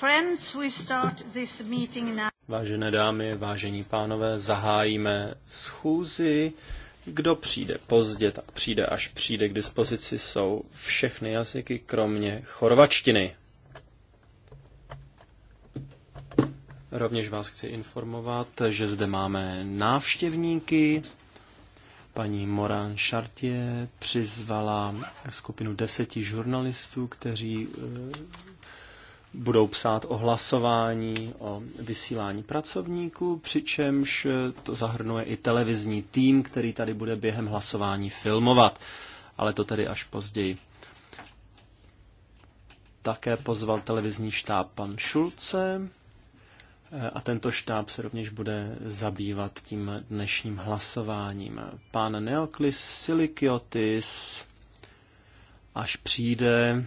Friends, we start this meeting now. Vážené dámy, vážení pánové, zahájíme schůzi. Kdo přijde pozdě, tak přijde až přijde. K dispozici jsou všechny jazyky, kromě chorvačtiny. Rovněž vás chci informovat, že zde máme návštěvníky. Paní Morán Šartě přizvala skupinu deseti žurnalistů, kteří eh, budou psát o hlasování, o vysílání pracovníků, přičemž eh, to zahrnuje i televizní tým, který tady bude během hlasování filmovat, ale to tedy až později. Také pozval televizní štáb pan Šulce eh, a tento štáb se rovněž bude zabývat tím dnešním hlasováním. Pán Neoklis Silikiotis až přijde,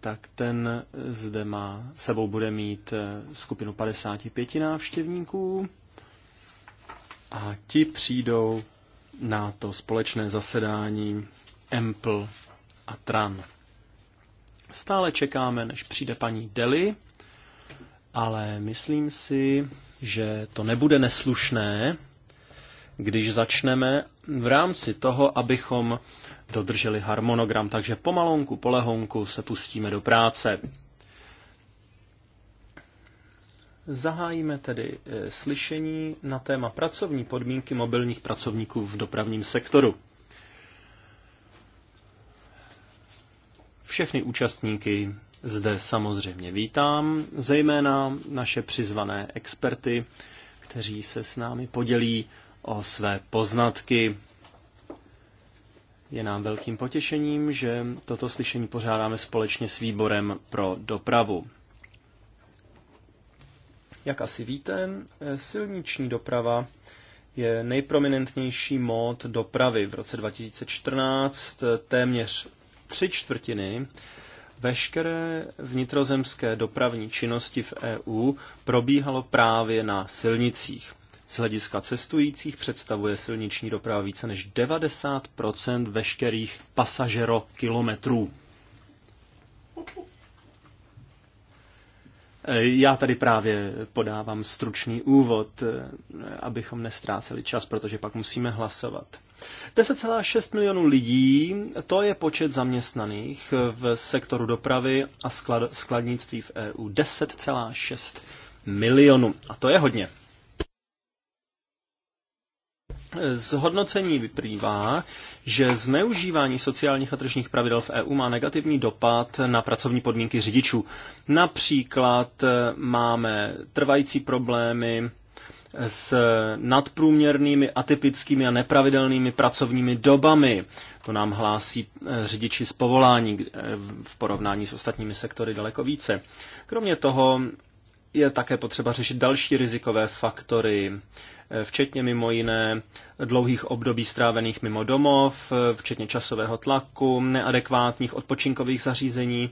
tak ten zde má, sebou bude mít eh, skupinu 55 návštěvníků a ti přijdou na to společné zasedání Empl a Tran. Stále čekáme, než přijde paní Deli, ale myslím si, že to nebude neslušné, když začneme v rámci toho, abychom dodrželi harmonogram, takže pomalonku, polehonku se pustíme do práce. Zahájíme tedy eh, slyšení na téma pracovní podmínky mobilních pracovníků v dopravním sektoru. Všechny účastníky zde samozřejmě vítám, zejména naše přizvané experty, kteří se s námi podělí o své poznatky je nám velkým potěšením, že toto slyšení pořádáme společně s výborem pro dopravu. Jak asi víte, silniční doprava je nejprominentnější mód dopravy. V roce 2014 téměř tři čtvrtiny veškeré vnitrozemské dopravní činnosti v EU probíhalo právě na silnicích. Z hlediska cestujících představuje silniční doprava více než 90 veškerých pasažerokilometrů. Já tady právě podávám stručný úvod, abychom nestráceli čas, protože pak musíme hlasovat. 10,6 milionů lidí, to je počet zaměstnaných v sektoru dopravy a skladnictví v EU. 10,6 milionů. A to je hodně. Z hodnocení vyplývá, že zneužívání sociálních a tržních pravidel v EU má negativní dopad na pracovní podmínky řidičů. Například eh, máme trvající problémy s nadprůměrnými, atypickými a nepravidelnými pracovními dobami. To nám hlásí eh, řidiči z povolání eh, v porovnání s ostatními sektory daleko více. Kromě toho je také potřeba řešit další rizikové faktory, eh, včetně mimo jiné dlouhých období strávených mimo domov, eh, včetně časového tlaku, neadekvátních odpočinkových zařízení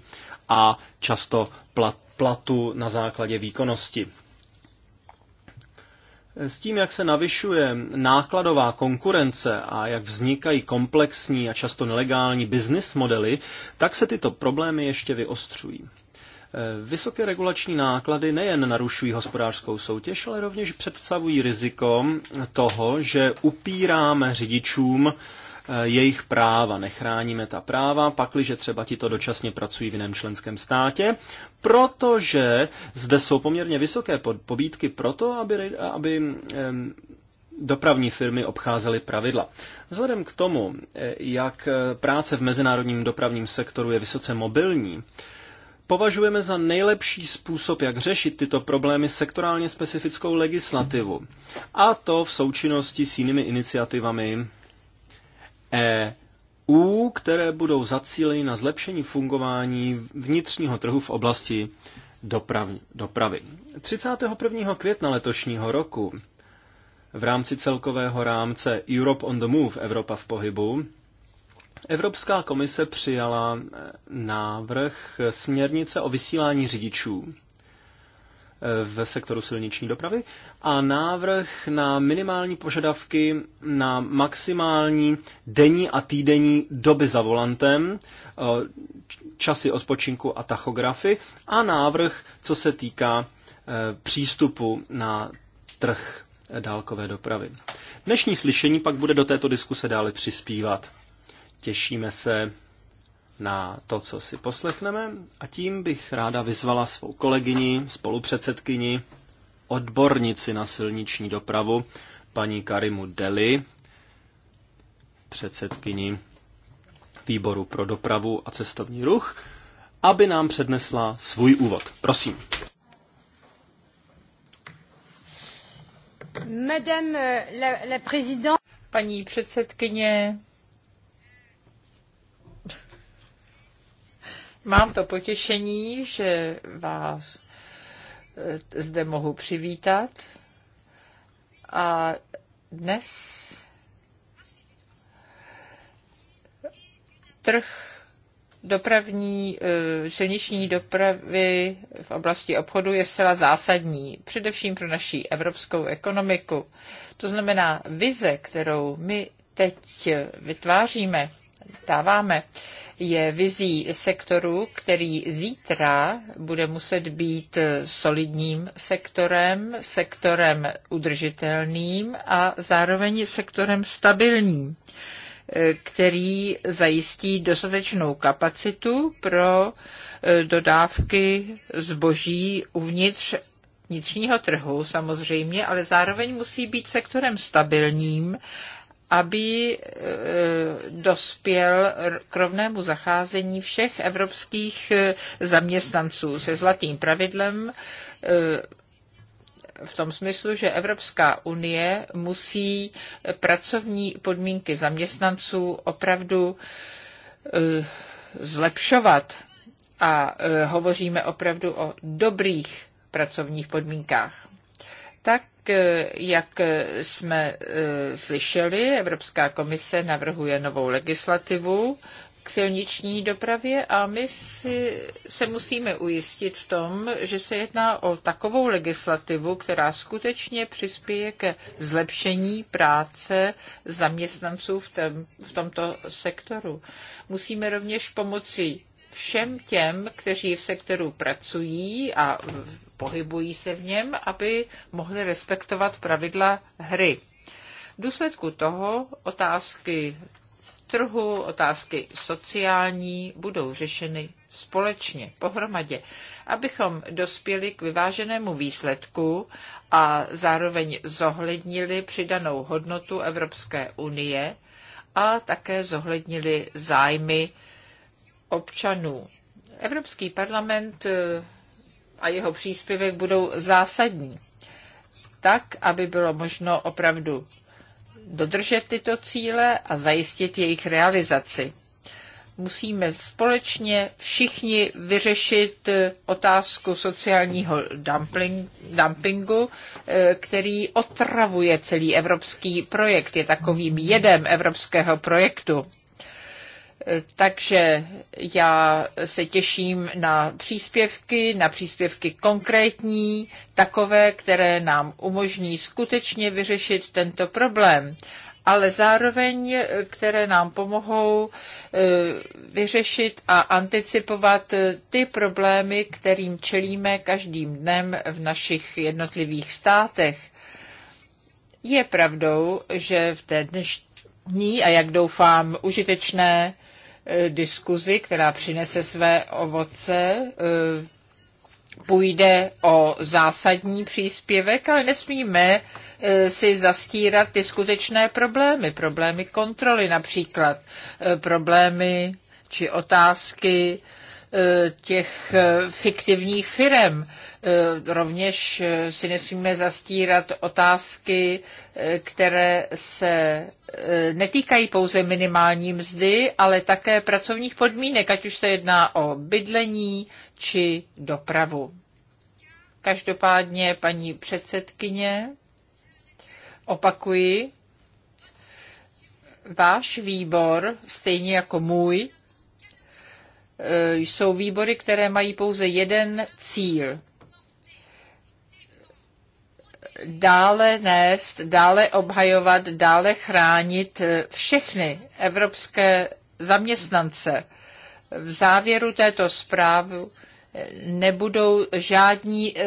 a často plat, platu na základě výkonnosti. S tím, jak se navyšuje nákladová konkurence a jak vznikají komplexní a často nelegální business modely, tak se tyto problémy ještě vyostřují. Eh, vysoké regulační náklady nejen narušují hospodářskou soutěž, ale rovněž představují riziko toho, že upíráme řidičům eh, jejich práva, nechráníme ta práva, pakliže třeba ti to dočasně pracují v jiném členském státě, protože zde jsou poměrně vysoké pobídky pro to, aby, aby dopravní firmy obcházely pravidla. Vzhledem k tomu, eh, jak práce v mezinárodním dopravním sektoru je vysoce mobilní, považujeme za nejlepší způsob, jak řešit tyto problémy sektorálně specifickou legislativu. A to v součinnosti s jinými iniciativami EU, které budou zacíleny na zlepšení fungování vnitřního trhu v oblasti doprav, dopravy. 31. května letošního roku v rámci celkového rámce Europe on the Move, Evropa v pohybu, Evropská komise přijala eh, návrh směrnice o vysílání řidičů eh, v sektoru silniční dopravy a návrh na minimální požadavky na maximální denní a týdenní doby za volantem, eh, časy odpočinku a tachografy a návrh, co se týká přístupu na trh dálkové dopravy. Dnešní slyšení pak bude do této diskuse dále přispívat. Těšíme se na to, co si poslechneme a tím bych ráda vyzvala svou kolegyni, spolupředsedkyni, odbornici na silniční dopravu, paní Karimu Deli, předsedkyni výboru pro dopravu a cestovní ruch, aby nám přednesla svůj úvod. Prosím. Madame la, la Paní předsedkyně, Mám to potěšení, že vás eh, zde mohu přivítat a dnes trh dopravní, eh, silniční dopravy v oblasti obchodu je zcela zásadní, především pro naší evropskou ekonomiku. To znamená, vize, kterou my teď eh, vytváříme, dáváme, je vizí sektoru, který zítra bude muset být solidním sektorem, sektorem udržitelným a zároveň sektorem stabilním, který zajistí dostatečnou kapacitu pro e, dodávky zboží uvnitř vnitřního trhu samozřejmě, ale zároveň musí být sektorem stabilním aby eh, dospěl k rovnému zacházení všech evropských eh, zaměstnanců se zlatým pravidlem eh, v tom smyslu, že Evropská unie musí pracovní podmínky zaměstnanců opravdu zlepšovat a hovoříme opravdu o dobrých pracovních podmínkách. Tak, eh, jak eh, jsme eh, slyšeli, Evropská komise navrhuje novou legislativu k silniční dopravě a my si, se musíme ujistit v tom, že se jedná o takovou legislativu, která skutečně přispěje ke zlepšení práce zaměstnanců v, tém, v tomto sektoru. Musíme rovněž pomoci všem těm, kteří v sektoru pracují a v pohybují se v něm, aby mohli respektovat pravidla hry. V důsledku toho otázky trhu, otázky sociální budou řešeny společně, pohromadě, abychom dospěli k vyváženému výsledku a zároveň zohlednili přidanou hodnotu Evropské unie a také zohlednili zájmy občanů. Evropský parlament a jeho příspěvek budou zásadní, tak, aby bylo možno opravdu dodržet tyto cíle a zajistit jejich realizaci. Musíme společně všichni vyřešit eh, otázku sociálního dumpling, dumpingu, eh, který otravuje celý evropský projekt. Je takovým jedem evropského projektu. Takže já se těším na příspěvky, na příspěvky konkrétní, takové, které nám umožní skutečně vyřešit tento problém, ale zároveň, které nám pomohou eh, vyřešit a anticipovat ty problémy, kterým čelíme každým dnem v našich jednotlivých státech. Je pravdou, že v té dnešní a jak doufám užitečné Eh, diskuzi, která přinese své ovoce, eh, půjde o zásadní příspěvek, ale nesmíme eh, si zastírat ty skutečné problémy, problémy kontroly například, problémy či otázky Eh, těch eh, fiktivních firem. Eh, rovněž si nesmíme zastírat otázky, které se netýkají pouze minimální mzdy, ale také pracovních podmínek, ať už se jedná o bydlení či dopravu. Každopádně, paní předsedkyně, opakuji, váš výbor, stejně jako můj, Eh, jsou výbory, které mají pouze jeden cíl. Dále nést, dále obhajovat, dále chránit eh, všechny evropské zaměstnance. V závěru této zprávy nebudou žádní eh,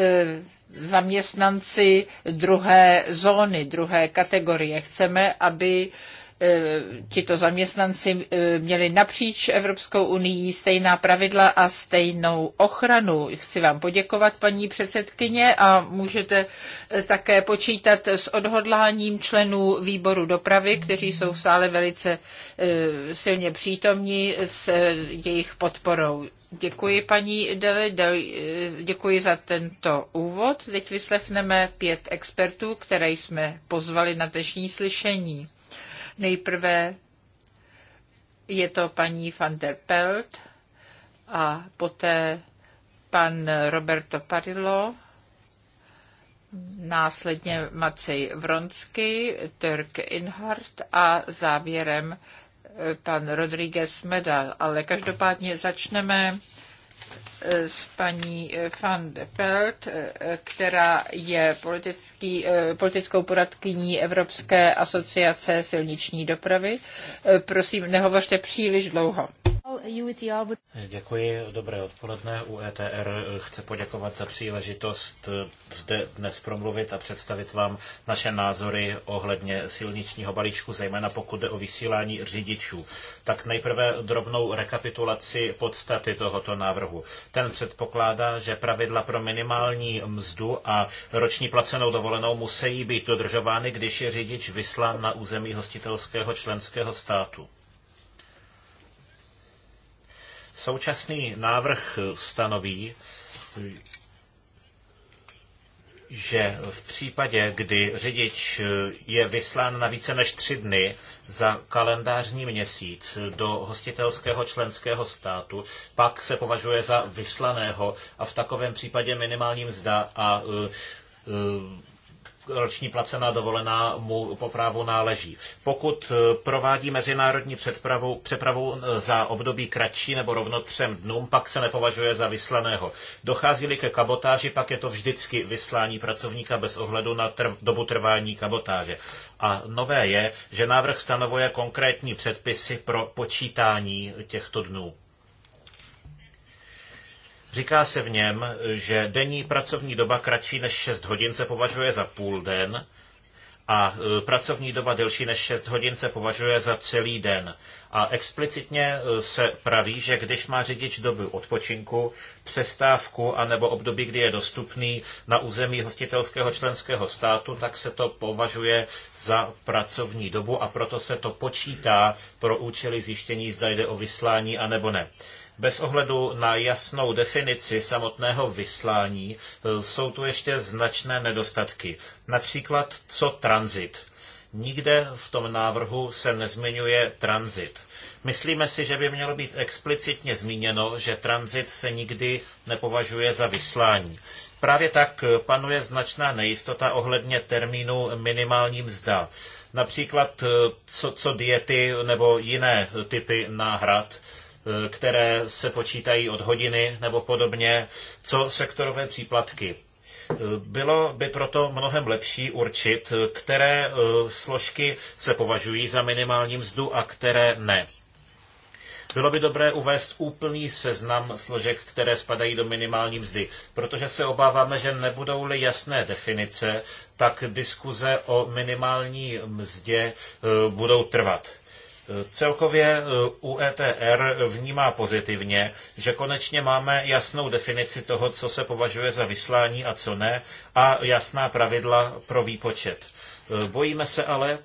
zaměstnanci druhé zóny, druhé kategorie. Chceme, aby Eh, tito zaměstnanci eh, měli napříč Evropskou unii stejná pravidla a stejnou ochranu. Chci vám poděkovat, paní předsedkyně, a můžete eh, také počítat s odhodláním členů výboru dopravy, kteří jsou v sále velice silně přítomní s jejich podporou. Děkuji paní Dele, děkuji za tento úvod. Teď vyslechneme pět expertů, které jsme pozvali na dnešní slyšení. Nejprve je to paní van der Pelt a poté pan Roberto Parillo, následně Macej Vronsky, Turk Inhardt a závěrem eh, pan Rodriguez Medal. Ale každopádně začneme s paní eh, van de Pelt, eh, která je politický, eh, politickou poradkyní Evropské asociace silniční dopravy. Prosím, nehovořte příliš dlouho. Děkuji, dobré odpoledne. UETR chce poděkovat za příležitost zde dnes promluvit a představit vám naše názory ohledně silničního balíčku, zejména pokud jde o vysílání řidičů. Tak nejprve drobnou rekapitulaci podstaty tohoto návrhu. Ten předpokládá, že pravidla pro minimální mzdu a roční placenou dovolenou musí být dodržovány, když je řidič vyslán na území hostitelského členského státu. Současný návrh stanoví, že v případě, kdy řidič je vyslán na více než tři dny za kalendářní měsíc do hostitelského členského státu, pak se považuje za vyslaného a v takovém případě minimální mzda a e, e, roční placená dovolená mu po právu náleží. Pokud e, provádí mezinárodní předpravu, přepravu e, za období kratší nebo rovno třem dnům, pak se nepovažuje za vyslaného. Dochází-li ke kabotáži, pak je to vždycky vyslání pracovníka bez ohledu na trv, dobu trvání kabotáže. A nové je, že návrh stanovuje konkrétní předpisy pro počítání těchto dnů. Říká se v něm, že denní pracovní doba kratší než 6 hodin se považuje za půl den a e, pracovní doba delší než 6 hodin se považuje za celý den. A explicitně e, se praví, že když má řidič dobu odpočinku, přestávku anebo období, kdy je dostupný na území hostitelského členského státu, tak se to považuje za pracovní dobu a proto se to počítá pro účely zjištění, zda jde o vyslání anebo ne. Bez ohledu na jasnou definici samotného vyslání eh, jsou tu ještě značné nedostatky. Například co tranzit. Nikde v tom návrhu se nezmiňuje tranzit. Myslíme si, že by mělo být explicitně zmíněno, že tranzit se nikdy nepovažuje za vyslání. Právě tak eh, panuje značná nejistota ohledně termínu minimální mzda. Například eh, co, co diety nebo jiné typy náhrad Eh, které se počítají od hodiny nebo podobně, co sektorové příplatky. Eh, bylo by proto mnohem lepší určit, které eh, složky se považují za minimální mzdu a které ne. Bylo by dobré uvést úplný seznam složek, které spadají do minimální mzdy, protože se obáváme, že nebudou-li jasné definice, tak diskuze o minimální mzdě budou trvat. Celkově eh, UETR vnímá pozitivně, že konečně máme jasnou definici toho, co se považuje za vyslání a co ne, a jasná pravidla pro výpočet. Eh, bojíme se ale,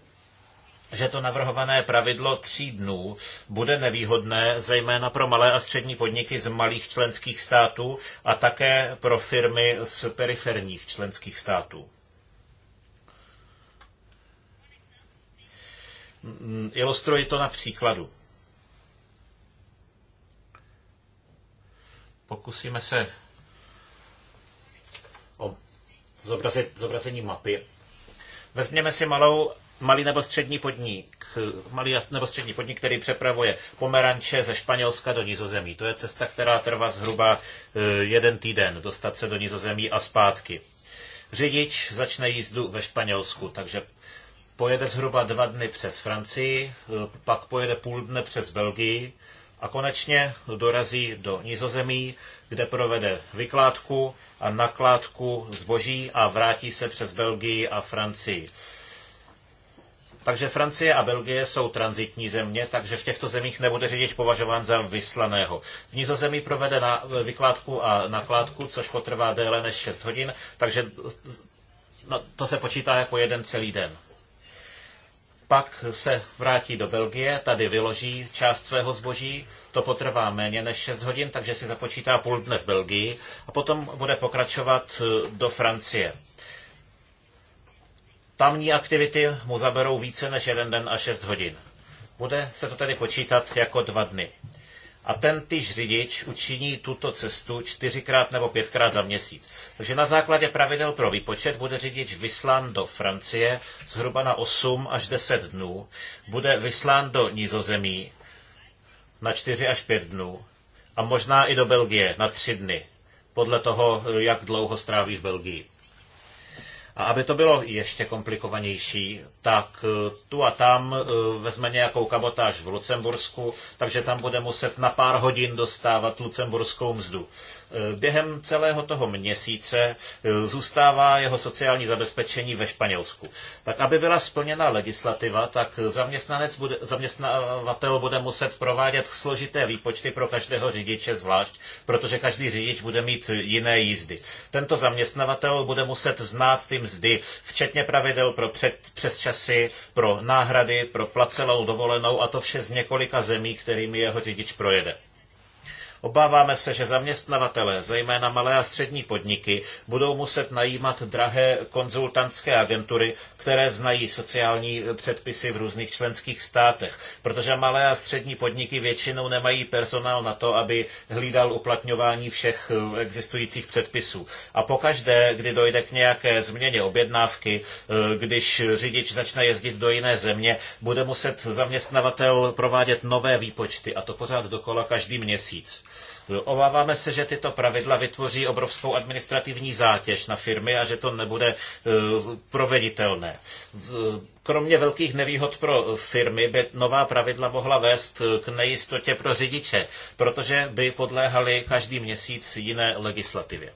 že to navrhované pravidlo tří dnů bude nevýhodné, zejména pro malé a střední podniky z malých členských států a také pro firmy z periferních členských států. Mm, ilustruji to na příkladu. Pokusíme se o zobrazit, zobrazení mapy. Vezměme si malou malý nebo střední podnik, malý nebo střední podnik, který přepravuje pomeranče ze Španělska do Nizozemí. To je cesta, která trvá zhruba eh, jeden týden, dostat se do Nizozemí a zpátky. Řidič začne jízdu ve Španělsku, takže pojede zhruba dva dny přes Francii, eh, pak pojede půl dne přes Belgii a konečně dorazí do Nizozemí, kde provede vykládku a nakládku zboží a vrátí se přes Belgii a Francii. Takže Francie a Belgie jsou transitní země, takže v těchto zemích nebude řidič považován za vyslaného. V Nizozemí provede na eh, vykládku a nakládku, což potrvá déle než 6 hodin, takže eh, no, to se počítá jako jeden celý den pak se vrátí do Belgie, tady vyloží část svého zboží, to potrvá méně než 6 hodin, takže si započítá půl dne v Belgii a potom bude pokračovat eh, do Francie. Tamní aktivity mu zaberou více než jeden den a 6 hodin. Bude se to tedy počítat jako dva dny a ten tyž řidič učiní tuto cestu čtyřikrát nebo pětkrát za měsíc. Takže na základě pravidel pro výpočet bude řidič vyslán do Francie zhruba na 8 až 10 dnů, bude vyslán do Nizozemí na 4 až 5 dnů a možná i do Belgie na 3 dny, podle toho, jak dlouho stráví v Belgii. A aby to bylo ještě komplikovanější, tak eh, tu a tam eh, vezme nějakou kabotáž v Lucembursku, takže tam bude muset na pár hodin dostávat lucemburskou mzdu. Eh, během celého toho měsíce eh, zůstává jeho sociální zabezpečení ve Španělsku. Tak aby byla splněna legislativa, tak zaměstnanec bude, zaměstnavatel bude muset provádět složité výpočty pro každého řidiče zvlášť, protože každý řidič bude mít jiné jízdy. Tento zaměstnavatel bude muset znát ty mzdy, včetně pravidel pro před, přesčasy, pro náhrady, pro placenou dovolenou a to vše z několika zemí, kterými jeho řidič projede. Obáváme se, že zaměstnavatele, zejména malé a střední podniky, budou muset najímat drahé konzultantské agentury, které znají sociální předpisy v různých členských státech, protože malé a střední podniky většinou nemají personál na to, aby hlídal uplatňování všech eh, existujících předpisů. A pokaždé, kdy dojde k nějaké změně objednávky, eh, když řidič začne jezdit do jiné země, bude muset zaměstnavatel provádět nové výpočty a to pořád dokola každý měsíc. Obáváme se, že tyto pravidla vytvoří obrovskou administrativní zátěž na firmy a že to nebude eh, proveditelné. Kromě velkých nevýhod pro firmy by nová pravidla mohla vést eh, k nejistotě pro řidiče, protože by podléhaly každý měsíc jiné legislativě.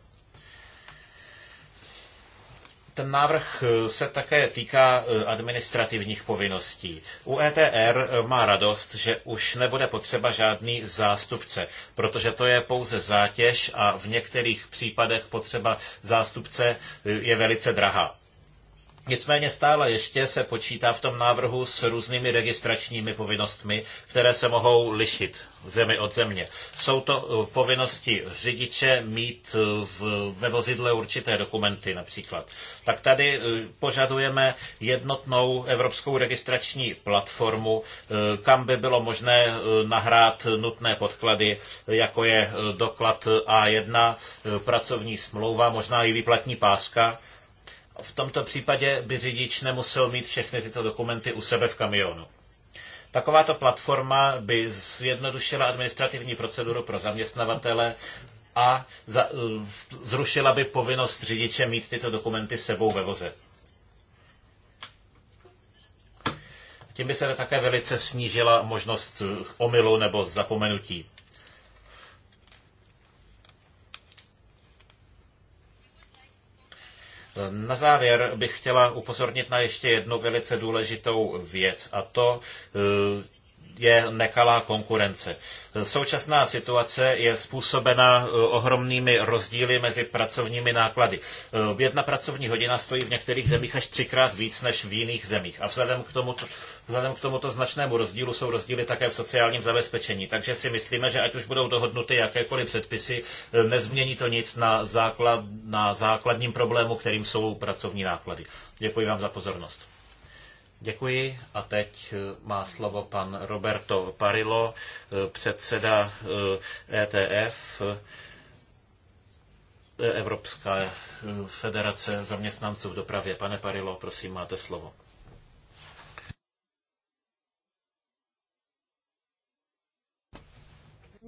Ten návrh eh, se také týká eh, administrativních povinností. U ETR eh, má radost, že už nebude potřeba žádný zástupce, protože to je pouze zátěž a v některých případech potřeba zástupce je velice drahá. Nicméně stále ještě se počítá v tom návrhu s různými registračními povinnostmi, které se mohou lišit zemi od země. Jsou to eh, povinnosti řidiče mít eh, v, ve vozidle určité dokumenty například. Tak tady eh, požadujeme jednotnou evropskou registrační platformu, kam by bylo možné nahrát nutné podklady, jako je doklad A1, pracovní smlouva, možná i výplatní páska v tomto případě by řidič nemusel mít všechny tyto dokumenty u sebe v kamionu. Takováto platforma by zjednodušila administrativní proceduru pro zaměstnavatele a za, eh, zrušila by povinnost řidiče mít tyto dokumenty sebou ve voze. Tím by se také velice snížila možnost eh, omylu nebo zapomenutí. Na závěr bych chtěla upozornit na ještě jednu velice důležitou věc a to eh, je nekalá konkurence. Současná situace je způsobena eh, ohromnými rozdíly mezi pracovními náklady. Eh, jedna pracovní hodina stojí v některých zemích až třikrát víc než v jiných zemích. A vzhledem k tomu, Vzhledem k tomuto značnému rozdílu jsou rozdíly také v sociálním zabezpečení, takže si myslíme, že ať už budou dohodnuty jakékoliv předpisy, eh, nezmění to nic na, základ, na základním problému, kterým jsou pracovní náklady. Děkuji vám za pozornost. Děkuji a teď eh, má slovo pan Roberto Parillo, eh, předseda ETF, e Evropská federace zaměstnanců v dopravě. Pane Parillo, prosím, máte slovo.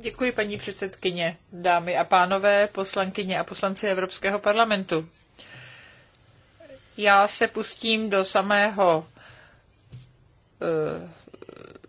Děkuji, paní předsedkyně, dámy a pánové, poslankyně a poslanci Evropského parlamentu. Já se pustím do samého eh,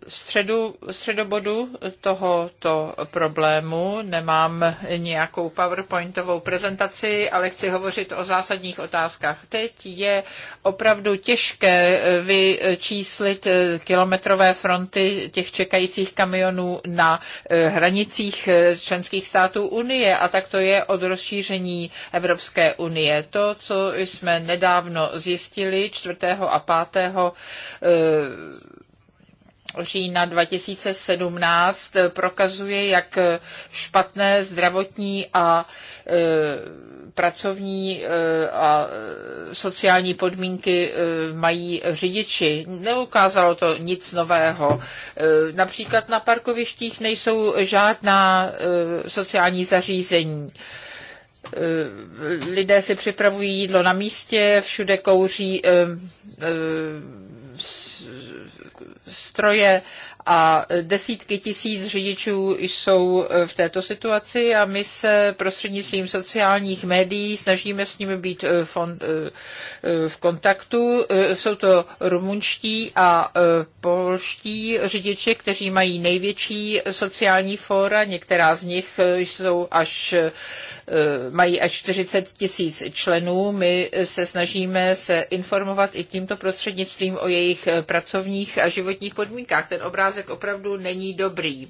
středu, středobodu tohoto problému. Nemám nějakou PowerPointovou prezentaci, ale chci hovořit o zásadních otázkách. Teď je opravdu těžké vyčíslit kilometrové fronty těch čekajících kamionů na eh, hranicích eh, členských států Unie a tak to je od rozšíření Evropské unie. To, co jsme nedávno zjistili 4. a 5 října 2017 prokazuje, jak špatné zdravotní a e, pracovní e, a sociální podmínky e, mají řidiči. Neukázalo to nic nového. Například na parkovištích nejsou žádná sociální zařízení lidé si připravují jídlo na místě, všude kouří stroje a desítky tisíc řidičů jsou e, v této situaci a my se prostřednictvím sociálních médií snažíme s nimi být e, e, v kontaktu. Jsou to rumunští a polští řidiči, kteří mají největší sociální fóra. Některá z nich jsou až, mají až 40 tisíc členů. My se snažíme se informovat i tímto prostřednictvím o jejich pracovních a životních podmínkách. Ten obrázek obrázek opravdu není dobrý.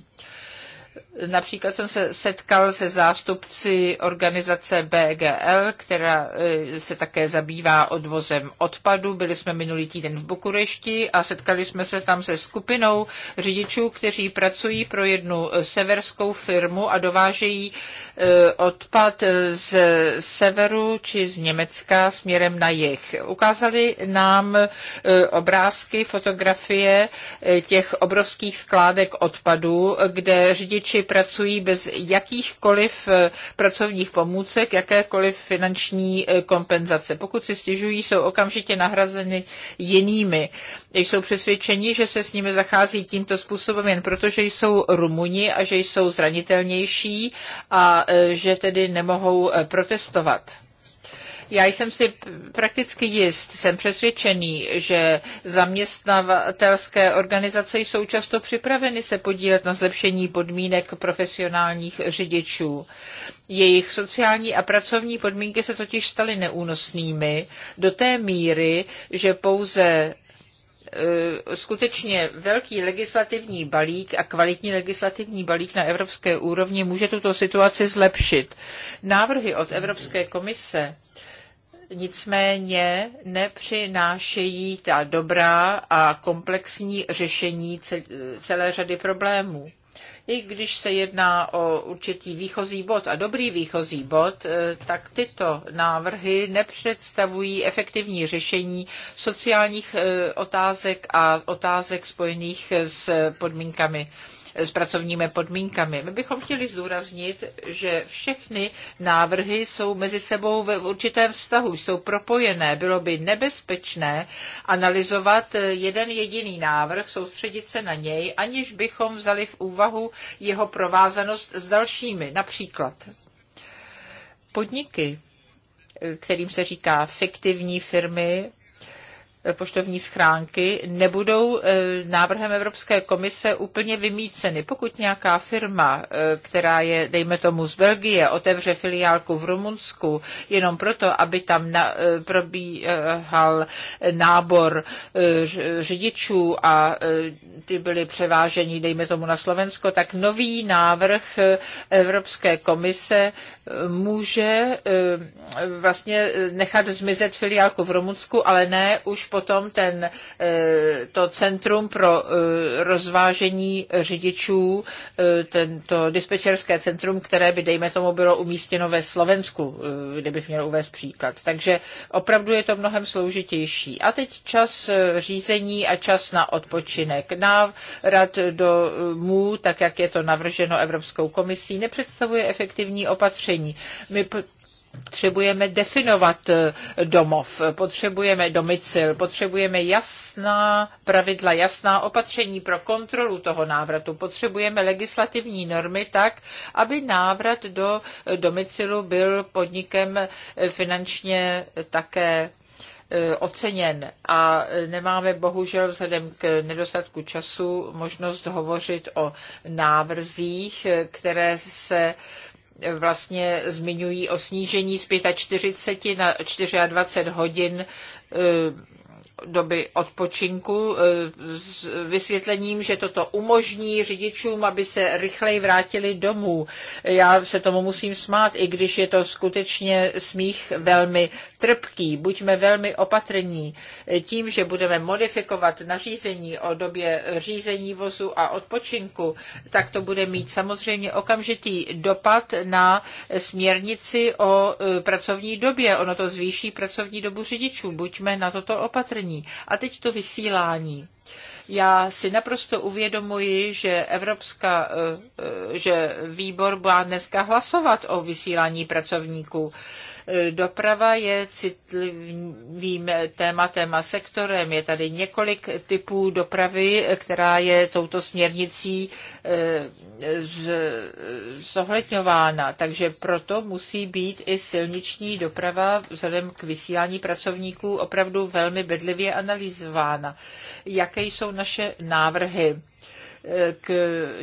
Například jsem se setkal se zástupci organizace BGL, která e, se také zabývá odvozem odpadu. Byli jsme minulý týden v Bukurešti a setkali jsme se tam se skupinou řidičů, kteří pracují pro jednu severskou firmu a dovážejí e, odpad z severu či z Německa směrem na jih. Ukázali nám e, obrázky, fotografie těch obrovských skládek odpadů, kde řidič rodiči pracují bez jakýchkoliv eh, pracovních pomůcek, jakékoliv finanční eh, kompenzace. Pokud si stěžují, jsou okamžitě nahrazeny jinými. Jsou přesvědčeni, že se s nimi zachází tímto způsobem jen proto, že jsou Rumuni a že jsou zranitelnější a eh, že tedy nemohou protestovat. Já jsem si prakticky jist, jsem přesvědčený, že zaměstnavatelské organizace jsou často připraveny se podílet na zlepšení podmínek profesionálních řidičů. Jejich sociální a pracovní podmínky se totiž staly neúnosnými do té míry, že pouze e, skutečně velký legislativní balík a kvalitní legislativní balík na evropské úrovni může tuto situaci zlepšit. Návrhy od Evropské komise nicméně nepřinášejí ta dobrá a komplexní řešení celé řady problémů. I když se jedná o určitý výchozí bod a dobrý výchozí bod, eh, tak tyto návrhy nepředstavují efektivní řešení sociálních eh, otázek a otázek spojených s podmínkami s pracovními podmínkami. My bychom chtěli zdůraznit, že všechny návrhy jsou mezi sebou ve určitém vztahu, jsou propojené. Bylo by nebezpečné analyzovat jeden jediný návrh, soustředit se na něj, aniž bychom vzali v úvahu jeho provázanost s dalšími. Například podniky, kterým se říká fiktivní firmy, poštovní schránky nebudou eh, návrhem Evropské komise úplně vymíceny. Pokud nějaká firma, eh, která je, dejme tomu, z Belgie, otevře filiálku v Rumunsku jenom proto, aby tam na, eh, probíhal nábor řidičů a ty byly převáženi, dejme tomu, na Slovensko, tak nový návrh Evropské komise může vlastně nechat zmizet filiálku v Rumunsku, ale ne už potom ten, eh, to centrum pro eh, rozvážení řidičů, eh, tento dispečerské centrum, které by, dejme tomu, bylo umístěno ve Slovensku, kde bych měl uvést příklad. Takže opravdu je to mnohem sloužitější. A teď čas řízení a čas na odpočinek. Návrat do mů, tak jak je to navrženo Evropskou komisí, nepředstavuje efektivní opatření. My potřebujeme definovat eh, domov, potřebujeme domicil, potřebujeme jasná pravidla, jasná opatření pro kontrolu toho návratu, potřebujeme legislativní normy tak, aby návrat do eh, domicilu byl podnikem eh, finančně také oceněn a nemáme bohužel vzhledem k nedostatku času možnost hovořit o návrzích, které se vlastně zmiňují o snížení z 45 na 24 hodin eh, doby odpočinku e, s vysvětlením, že toto umožní řidičům, aby se rychleji vrátili domů. Já se tomu musím smát, i když je to skutečně smích velmi trpký. Buďme velmi opatrní e, tím, že budeme modifikovat nařízení o době řízení vozu a odpočinku, tak to bude mít samozřejmě okamžitý dopad na směrnici o e, pracovní době. Ono to zvýší pracovní dobu řidičů. Buďme na toto opatrní vysílání. A teď to vysílání. Já si naprosto uvědomuji, že Evropská, eh, eh, že výbor bude dneska hlasovat o vysílání pracovníků. Doprava je citlivým tématem a sektorem. Je tady několik typů dopravy, která je touto směrnicí eh, zohledňována. Takže proto musí být i silniční doprava vzhledem k vysílání pracovníků opravdu velmi bedlivě analyzována. Jaké jsou naše návrhy? k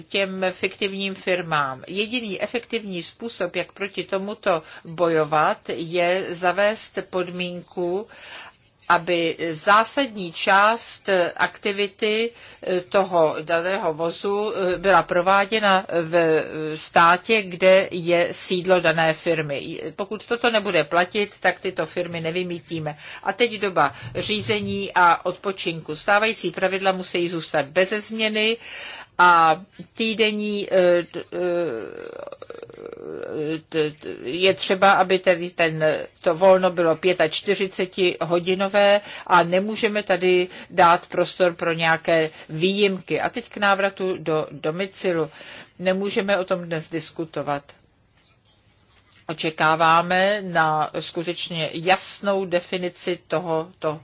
těm fiktivním firmám. Jediný efektivní způsob, jak proti tomuto bojovat, je zavést podmínku, aby zásadní část aktivity eh, toho daného vozu eh, byla prováděna v státě, kde je sídlo dané firmy. Pokud toto nebude platit, tak tyto firmy nevymítíme. A teď doba řízení a odpočinku. Stávající pravidla musí zůstat beze změny a týdenní eh, eh, je třeba, aby tedy ten, to volno bylo 45 hodinové a nemůžeme tady dát prostor pro nějaké výjimky. A teď k návratu do domicilu. Nemůžeme o tom dnes diskutovat očekáváme na skutečně jasnou definici tohoto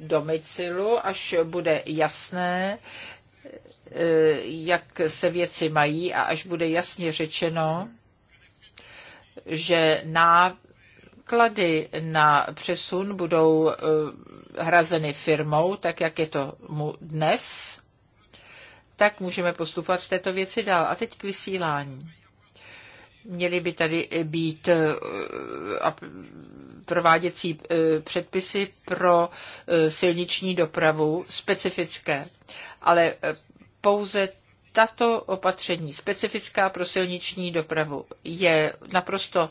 domicilu, až bude jasné, E, jak se věci mají a až bude jasně řečeno, že náklady na přesun budou e, hrazeny firmou, tak jak je to mu dnes, tak můžeme postupovat v této věci dál. A teď k vysílání. Měly by tady být e, prováděcí předpisy pro silniční dopravu specifické, ale pouze tato opatření specifická pro silniční dopravu je naprosto e,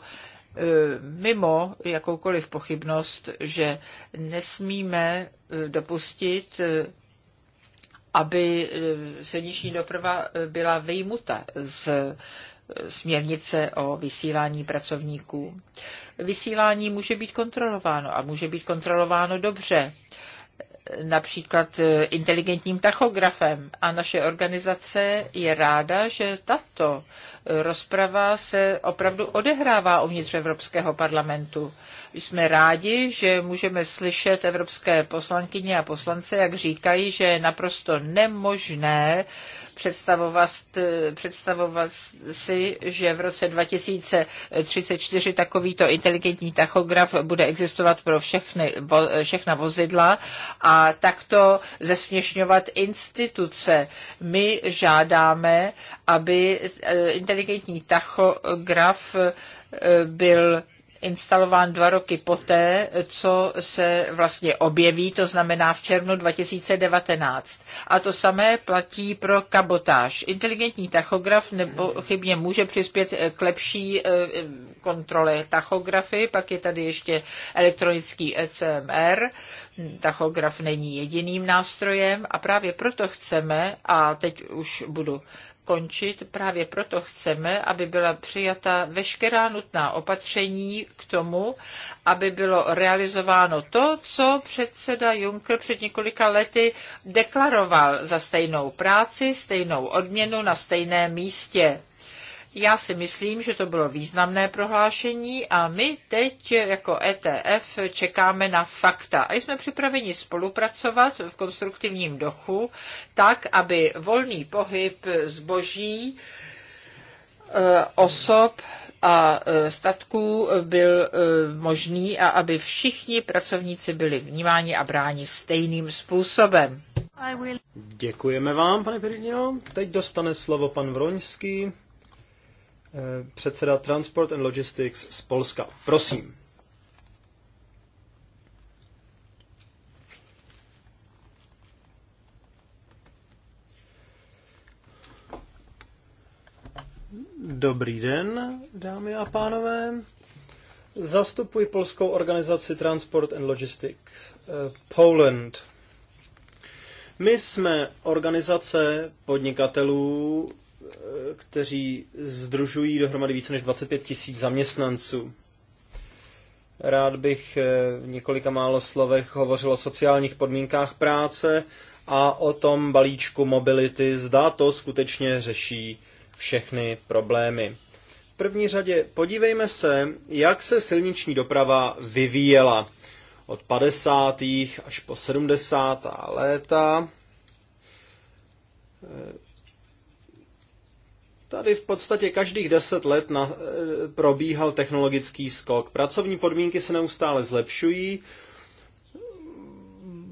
mimo jakoukoliv pochybnost, že nesmíme e, dopustit, e, aby silniční doprava byla vyjmuta z směrnice o vysílání pracovníků. Vysílání může být kontrolováno a může být kontrolováno dobře například e, inteligentním tachografem. A naše organizace je ráda, že tato e, rozprava se opravdu odehrává uvnitř Evropského parlamentu. Jsme rádi, že můžeme slyšet evropské poslankyně a poslance, jak říkají, že je naprosto nemožné představovat, představovat si, že v roce 2034 takovýto inteligentní tachograf bude existovat pro všechny, všechna vozidla a takto zesměšňovat instituce. My žádáme, aby eh, inteligentní tachograf eh, byl instalován dva roky poté, co se vlastně objeví, to znamená v červnu 2019. A to samé platí pro kabotáž. Inteligentní tachograf chybně může přispět eh, k lepší eh, kontrole tachografy, pak je tady ještě elektronický ECMR tachograf není jediným nástrojem a právě proto chceme, a teď už budu končit. Právě proto chceme, aby byla přijata veškerá nutná opatření k tomu, aby bylo realizováno to, co předseda Juncker před několika lety deklaroval za stejnou práci, stejnou odměnu na stejném místě. Já si myslím, že to bylo významné prohlášení a my teď jako ETF čekáme na fakta a jsme připraveni spolupracovat v konstruktivním dochu tak, aby volný pohyb zboží, e, osob a e, statků byl e, možný a aby všichni pracovníci byli vnímáni a bráni stejným způsobem. Děkujeme vám, pane Pirinio. Teď dostane slovo pan Vroňský Eh, předseda Transport and Logistics z Polska. Prosím. Dobrý den, dámy a pánové. Zastupuji polskou organizaci Transport and Logistics eh, Poland. My jsme organizace podnikatelů, Eh, kteří združují dohromady více než 25 tisíc zaměstnanců. Rád bych eh, v několika málo slovech hovořil o sociálních podmínkách práce a o tom balíčku mobility. Zdá to skutečně řeší všechny problémy. V první řadě podívejme se, jak se silniční doprava vyvíjela od 50. až po 70. léta eh, Tady v podstatě každých deset let na, eh, probíhal technologický skok. Pracovní podmínky se neustále zlepšují.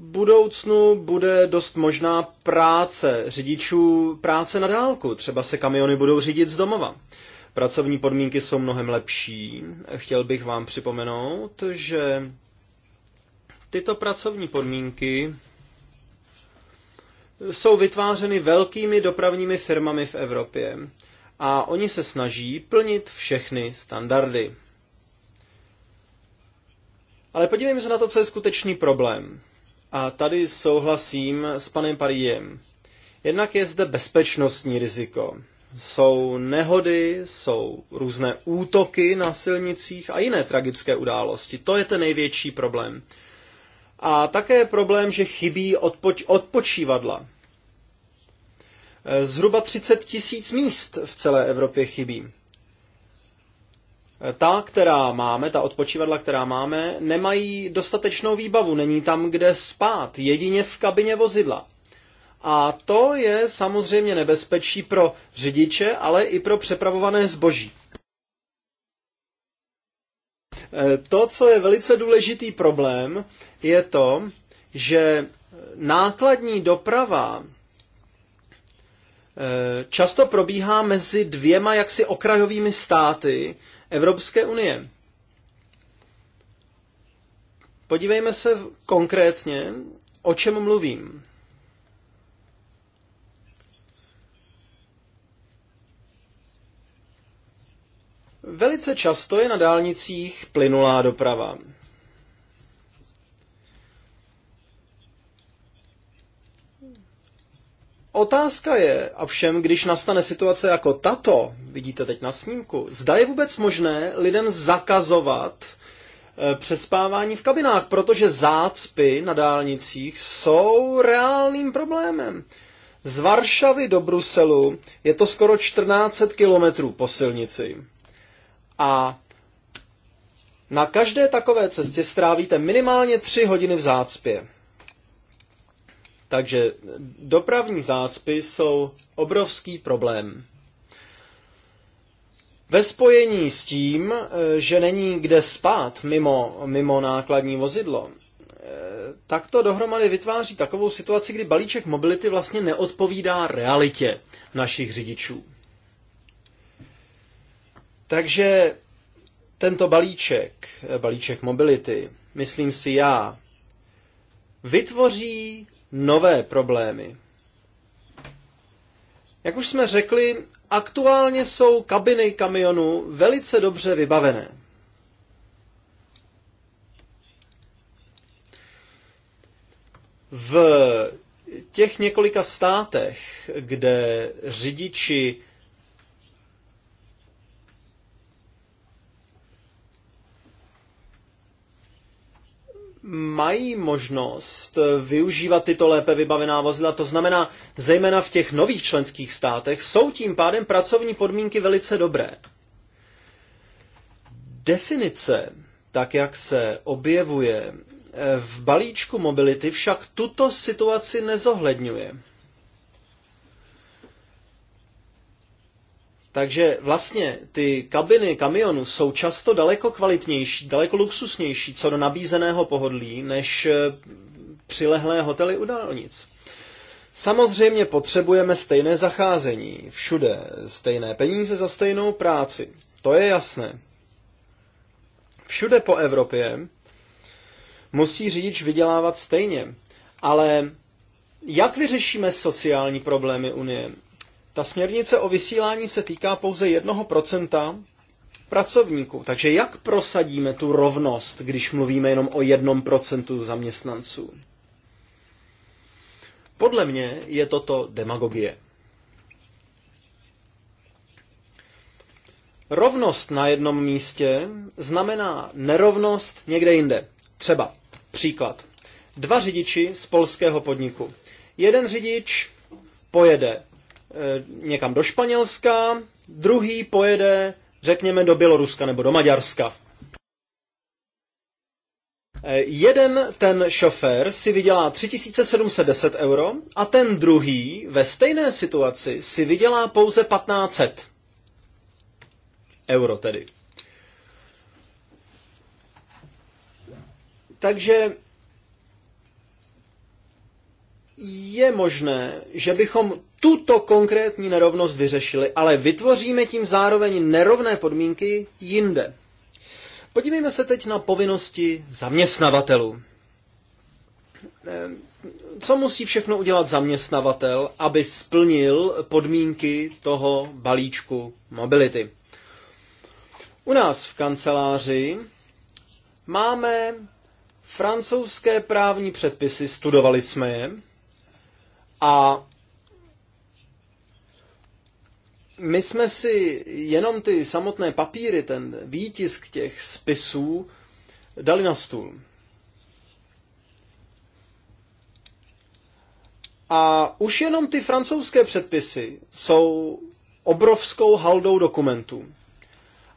V budoucnu bude dost možná práce řidičů, práce na dálku. Třeba se kamiony budou řídit z domova. Pracovní podmínky jsou mnohem lepší. Chtěl bych vám připomenout, že tyto pracovní podmínky jsou vytvářeny velkými dopravními firmami v Evropě a oni se snaží plnit všechny standardy. Ale podívejme se na to, co je skutečný problém. A tady souhlasím s panem Parijem. Jednak je zde bezpečnostní riziko. Jsou nehody, jsou různé útoky na silnicích a jiné tragické události. To je ten největší problém. A také je problém, že chybí odpoč- odpočívadla. E, zhruba 30 tisíc míst v celé Evropě chybí. E, ta, která máme, ta odpočívadla, která máme, nemají dostatečnou výbavu, není tam kde spát, jedině v kabině vozidla. A to je samozřejmě nebezpečí pro řidiče, ale i pro přepravované zboží. E, to, co je velice důležitý problém, je to, že nákladní doprava eh, často probíhá mezi dvěma jaksi okrajovými státy Evropské unie. Podívejme se konkrétně, o čem mluvím. Velice často je na dálnicích plynulá doprava. Otázka je, a všem, když nastane situace jako tato, vidíte teď na snímku, zda je vůbec možné lidem zakazovat eh, přespávání v kabinách, protože zácpy na dálnicích jsou reálným problémem. Z Varšavy do Bruselu je to skoro 14 kilometrů po silnici. A na každé takové cestě strávíte minimálně 3 hodiny v zácpě. Takže dopravní zácpy jsou obrovský problém. Ve spojení s tím, eh, že není kde spát mimo, mimo nákladní vozidlo, eh, tak to dohromady vytváří takovou situaci, kdy balíček mobility vlastně neodpovídá realitě našich řidičů. Takže tento balíček, eh, balíček mobility, myslím si já, vytvoří nové problémy. Jak už jsme řekli, aktuálně jsou kabiny kamionů velice dobře vybavené. V těch několika státech, kde řidiči mají možnost eh, využívat tyto lépe vybavená vozidla, to znamená zejména v těch nových členských státech, jsou tím pádem pracovní podmínky velice dobré. Definice, tak jak se objevuje eh, v balíčku mobility, však tuto situaci nezohledňuje. Takže vlastně ty kabiny kamionů jsou často daleko kvalitnější, daleko luxusnější co do nabízeného pohodlí, než eh, přilehlé hotely u dálnic. Samozřejmě potřebujeme stejné zacházení, všude stejné peníze za stejnou práci. To je jasné. Všude po Evropě musí řidič vydělávat stejně, ale jak vyřešíme sociální problémy Unie? Ta směrnice o vysílání se týká pouze jednoho procenta pracovníků. Takže jak prosadíme tu rovnost, když mluvíme jenom o jednom procentu zaměstnanců? Podle mě je toto demagogie. Rovnost na jednom místě znamená nerovnost někde jinde. Třeba příklad. Dva řidiči z polského podniku. Jeden řidič pojede Eh, někam do Španělska, druhý pojede, řekněme, do Běloruska nebo do Maďarska. Eh, jeden ten šofér si vydělá 3710 euro a ten druhý ve stejné situaci si vydělá pouze 1500 euro tedy. Takže je možné, že bychom tuto konkrétní nerovnost vyřešili, ale vytvoříme tím zároveň nerovné podmínky jinde. Podívejme se teď na povinnosti zaměstnavatelů. Ehm, co musí všechno udělat zaměstnavatel, aby splnil podmínky toho balíčku mobility? U nás v kanceláři máme francouzské právní předpisy, studovali jsme je, a my jsme si jenom ty samotné papíry, ten výtisk těch spisů, dali na stůl. A už jenom ty francouzské předpisy jsou obrovskou haldou dokumentů.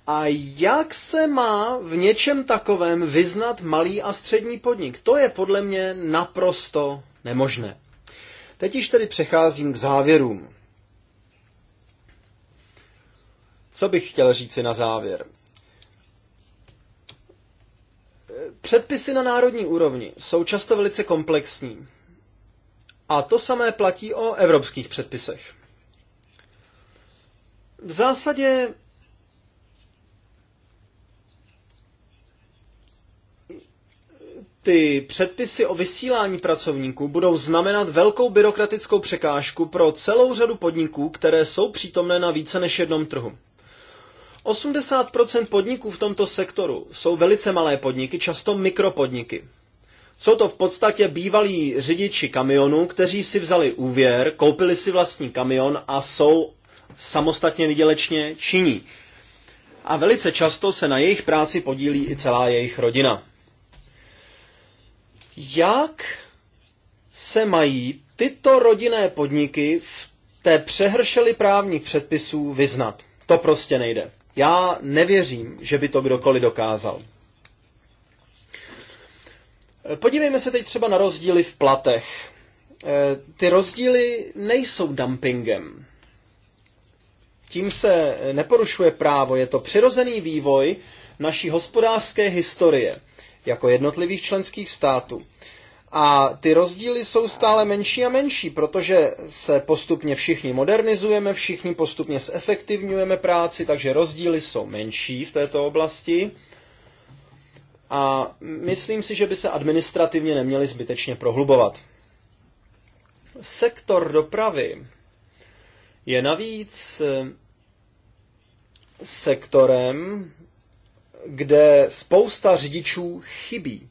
A jak se má v něčem takovém vyznat malý a střední podnik? To je podle mě naprosto nemožné. Teď již tedy přecházím k závěrům. Co bych chtěl říci na závěr? Předpisy na národní úrovni jsou často velice komplexní. A to samé platí o evropských předpisech. V zásadě ty předpisy o vysílání pracovníků budou znamenat velkou byrokratickou překážku pro celou řadu podniků, které jsou přítomné na více než jednom trhu. 80% podniků v tomto sektoru jsou velice malé podniky, často mikropodniky. Jsou to v podstatě bývalí řidiči kamionů, kteří si vzali úvěr, koupili si vlastní kamion a jsou samostatně vydělečně činí. A velice často se na jejich práci podílí i celá jejich rodina. Jak se mají tyto rodinné podniky v té přehršeli právních předpisů vyznat? To prostě nejde. Já nevěřím, že by to kdokoliv dokázal. Podívejme se teď třeba na rozdíly v platech. Eh, ty rozdíly nejsou dumpingem. Tím se neporušuje právo, je to přirozený vývoj naší hospodářské historie jako jednotlivých členských států. A ty rozdíly jsou stále menší a menší, protože se postupně všichni modernizujeme, všichni postupně zefektivňujeme práci, takže rozdíly jsou menší v této oblasti. A myslím si, že by se administrativně neměly zbytečně prohlubovat. Sektor dopravy je navíc eh, sektorem, kde spousta řidičů chybí.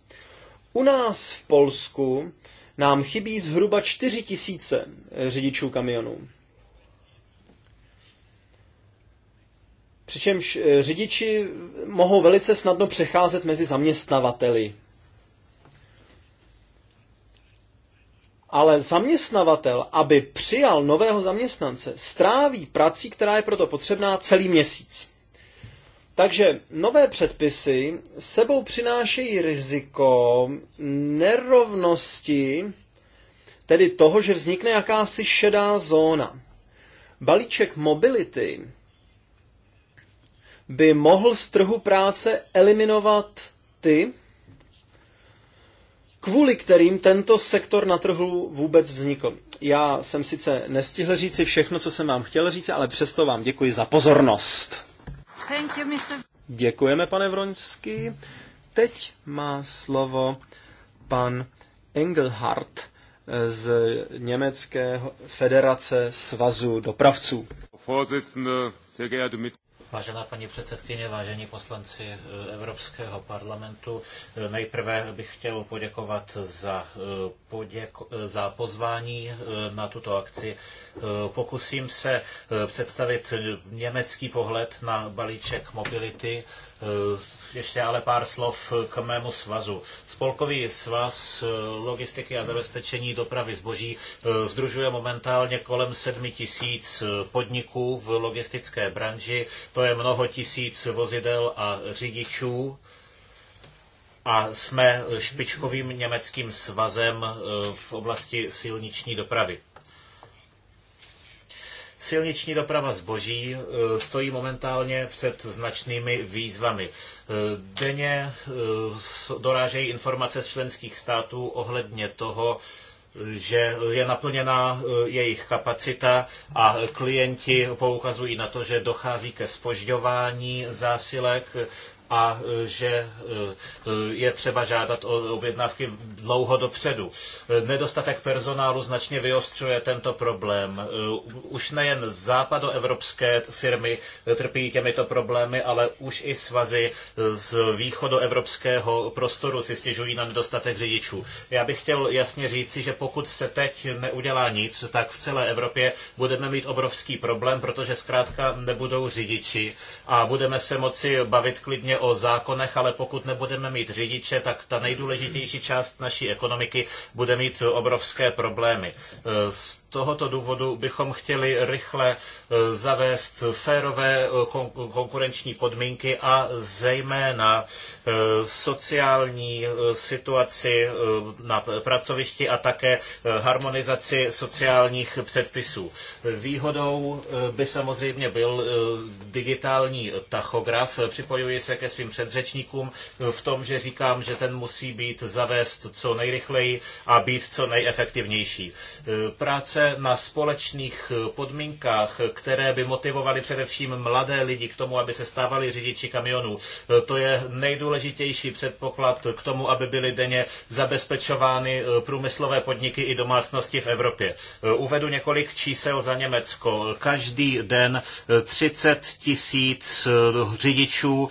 U nás v Polsku nám chybí zhruba 4 tisíce eh, řidičů kamionů. Přičemž eh, řidiči mohou velice snadno přecházet mezi zaměstnavateli. Ale zaměstnavatel, aby přijal nového zaměstnance, stráví prací, která je proto potřebná, celý měsíc. Takže nové předpisy sebou přinášejí riziko nerovnosti, tedy toho, že vznikne jakási šedá zóna. Balíček mobility by mohl z trhu práce eliminovat ty, kvůli kterým tento sektor na trhu vůbec vznikl. Já jsem sice nestihl říci všechno, co jsem vám chtěl říct, ale přesto vám děkuji za pozornost. Thank you, Mr. Děkujeme, pane Vroňský. Teď má slovo pan Engelhardt z Německé federace svazu dopravců. Vážená paní předsedkyně, vážení poslanci eh, Evropského parlamentu, eh, nejprve bych chtěl poděkovat za, eh, poděko- za pozvání na tuto akci. Pokusím se představit německý pohled na balíček mobility ještě ale pár slov k mému svazu. Spolkový svaz eh, logistiky a zabezpečení dopravy zboží eh, združuje momentálně kolem sedmi tisíc eh, podniků v logistické branži. To je mnoho tisíc vozidel a řidičů a jsme špičkovým německým svazem v oblasti silniční dopravy. Silniční doprava zboží eh, stojí momentálně před značnými výzvami. Eh, denně eh, dorážejí informace z členských států ohledně toho, že je naplněna jejich kapacita a klienti poukazují na to, že dochází ke spožďování zásilek, a e, že e, je třeba žádat o objednávky dlouho dopředu. Nedostatek personálu značně vyostřuje tento problém. E, už nejen západoevropské firmy trpí těmito problémy, ale už i svazy z východoevropského prostoru si stěžují na nedostatek řidičů. Já bych chtěl jasně říci, že pokud se teď neudělá nic, tak v celé Evropě budeme mít obrovský problém, protože zkrátka nebudou řidiči a budeme se moci bavit klidně hodně o zákonech, ale pokud nebudeme mít řidiče, tak ta nejdůležitější část naší ekonomiky bude mít obrovské problémy. Eh, z tohoto důvodu bychom chtěli rychle eh, zavést férové eh, konkurenční podmínky a zejména sociální situaci na pracovišti a také harmonizaci sociálních předpisů. Výhodou by samozřejmě byl digitální tachograf. Připojuji se ke ke svým předřečníkům v tom, že říkám, že ten musí být zavést co nejrychleji a být co nejefektivnější. E, práce na společných podmínkách, které by motivovaly především mladé lidi k tomu, aby se stávali řidiči kamionů, e, to je nejdůležitější předpoklad k tomu, aby byly denně zabezpečovány e, průmyslové podniky i domácnosti v Evropě. Uvedu několik čísel za Německo. Každý den 30 tisíc řidičů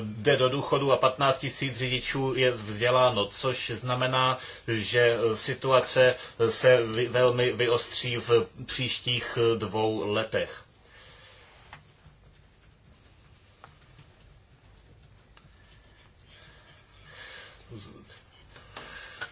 jde do důchodu a 15 tisíc řidičů je vzděláno, což znamená, že situace se velmi vyostří v příštích dvou letech.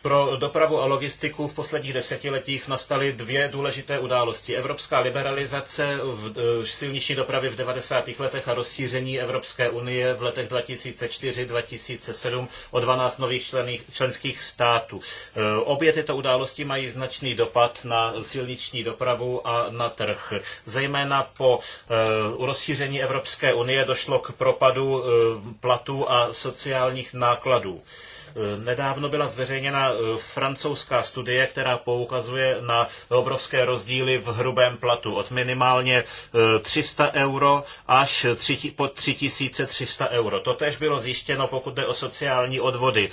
Pro dopravu a logistiku v posledních desetiletích nastaly dvě důležité události. Evropská liberalizace v e, silniční dopravy v 90. letech a rozšíření Evropské unie v letech 2004-2007 o 12 nových člených, členských států. E, obě tyto události mají značný dopad na silniční dopravu a na trh. Zejména po e, rozšíření Evropské unie došlo k propadu platů a sociálních nákladů. Nedávno byla zveřejněna e, francouzská studie, která poukazuje na obrovské rozdíly v hrubém platu od minimálně 300 e, euro až 3, po 3300 euro. To tež bylo zjištěno, pokud jde o sociální odvody.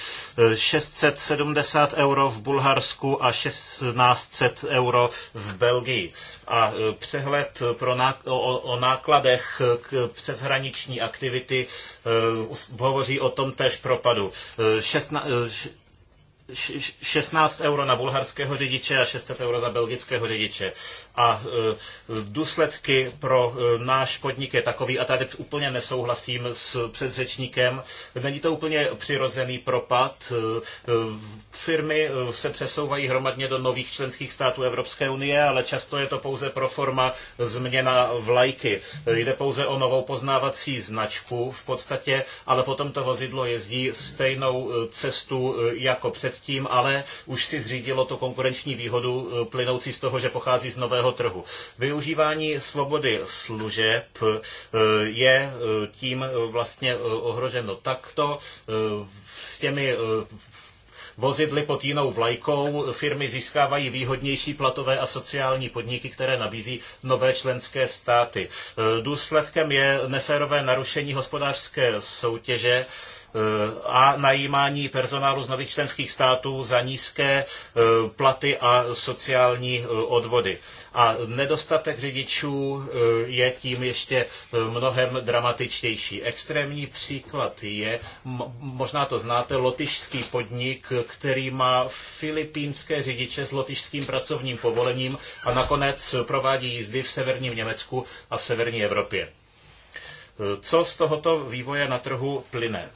670 e, euro v Bulharsku a 1600 euro v Belgii. A přehled pro o, o nákladech k přeshraniční aktivity hovoří o tom tež propadu. 6 16, eh, euro na bulharského řidiče a 600 euro za belgického řidiče a e, důsledky pro e, náš podnik je takový, a tady úplně nesouhlasím s předřečníkem, není to úplně přirozený propad. E, firmy se přesouvají hromadně do nových členských států Evropské unie, ale často je to pouze pro forma změna vlajky. Jde pouze o novou poznávací značku v podstatě, ale potom to vozidlo jezdí stejnou cestu jako předtím, ale už si zřídilo tu konkurenční výhodu plynoucí z toho, že pochází z nového volného trhu. Využívání svobody služeb eh, je eh, tím eh, vlastně ohroženo takto s těmi vozidly pod jinou vlajkou. Firmy získávají výhodnější platové a sociální podniky, které nabízí nové členské státy. Důsledkem je neférové narušení hospodářské soutěže a najímání personálu z nových členských států za nízké e, platy a sociální e, odvody. A nedostatek řidičů e, je tím ještě mnohem dramatičtější. Extrémní příklad je, možná to znáte, lotyšský podnik, který má filipínské řidiče s lotyšským pracovním povolením a nakonec provádí jízdy v severním Německu a v severní Evropě. Co z tohoto vývoje na trhu plyne?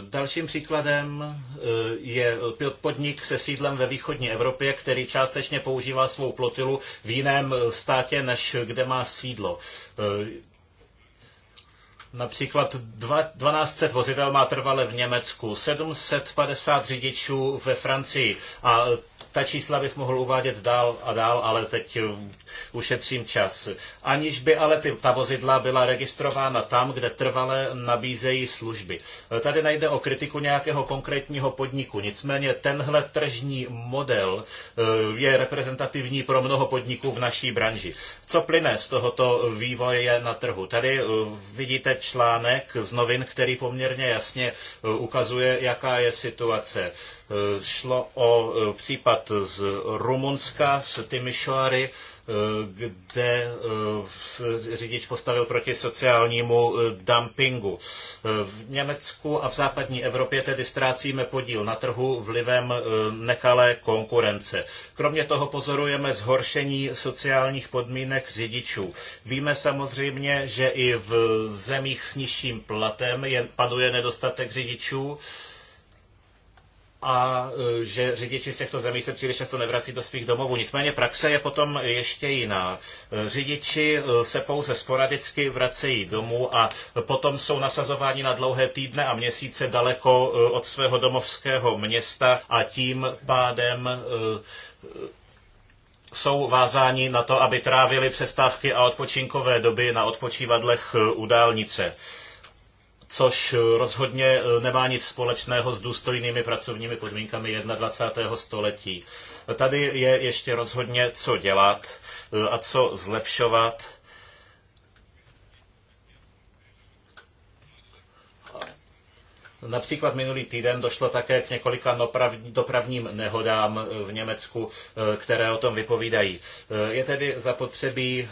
Dalším příkladem eh, je podnik se sídlem ve východní Evropě, který částečně používá svou plotilu v jiném státě, než kde má sídlo. Eh, například 1200 vozidel má trvale v Německu, 750 řidičů ve Francii a ta čísla bych mohl uvádět dál a dál, ale teď eh, ušetřím čas. Aniž by ale ty, ta vozidla byla registrována tam, kde trvale nabízejí služby. Eh, tady najde o kritiku nějakého konkrétního podniku. Nicméně tenhle tržní model eh, je reprezentativní pro mnoho podniků v naší branži. Co plyne z tohoto vývoje na trhu? Tady vidíte článek z novin, který poměrně jasně ukazuje, jaká je situace. Eh, šlo o eh, případ z Rumunska, z Timišoary, eh, kde řidič postavil proti sociálnímu dumpingu. V Německu a v západní Evropě tedy ztrácíme podíl na trhu vlivem nekalé konkurence. Kromě toho pozorujeme zhoršení sociálních podmínek řidičů. Víme samozřejmě, že i v zemích s nižším platem je, paduje nedostatek řidičů a e, že řidiči z těchto zemí se příliš často nevrací do svých domovů. Nicméně praxe je potom ještě jiná. E, řidiči e, se pouze sporadicky vracejí domů a potom jsou nasazováni na dlouhé týdne a měsíce daleko od svého domovského města a tím pádem jsou vázáni na to, aby trávili přestávky a odpočinkové doby na odpočívadlech u dálnice což rozhodně eh, nemá nic společného s důstojnými pracovními podmínkami 21. století. Tady je ještě rozhodně co dělat eh, a co zlepšovat. Například minulý týden došlo také k několika dopravním nehodám eh, v Německu, které o tom vypovídají. Je tedy zapotřebí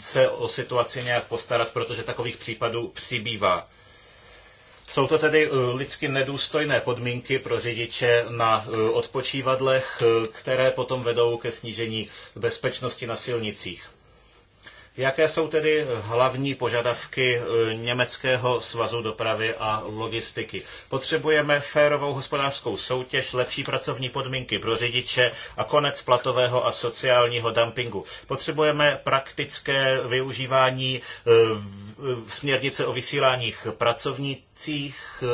se o situaci nějak postarat, protože takových případů přibývá. Jsou to tedy eh, lidsky nedůstojné podmínky pro řidiče na eh, odpočívadlech, eh, které potom vedou ke snížení bezpečnosti na silnicích. Jaké jsou tedy hlavní požadavky Německého svazu dopravy a logistiky? Potřebujeme férovou hospodářskou soutěž, lepší pracovní podmínky pro řidiče a konec platového a sociálního dumpingu. Potřebujeme praktické využívání směrnice o vysíláních pracovnících,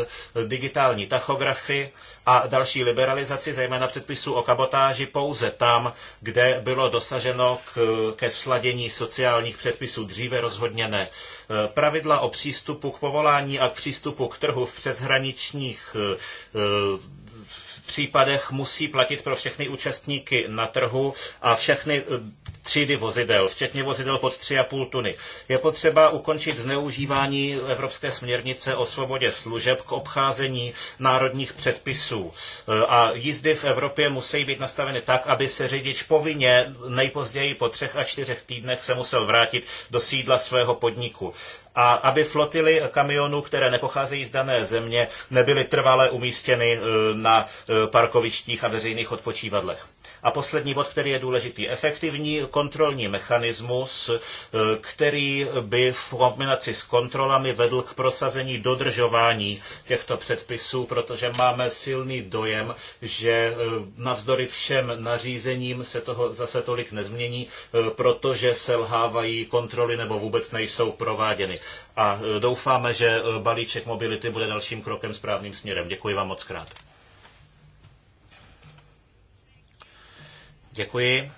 digitální tachografy a další liberalizaci, zejména předpisů o kabotáži pouze tam, kde bylo dosaženo k, ke sladění sociálních předpisů. Dříve rozhodně ne. Pravidla o přístupu k povolání a k přístupu k trhu v přeshraničních eh, případech musí platit pro všechny účastníky na trhu a všechny eh, třídy vozidel, včetně vozidel pod 3,5 tuny. Je potřeba ukončit zneužívání Evropské směrnice o svobodě služeb k obcházení národních předpisů. Eh, a jízdy v Evropě musí být nastaveny tak, aby se řidič povinně nejpozději po třech a čtyřech týdnech se musel vrátit do sídla svého podniku a aby flotily kamionů, které nepocházejí z dané země, nebyly trvale umístěny e, na e, parkovištích a veřejných odpočívadlech. A poslední bod, který je důležitý, efektivní kontrolní mechanismus, eh, který by v kombinaci s kontrolami vedl k prosazení dodržování těchto předpisů, protože máme silný dojem, že eh, navzdory všem nařízením se toho zase tolik nezmění, eh, protože selhávají kontroly nebo vůbec nejsou prováděny. A doufáme, že balíček mobility bude dalším krokem správným směrem. Děkuji vám moc krát. Děkuji.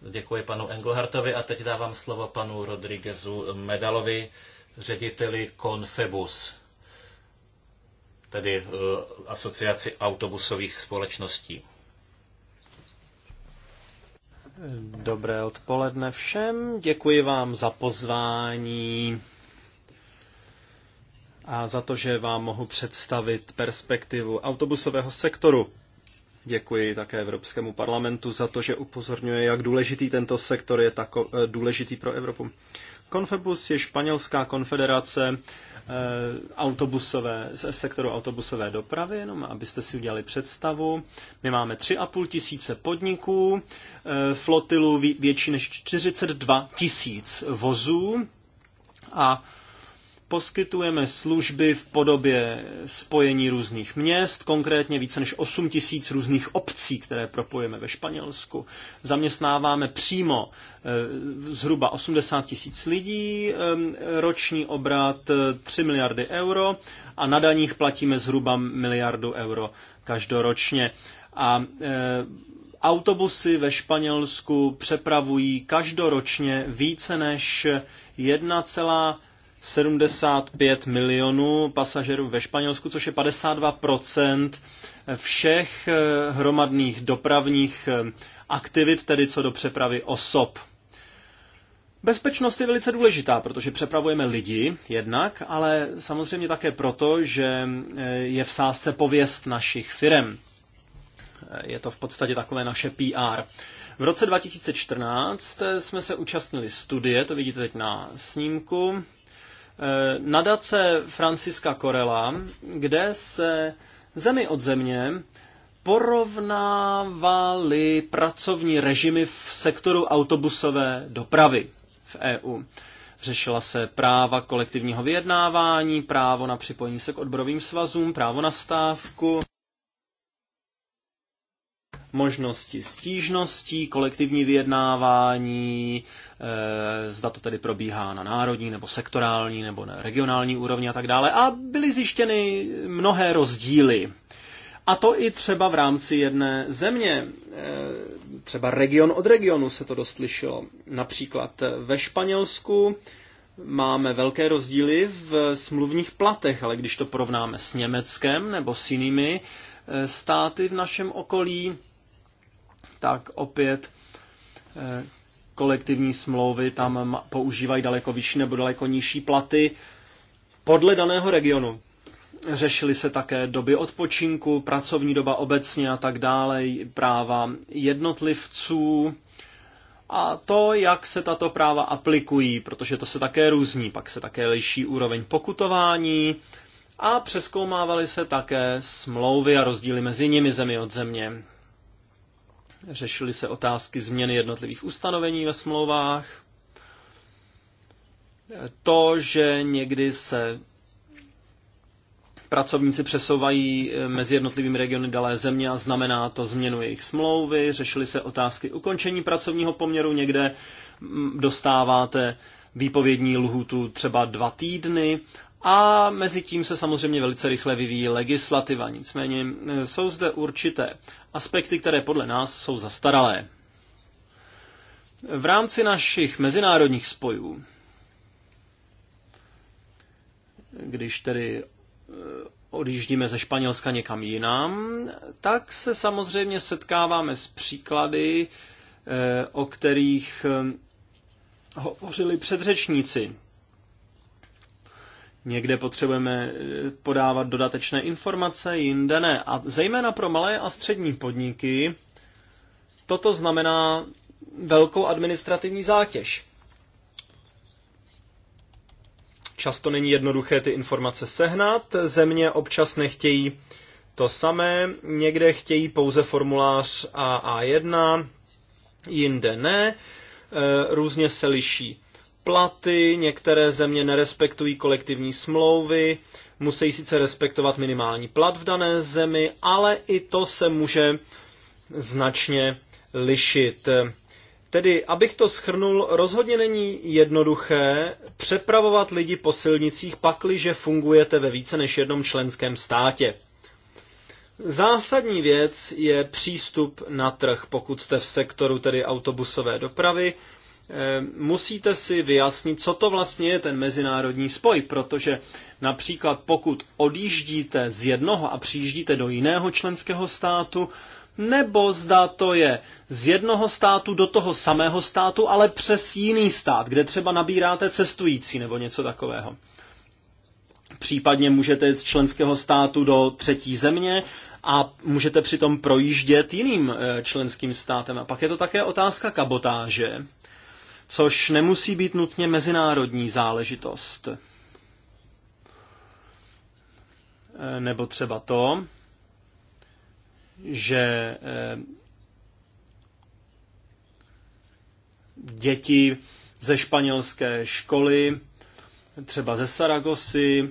Děkuji panu Engelhartovi a teď dávám slovo panu Rodriguezu Medalovi, řediteli Confebus, tedy eh, asociaci autobusových společností. Dobré odpoledne všem, děkuji vám za pozvání a za to, že vám mohu představit perspektivu autobusového sektoru. Děkuji také Evropskému parlamentu za to, že upozorňuje, jak důležitý tento sektor je tak eh, důležitý pro Evropu. Confebus je španělská konfederace eh, autobusové, z sektoru autobusové dopravy, jenom abyste si udělali představu. My máme 3,5 tisíce podniků, eh, flotilu větší než 42 tisíc vozů a Poskytujeme služby v podobě spojení různých měst, konkrétně více než 8 tisíc různých obcí, které propojíme ve Španělsku. Zaměstnáváme přímo eh, zhruba 80 tisíc lidí, eh, roční obrat 3 eh, miliardy euro a na daních platíme zhruba miliardu euro každoročně. A Autobusy ve Španělsku přepravují každoročně více než 75 milionů pasažerů ve Španělsku, což je 52% všech eh, hromadných dopravních eh, aktivit, tedy co do přepravy osob. Bezpečnost je velice důležitá, protože přepravujeme lidi jednak, ale samozřejmě také proto, že eh, je v sázce pověst našich firem. Je to v podstatě takové naše PR. V roce 2014 jsme se účastnili studie, to vidíte teď na snímku, Eh, nadace Franciska Korela, kde se zemi od země porovnávaly pracovní režimy v sektoru autobusové dopravy v EU. Řešila se práva kolektivního vyjednávání, právo na připojení se k odborovým svazům, právo na stávku možnosti stížností, kolektivní vyjednávání, e, zda to tedy probíhá na národní nebo sektorální nebo na regionální úrovni a tak dále. A byly zjištěny mnohé rozdíly. A to i třeba v rámci jedné země. E, třeba region od regionu se to dost lišilo. Například ve Španělsku máme velké rozdíly v smluvních platech, ale když to porovnáme s Německem nebo s jinými eh, státy v našem okolí, tak opět eh, kolektivní smlouvy tam používají daleko vyšší nebo daleko nižší platy podle daného regionu. Řešily se také doby odpočinku, pracovní doba obecně a tak dále, práva jednotlivců a to, jak se tato práva aplikují, protože to se také různí. Pak se také liší úroveň pokutování a přeskoumávaly se také smlouvy a rozdíly mezi nimi zemi od země řešily se otázky změny jednotlivých ustanovení ve smlouvách, to, že někdy se pracovníci přesouvají eh, mezi jednotlivými regiony dalé země a znamená to změnu jejich smlouvy, řešily se otázky ukončení pracovního poměru, někde mm, dostáváte výpovědní lhutu třeba dva týdny a mezi tím se samozřejmě velice rychle vyvíjí legislativa. Nicméně e, jsou zde určité aspekty, které podle nás jsou zastaralé. V rámci našich mezinárodních spojů, když tedy e, odjíždíme ze Španělska někam jinam, tak se samozřejmě setkáváme s příklady, e, o kterých hovořili předřečníci. Někde potřebujeme eh, podávat dodatečné informace, jinde ne. A zejména pro malé a střední podniky toto znamená velkou administrativní zátěž. Často není jednoduché ty informace sehnat, země občas nechtějí to samé, někde chtějí pouze formulář A1, jinde ne, eh, různě se liší platy, některé země nerespektují kolektivní smlouvy, musí sice respektovat minimální plat v dané zemi, ale i to se může značně lišit. Tedy, abych to schrnul, rozhodně není jednoduché přepravovat lidi po silnicích, pakliže fungujete ve více než jednom členském státě. Zásadní věc je přístup na trh, pokud jste v sektoru tedy autobusové dopravy, Eh, musíte si vyjasnit, co to vlastně je ten mezinárodní spoj, protože například pokud odjíždíte z jednoho a přijíždíte do jiného členského státu, nebo zda to je z jednoho státu do toho samého státu, ale přes jiný stát, kde třeba nabíráte cestující nebo něco takového. Případně můžete z členského státu do třetí země a můžete přitom projíždět jiným eh, členským státem. A pak je to také otázka kabotáže, což nemusí být nutně mezinárodní záležitost. Eh, nebo třeba to, že eh, děti ze španělské školy, třeba ze Saragosy,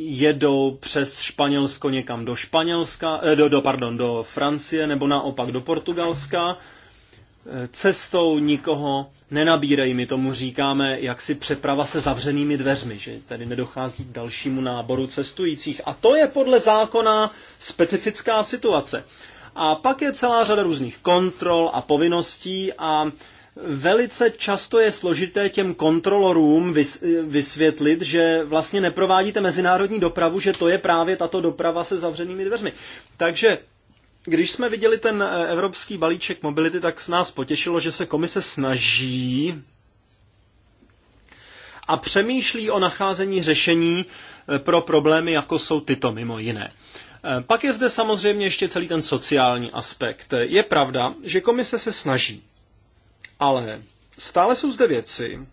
jedou přes Španělsko někam do Španělska, eh, do, do, pardon, do Francie nebo naopak do Portugalska cestou nikoho nenabírej. My tomu říkáme jaksi přeprava se zavřenými dveřmi, že tady nedochází k dalšímu náboru cestujících. A to je podle zákona specifická situace. A pak je celá řada různých kontrol a povinností a velice často je složité těm kontrolorům vysvětlit, že vlastně neprovádíte mezinárodní dopravu, že to je právě tato doprava se zavřenými dveřmi. Takže když jsme viděli ten eh, evropský balíček mobility, tak s nás potěšilo, že se komise snaží a přemýšlí o nacházení řešení eh, pro problémy, jako jsou tyto mimo jiné. Eh, pak je zde samozřejmě ještě celý ten sociální aspekt. Je pravda, že komise se snaží, ale stále jsou zde věci,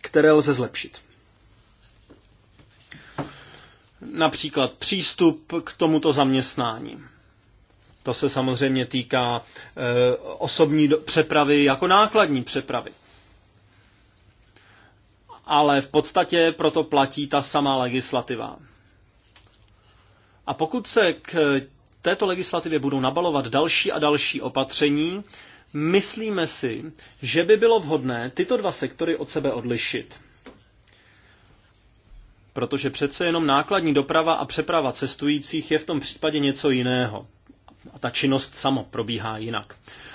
které lze zlepšit. Například přístup k tomuto zaměstnání. To se samozřejmě týká eh, osobní přepravy jako nákladní přepravy. Ale v podstatě proto platí ta samá legislativa. A pokud se k eh, této legislativě budou nabalovat další a další opatření, myslíme si, že by bylo vhodné tyto dva sektory od sebe odlišit. Protože přece jenom nákladní doprava a přeprava cestujících je v tom případě něco jiného a ta činnost sama probíhá jinak.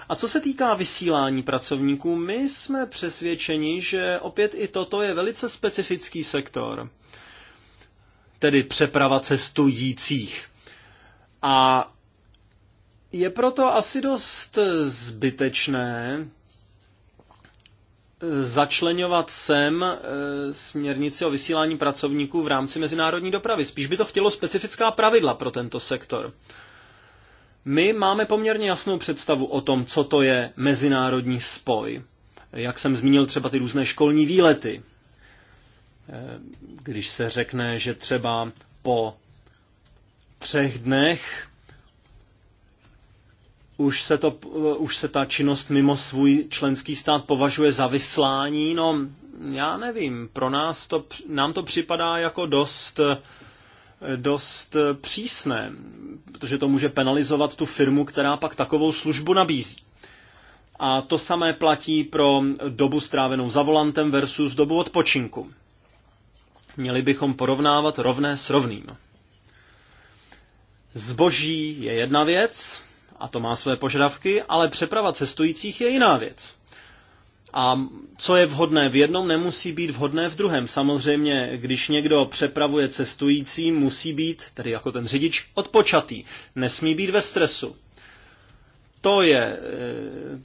A co se týká vysílání pracovníků, my jsme přesvědčeni, že opět i toto je velice specifický sektor, tedy přeprava cestujících. A je proto asi dost zbytečné eh, začlenovat sem eh, směrnici o vysílání pracovníků v rámci mezinárodní dopravy. Spíš by to chtělo specifická pravidla pro tento sektor. My máme poměrně jasnou představu o tom, co to je mezinárodní spoj. Jak jsem zmínil třeba ty různé školní výlety. Eh, když se řekne, že třeba po třech dnech už se, to, eh, už se ta činnost mimo svůj členský stát považuje za vyslání, no já nevím, pro nás to, nám to připadá jako dost eh, dost eh, přísné, protože to může penalizovat tu firmu, která pak takovou službu nabízí. A to samé platí pro dobu strávenou za volantem versus dobu odpočinku. Měli bychom porovnávat rovné s rovným. Zboží je jedna věc, a to má své požadavky, ale přeprava cestujících je jiná věc. A co je vhodné v jednom, nemusí být vhodné v druhém. Samozřejmě, když někdo přepravuje cestující, musí být, tedy jako ten řidič, odpočatý. Nesmí být ve stresu. To je e,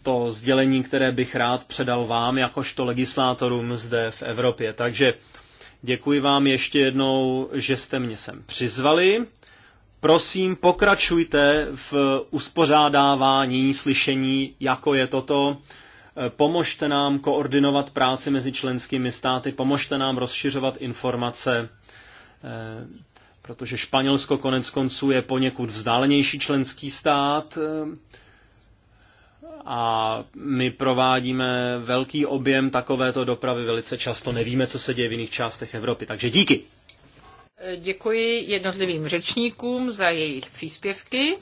to sdělení, které bych rád předal vám, jakožto legislátorům zde v Evropě. Takže děkuji vám ještě jednou, že jste mě sem přizvali. Prosím, pokračujte v uspořádávání slyšení, jako je toto Eh, pomožte nám koordinovat práci mezi členskými státy, pomožte nám rozšiřovat informace, eh, protože Španělsko konec konců je poněkud vzdálenější členský stát eh, a my provádíme velký objem takovéto dopravy velice často. Nevíme, co se děje v jiných částech Evropy, takže díky. Děkuji jednotlivým řečníkům za jejich příspěvky.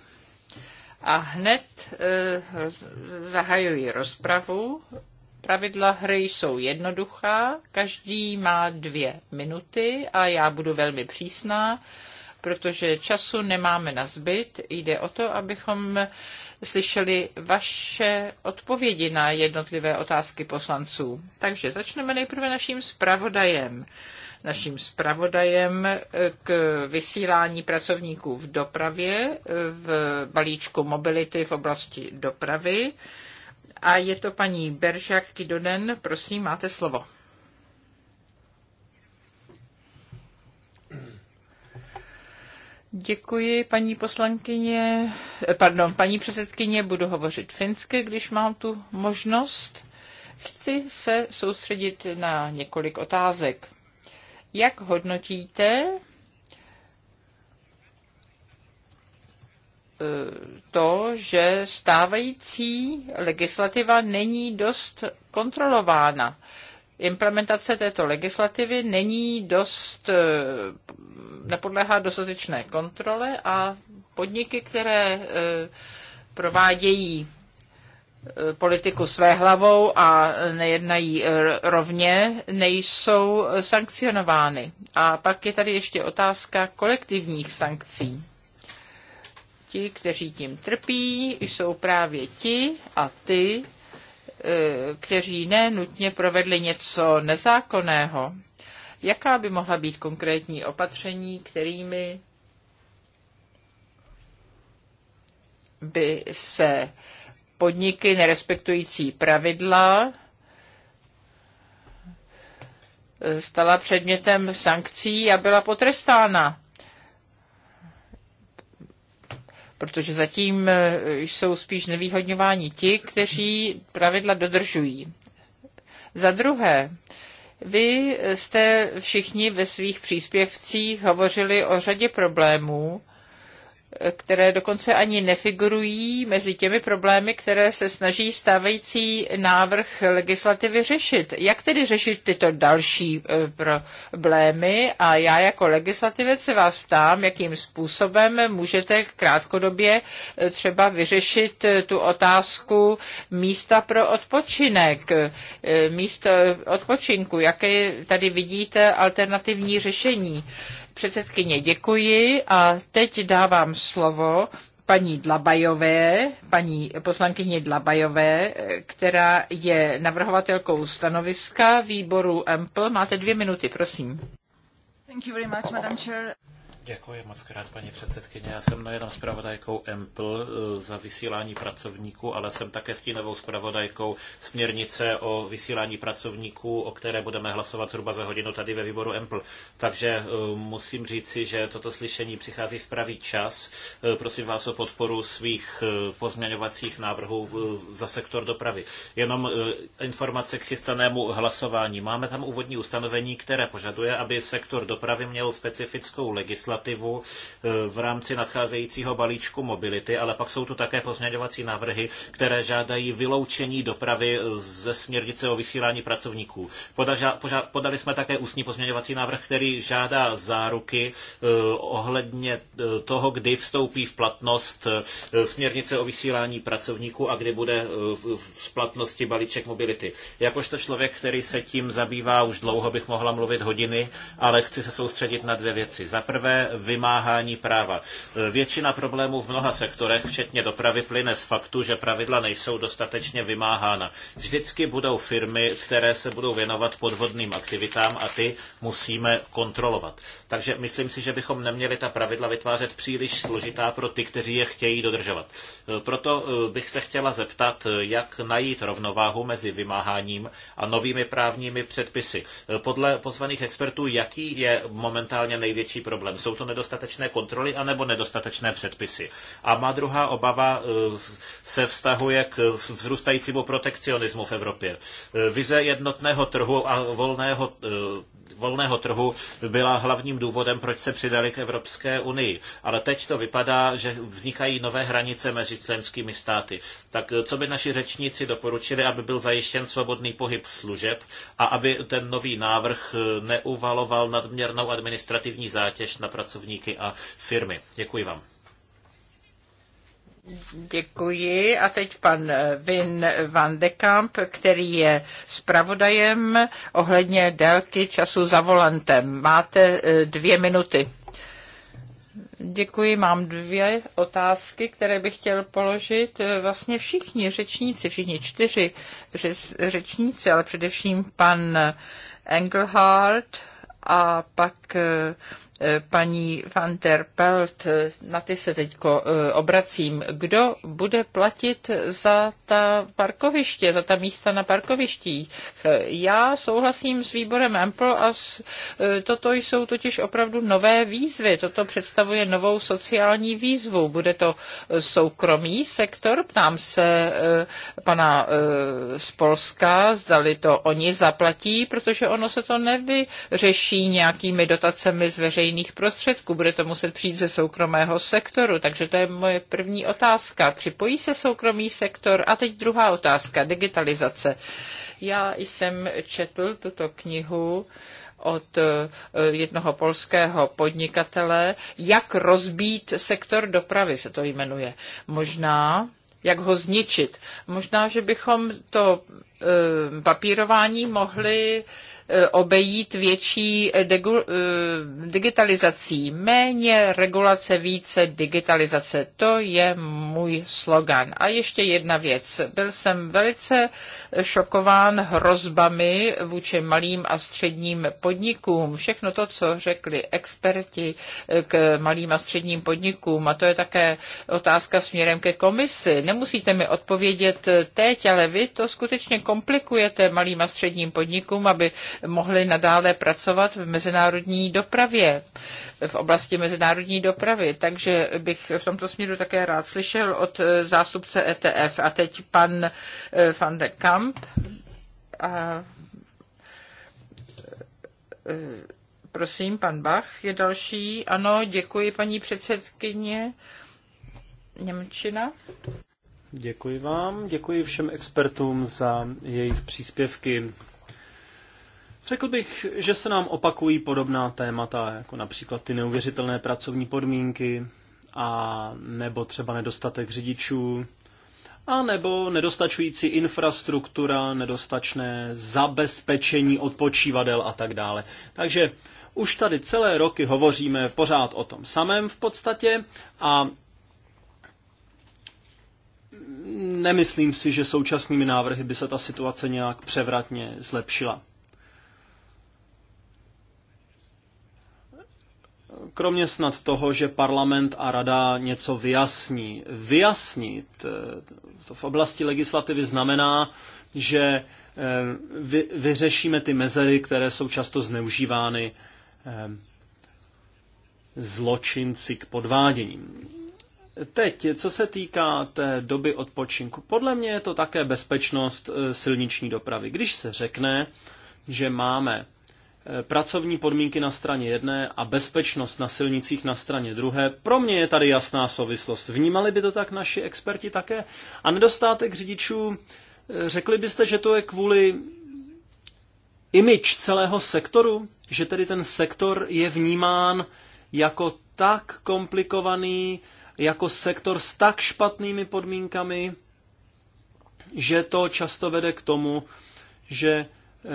A hned eh, zahajuji rozpravu. Pravidla hry jsou jednoduchá, každý má dvě minuty a já budu velmi přísná, protože času nemáme na zbyt. Jde o to, abychom slyšeli vaše odpovědi na jednotlivé otázky poslanců. Takže začneme nejprve naším zpravodajem naším zpravodajem k vysílání pracovníků v dopravě v balíčku mobility v oblasti dopravy. A je to paní Beržák Kidonen. Prosím, máte slovo. Děkuji, paní poslankyně, pardon, paní předsedkyně, budu hovořit finsky, když mám tu možnost. Chci se soustředit na několik otázek. Jak hodnotíte e, to, že stávající legislativa není dost kontrolována. Implementace této legislativy není dost, e, nepodléhá dostatečné kontrole a podniky, které e, provádějí politiku své hlavou a nejednají rovně, nejsou sankcionovány. A pak je tady ještě otázka kolektivních sankcí. Ti, kteří tím trpí, jsou právě ti a ty, e, kteří ne nutně provedli něco nezákonného. Jaká by mohla být konkrétní opatření, kterými by se podniky nerespektující pravidla eh, stala předmětem sankcí a byla potrestána. Protože zatím eh, jsou spíš nevýhodňováni ti, kteří pravidla dodržují. Za druhé, vy jste všichni ve svých příspěvcích hovořili o řadě problémů, které dokonce ani nefigurují mezi těmi problémy, které se snaží stávající návrh legislativy řešit. Jak tedy řešit tyto další eh, problémy? A já jako legislativec se vás ptám, jakým způsobem můžete krátkodobě eh, třeba vyřešit eh, tu otázku místa pro odpočinek, místo odpočinku, jaké tady vidíte alternativní řešení. Předsedkyně, děkuji a teď dávám slovo paní Dlabajové, paní poslankyně Dlabajové, která je navrhovatelkou stanoviska výboru EMPL. Máte dvě minuty, prosím. Much, Děkuji moc krát, paní předsedkyně. Já jsem nejenom zpravodajkou EMPL eh, za vysílání pracovníků, ale jsem také stínovou zpravodajkou směrnice o vysílání pracovníků, o které budeme hlasovat zhruba za hodinu tady ve výboru EMPL. Takže eh, musím říci, že toto slyšení přichází v pravý čas. Eh, prosím vás o podporu svých pozměňovacích návrhů za sektor dopravy. Jenom informace k chystanému hlasování. Máme tam úvodní ustanovení, které požaduje, aby sektor dopravy měl specifickou legislativu legislativu eh, v rámci nadcházejícího balíčku mobility, ale pak jsou tu také pozměňovací návrhy, které žádají vyloučení dopravy eh, ze směrnice o vysílání pracovníků. podali jsme také ústní pozměňovací návrh, který žádá záruky eh, ohledně toho, kdy vstoupí v platnost směrnice o vysílání pracovníků a kdy bude v platnosti balíček mobility. Jakožto člověk, který se tím zabývá už dlouho, bych mohla mluvit hodiny, ale chci se soustředit na dvě věci. Za prvé, vymáhání práva. Většina problémů v mnoha sektorech, včetně dopravy, plyne z faktu, že pravidla nejsou dostatečně vymáhána. Vždycky budou firmy, které se budou věnovat podvodným aktivitám a ty musíme kontrolovat. Takže myslím si, že bychom neměli ta pravidla vytvářet příliš složitá pro ty, kteří je chtějí dodržovat. E, proto e, bych se chtěla zeptat, e, jak najít rovnováhu mezi vymáháním a novými právními předpisy. Podle pozvaných expertů, jaký je momentálně největší problém? Jsou to nedostatečné kontroly anebo nedostatečné předpisy? A má druhá obava se vztahuje k vzrůstajícímu protekcionismu v Evropě. Vize jednotného trhu a volného volného trhu byla hlavním důvodem, proč se přidali k Evropské unii. Ale teď to vypadá, že vznikají nové hranice mezi členskými státy. Tak eh, co by naši řečníci doporučili, aby byl zajištěn svobodný pohyb služeb a aby ten nový návrh eh, neuvaloval nadměrnou administrativní zátěž na pracovníky a firmy? Děkuji vám. Děkuji. A teď pan eh, Vin van de Kamp, který je zpravodajem ohledně délky času za volantem. Máte eh, dvě minuty. Děkuji. Mám dvě otázky, které bych chtěl položit. Eh, vlastně všichni řečníci, všichni čtyři řečníci, ale především pan Engelhardt a pak Eh, paní van der Pelt, na ty se teď eh, obracím. Kdo bude platit za ta parkoviště, za ta místa na parkovištích? Eh, já souhlasím s výborem Ample a s, toto jsou totiž opravdu nové výzvy. Toto představuje novou sociální výzvu. Bude to soukromý sektor? Ptám se pana z Polska, zdali to oni zaplatí, protože ono se to nevyřeší nějakými dotacemi z veřejných veřejných prostředků, bude to muset přijít ze soukromého sektoru, takže to je moje první otázka. Připojí se soukromý sektor? A teď druhá otázka, digitalizace. Já jsem četl tuto knihu, od eh, jednoho polského podnikatele, jak rozbít sektor dopravy, se to jmenuje. Možná, jak ho zničit. Možná, že bychom to eh, papírování mohli Eh, obejít větší eh, digitalizací. Méně regulace, více digitalizace. To je můj slogan. A ještě jedna věc. Byl jsem velice šokován hrozbami vůči malým a středním podnikům. Všechno to, co řekli experti eh, k malým a středním podnikům, a to je také otázka směrem ke komisi. Nemusíte mi odpovědět teď, ale vy to skutečně komplikujete malým a středním podnikům, aby mohli nadále pracovat v mezinárodní dopravě, v oblasti mezinárodní dopravy. Takže bych v tomto směru také rád slyšel od eh, zástupce ETF. A teď pan eh, van de Kamp. A eh, Prosím, pan Bach je další. Ano, děkuji, paní předsedkyně. Němčina. Děkuji vám, děkuji všem expertům za jejich příspěvky. Řekl bych, že se nám opakují podobná témata, jako například ty neuvěřitelné pracovní podmínky, a nebo třeba nedostatek řidičů, a nebo nedostačující infrastruktura, nedostačné zabezpečení odpočívadel a tak dále. Takže už tady celé roky hovoříme pořád o tom samém v podstatě a nemyslím si, že současnými návrhy by se ta situace nějak převratně zlepšila. kromě snad toho, že parlament a rada něco vyjasní. Vyjasnit eh, to v oblasti legislativy znamená, že eh, vy, vyřešíme ty mezery, které jsou často zneužívány eh, zločinci k podváděním. Teď, co se týká té doby odpočinku, podle mě je to také bezpečnost silniční dopravy. Když se řekne, že máme Eh, pracovní podmínky na straně jedné a bezpečnost na silnicích na straně druhé. Pro mě je tady jasná souvislost. Vnímali by to tak naši experti také? A nedostátek řidičů, eh, řekli byste, že to je kvůli imič celého sektoru? Že tedy ten sektor je vnímán jako tak komplikovaný, jako sektor s tak špatnými podmínkami, že to často vede k tomu, že Eh,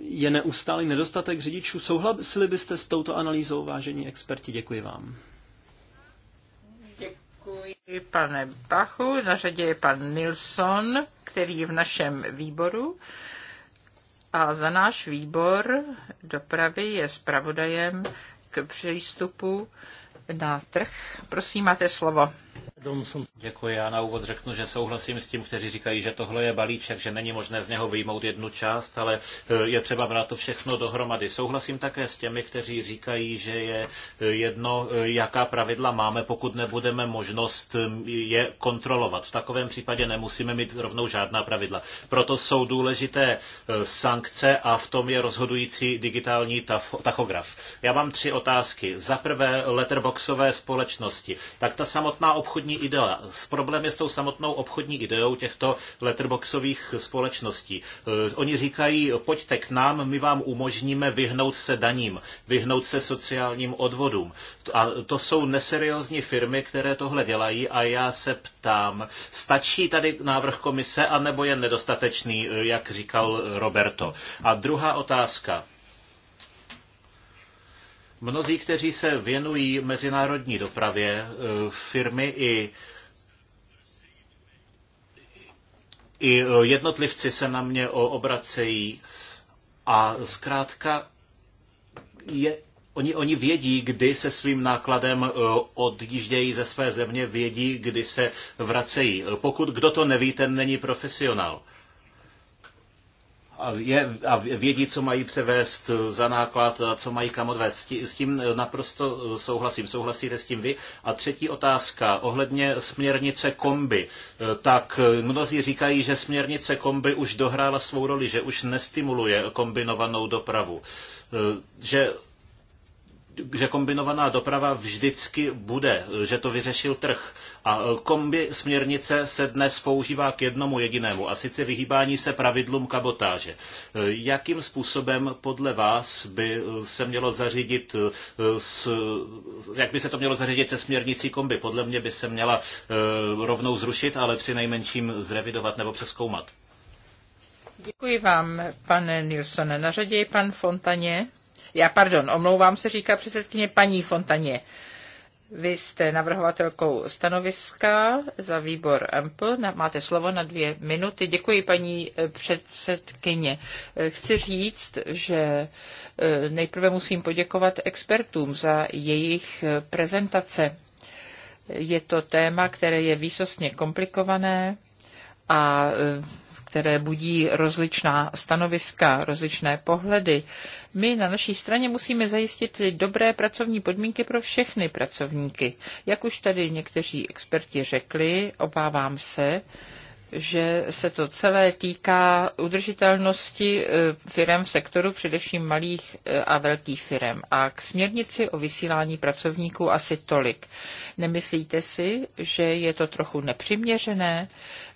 je neustálý nedostatek řidičů. Souhlasili byste s touto analýzou, vážení experti? Děkuji vám. Děkuji, pane Bachu. Na řadě je pan Nilsson, který je v našem výboru. A za náš výbor dopravy je zpravodajem k přístupu na trh. Prosím, máte slovo. Děkuji, já na úvod řeknu, že souhlasím s tím, kteří říkají, že tohle je balíček, že není možné z něho vyjmout jednu část, ale e, je třeba brát to všechno dohromady. Souhlasím také s těmi, kteří říkají, že je e, jedno, e, jaká pravidla máme, pokud nebudeme možnost je kontrolovat. V takovém případě nemusíme mít rovnou žádná pravidla. Proto jsou důležité sankce a v tom je rozhodující digitální tachograf. Já mám tři otázky. Za prvé letterboxové společnosti. Tak ta samotná obchodní obchodní idea. Problém je s tou samotnou obchodní ideou těchto letterboxových společností. Eh, oni říkají, pojďte k nám, my vám umožníme vyhnout se daním, vyhnout se sociálním odvodům. A to jsou neseriózní firmy, které tohle dělají a já se ptám, stačí tady návrh komise, anebo je nedostatečný, eh, jak říkal Roberto? A druhá otázka. Mnozí, kteří se věnují mezinárodní dopravě, eh, firmy i i eh, jednotlivci se na mě obracejí a zkrátka je, oni, oni vědí, kdy se svým nákladem eh, odjíždějí ze své země, vědí, kdy se vracejí. Pokud kdo to neví, ten není profesionál a, je, a vědí, co mají převést za náklad a co mají kam odvést. S tím naprosto souhlasím. Souhlasíte s tím vy? A třetí otázka ohledně směrnice kombi. Tak mnozí říkají, že směrnice kombi už dohrála svou roli, že už nestimuluje kombinovanou dopravu že že kombinovaná doprava vždycky bude, že to vyřešil trh. A e, kombi směrnice se dnes používá k jednomu jedinému, a sice vyhýbání se pravidlům kabotáže. E, jakým způsobem podle vás by e, se mělo zařídit, s, jak by se to mělo zařídit se směrnicí kombi? Podle mě by se měla rovnou zrušit, ale při nejmenším zrevidovat nebo přeskoumat. Děkuji vám, pane Nilsone. Na řadě je pan Fontaně já pardon, omlouvám se, říká předsedkyně paní Fontaně. Vy jste navrhovatelkou stanoviska za výbor EMPL. Máte slovo na dvě minuty. Děkuji, paní eh, předsedkyně. Eh, chci říct, že eh, nejprve musím poděkovat expertům za jejich prezentace. Je to téma, které je výsostně komplikované a které budí rozličná stanoviska, rozličné pohledy. My na naší straně musíme zajistit dobré pracovní podmínky pro všechny pracovníky. Jak už tady někteří experti řekli, obávám se, že se to celé týká udržitelnosti eh, firm v sektoru, především malých eh, a velkých firm. A k směrnici o vysílání pracovníků asi tolik. Nemyslíte si, že je to trochu nepřiměřené?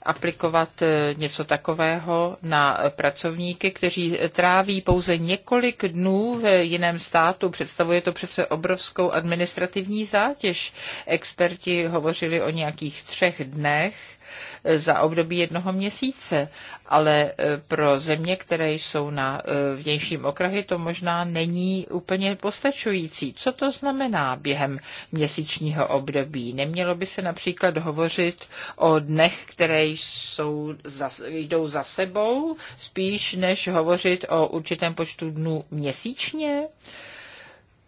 aplikovat eh, něco takového na pracovníky, kteří tráví pouze několik dnů v jiném státu. Představuje to přece obrovskou administrativní zátěž. Experti hovořili o nějakých třech dnech za období jednoho měsíce, ale e, pro země, které jsou na e, vnějším okrahy, to možná není úplně postačující. Co to znamená během měsíčního období? Nemělo by se například hovořit o dnech, které jsou, jdou za sebou, spíš než hovořit o určitém počtu dnů měsíčně?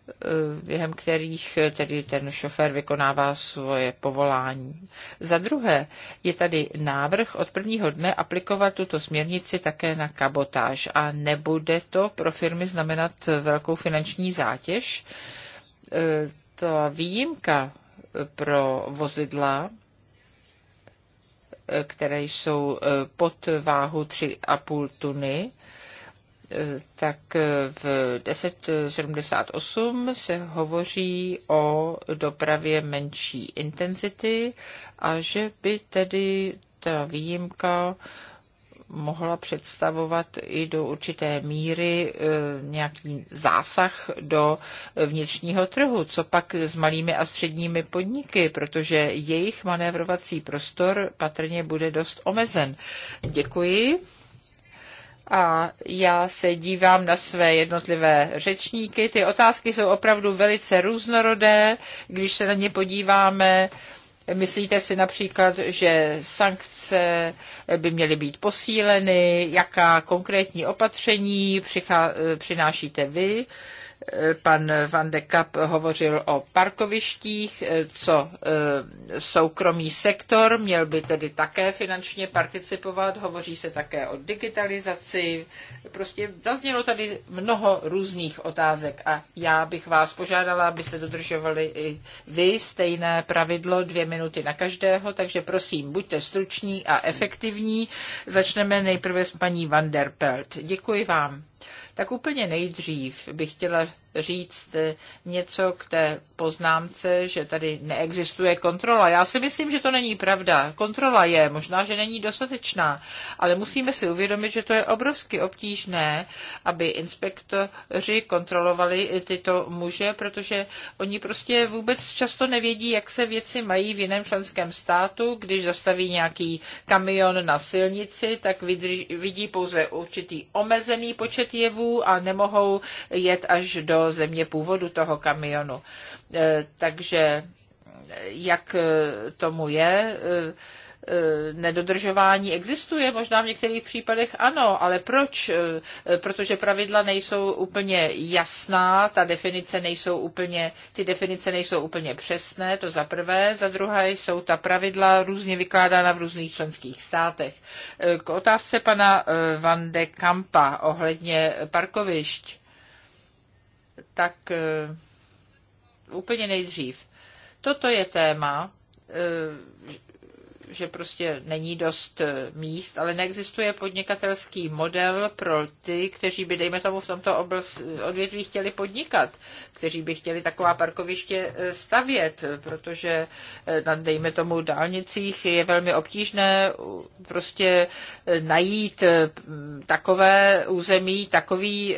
Eh, během kterých eh, tedy ten šofér vykonává svoje povolání. Za druhé je tady návrh od prvního dne aplikovat tuto směrnici také na kabotáž a nebude to pro firmy znamenat velkou finanční zátěž. Eh, ta výjimka pro vozidla které jsou pod váhu 3,5 tuny, tak v 1078 se hovoří o dopravě menší intenzity a že by tedy ta výjimka mohla představovat i do určité míry e, nějaký zásah do vnitřního trhu. Co pak s malými a středními podniky, protože jejich manévrovací prostor patrně bude dost omezen. Děkuji a já se dívám na své jednotlivé řečníky. Ty otázky jsou opravdu velice různorodé, když se na ně podíváme. Myslíte si například, že sankce by měly být posíleny? Jaká konkrétní opatření přinášíte vy? Pan Van de Kap hovořil o parkovištích, co e, soukromý sektor měl by tedy také finančně participovat. Hovoří se také o digitalizaci. Prostě zaznělo tady mnoho různých otázek a já bych vás požádala, abyste dodržovali i vy stejné pravidlo, dvě minuty na každého, takže prosím, buďte struční a efektivní. Začneme nejprve s paní Van der Pelt. Děkuji vám. Tak úplně nejdřív bych chtěla říct něco k té poznámce, že tady neexistuje kontrola. Já si myslím, že to není pravda. Kontrola je, možná, že není dostatečná, ale musíme si uvědomit, že to je obrovsky obtížné, aby inspektoři kontrolovali tyto muže, protože oni prostě vůbec často nevědí, jak se věci mají v jiném členském státu. Když zastaví nějaký kamion na silnici, tak vidí pouze určitý omezený počet jevů a nemohou jet až do země původu toho kamionu. Eh, takže jak eh, tomu je, eh, nedodržování existuje, možná v některých případech ano, ale proč? Protože pravidla nejsou úplně jasná, ta definice nejsou úplně, ty definice nejsou úplně přesné, to za prvé, za druhé jsou ta pravidla různě vykládána v různých členských státech. K otázce pana Van de Kampa ohledně parkovišť tak eh, úplně nejdřív. Toto je téma, eh, že prostě není dost eh, míst, ale neexistuje podnikatelský model pro ty, kteří by, dejme tomu, v tomto odvětví chtěli podnikat, kteří by chtěli taková parkoviště stavět, protože na, dejme tomu, dálnicích je velmi obtížné prostě najít takové území, takový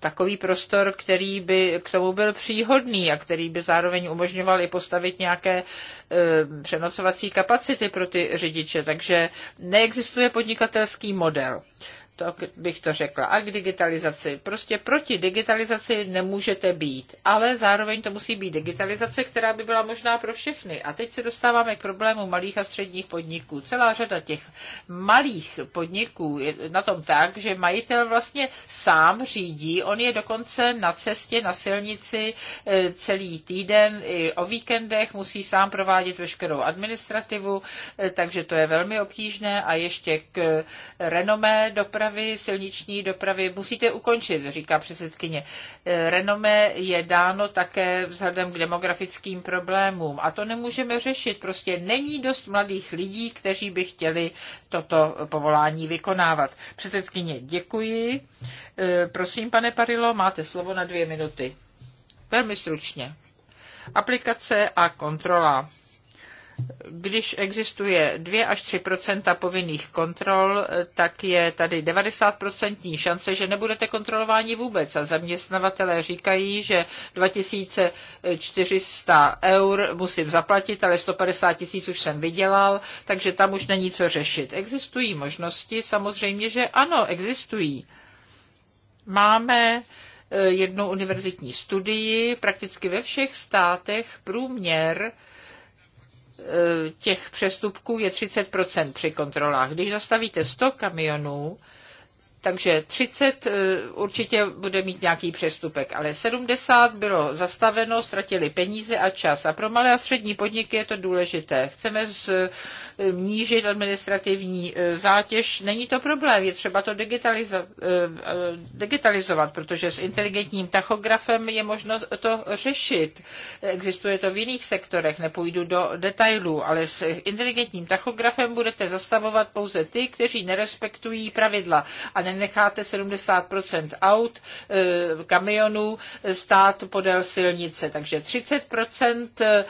takový prostor, který by k tomu byl příhodný a který by zároveň umožňoval i postavit nějaké e, přenocovací kapacity pro ty řidiče. Takže neexistuje podnikatelský model tak bych to řekla, a k digitalizaci. Prostě proti digitalizaci nemůžete být, ale zároveň to musí být digitalizace, která by byla možná pro všechny. A teď se dostáváme k problému malých a středních podniků. Celá řada těch malých podniků je na tom tak, že majitel vlastně sám řídí, on je dokonce na cestě, na silnici e, celý týden, i o víkendech musí sám provádět veškerou administrativu, e, takže to je velmi obtížné a ještě k e, renomé dopravy dopravy, silniční dopravy musíte ukončit, říká předsedkyně. Eh, Renome je dáno také vzhledem k demografickým problémům a to nemůžeme řešit. Prostě není dost mladých lidí, kteří by chtěli toto povolání vykonávat. Předsedkyně, děkuji. Eh, prosím, pane Parilo, máte slovo na dvě minuty. Velmi stručně. Aplikace a kontrola když existuje 2 až 3 povinných kontrol, tak je tady 90 šance, že nebudete kontrolováni vůbec. A zaměstnavatelé říkají, že 2400 eur musím zaplatit, ale 150 tisíc už jsem vydělal, takže tam už není co řešit. Existují možnosti, samozřejmě, že ano, existují. Máme eh, jednu univerzitní studii, prakticky ve všech státech průměr Eh, těch přestupků je 30 při kontrolách. Když zastavíte 100 kamionů, takže 30 eh, určitě bude mít nějaký přestupek, ale 70 bylo zastaveno, ztratili peníze a čas. A pro malé a střední podniky je to důležité. Chceme znížit eh, administrativní eh, zátěž, není to problém, je třeba to digitalizo- digitalizovat, protože s inteligentním tachografem je možno to řešit. Existuje to v jiných sektorech, nepůjdu do detailů, ale s inteligentním tachografem budete zastavovat pouze ty, kteří nerespektují pravidla a ne necháte 70% aut, e, kamionů stát podél silnice. Takže 30% e,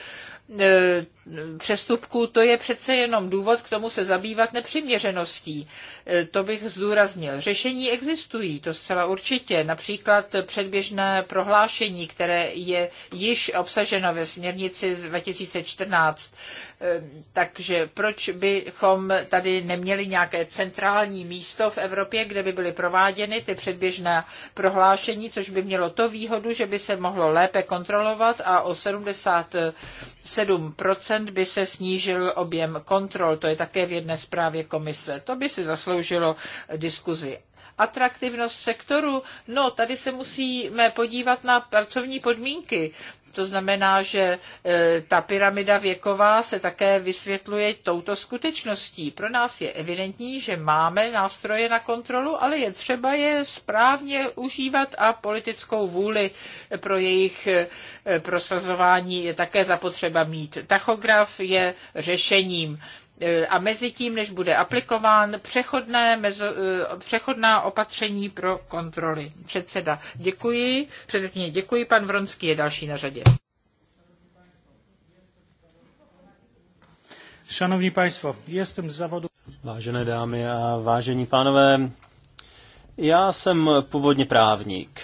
přestupků, to je přece jenom důvod k tomu se zabývat nepřiměřeností. E, to bych zdůraznil. Řešení existují, to zcela určitě. Například předběžné prohlášení, které je již obsaženo ve směrnici z 2014 Eh, takže proč bychom tady neměli nějaké centrální místo v Evropě, kde by byly prováděny ty předběžná prohlášení, což by mělo to výhodu, že by se mohlo lépe kontrolovat a o 77% by se snížil objem kontrol. To je také v jedné zprávě komise. To by si zasloužilo diskuzi atraktivnost sektoru. No, tady se musíme podívat na pracovní podmínky. To znamená, že e, ta pyramida věková se také vysvětluje touto skutečností. Pro nás je evidentní, že máme nástroje na kontrolu, ale je třeba je správně užívat a politickou vůli pro jejich e, prosazování je také zapotřeba mít. Tachograf je řešením E, a mezi tím, než bude aplikován přechodné, mezo, e, přechodná opatření pro kontroly. Předseda, děkuji. Předsedně děkuji. Pan Vronský je další na řadě. Šanovní państwo, jestem z závodu. Vážené dámy a vážení pánové, já jsem původně právník,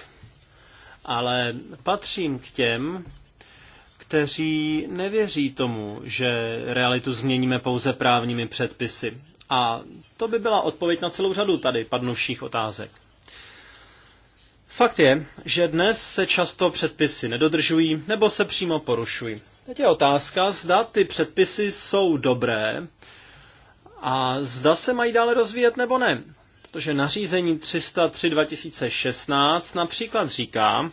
ale patřím k těm, kteří nevěří tomu, že realitu změníme pouze právními předpisy. A to by byla odpověď na celou řadu tady padnuvších otázek. Fakt je, že dnes se často předpisy nedodržují nebo se přímo porušují. Teď je otázka, zda ty předpisy jsou dobré a zda se mají dále rozvíjet nebo ne. Protože nařízení 303 2016 například říká,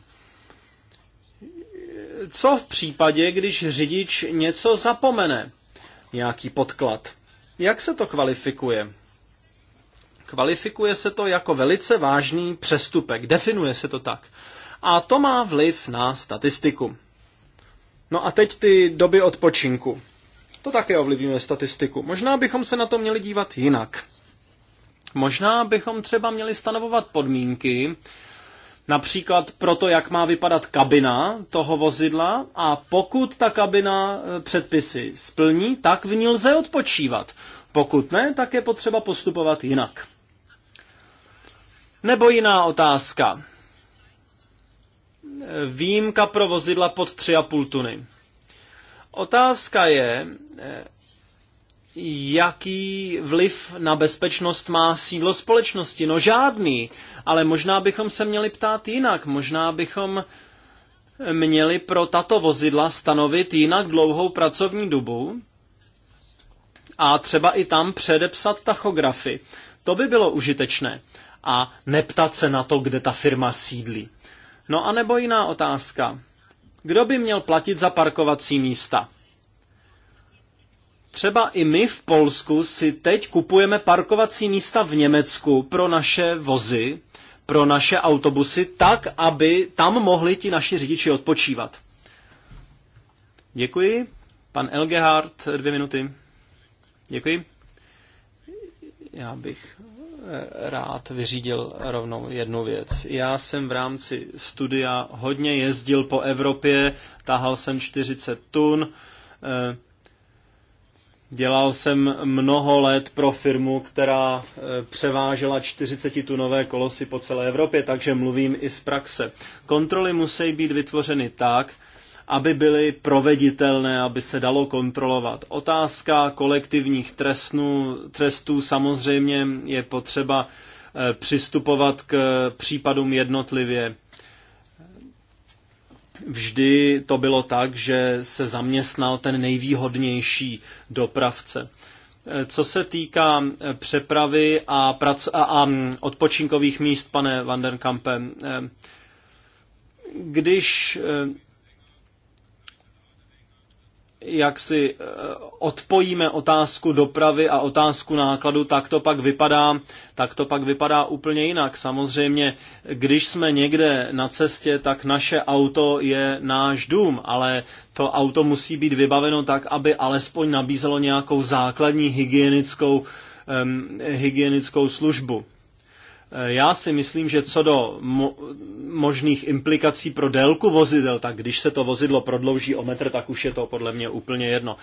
co v případě, když řidič něco zapomene? Nějaký podklad. Jak se to kvalifikuje? Kvalifikuje se to jako velice vážný přestupek, definuje se to tak. A to má vliv na statistiku. No a teď ty doby odpočinku. To také ovlivňuje statistiku. Možná bychom se na to měli dívat jinak. Možná bychom třeba měli stanovovat podmínky, Například pro to, jak má vypadat kabina toho vozidla a pokud ta kabina e, předpisy splní, tak v ní lze odpočívat. Pokud ne, tak je potřeba postupovat jinak. Nebo jiná otázka. Výjimka pro vozidla pod 3,5 tuny. Otázka je, e, jaký vliv na bezpečnost má sídlo společnosti. No žádný, ale možná bychom se měli ptát jinak. Možná bychom měli pro tato vozidla stanovit jinak dlouhou pracovní dobu a třeba i tam předepsat tachografy. To by bylo užitečné. A neptat se na to, kde ta firma sídlí. No a nebo jiná otázka. Kdo by měl platit za parkovací místa? Třeba i my v Polsku si teď kupujeme parkovací místa v Německu pro naše vozy, pro naše autobusy, tak, aby tam mohli ti naši řidiči odpočívat. Děkuji. Pan Elgehard, dvě minuty. Děkuji. Já bych eh, rád vyřídil rovnou jednu věc. Já jsem v rámci studia hodně jezdil po Evropě, tahal jsem 40 tun, eh, Dělal jsem mnoho let pro firmu, která e, převážela 40-tunové kolosy po celé Evropě, takže mluvím i z praxe. Kontroly musí být vytvořeny tak, aby byly proveditelné, aby se dalo kontrolovat. Otázka kolektivních trestnů, trestů samozřejmě je potřeba e, přistupovat k případům jednotlivě vždy to bylo tak, že se zaměstnal ten nejvýhodnější dopravce. Eh, co se týká eh, přepravy a, prac- a, a mm, odpočinkových míst, pane Vandenkampe, eh, když jak si eh, odpojíme otázku dopravy a otázku nákladu, tak to pak vypadá, tak to pak vypadá úplně jinak. Samozřejmě, když jsme někde na cestě, tak naše auto je náš dům, ale to auto musí být vybaveno tak, aby alespoň nabízelo nějakou základní hygienickou, um, hygienickou službu. Eh, já si myslím, že co do mo- možných implikací pro délku vozidel, tak když se to vozidlo prodlouží o metr, tak už je to podle mě úplně jedno.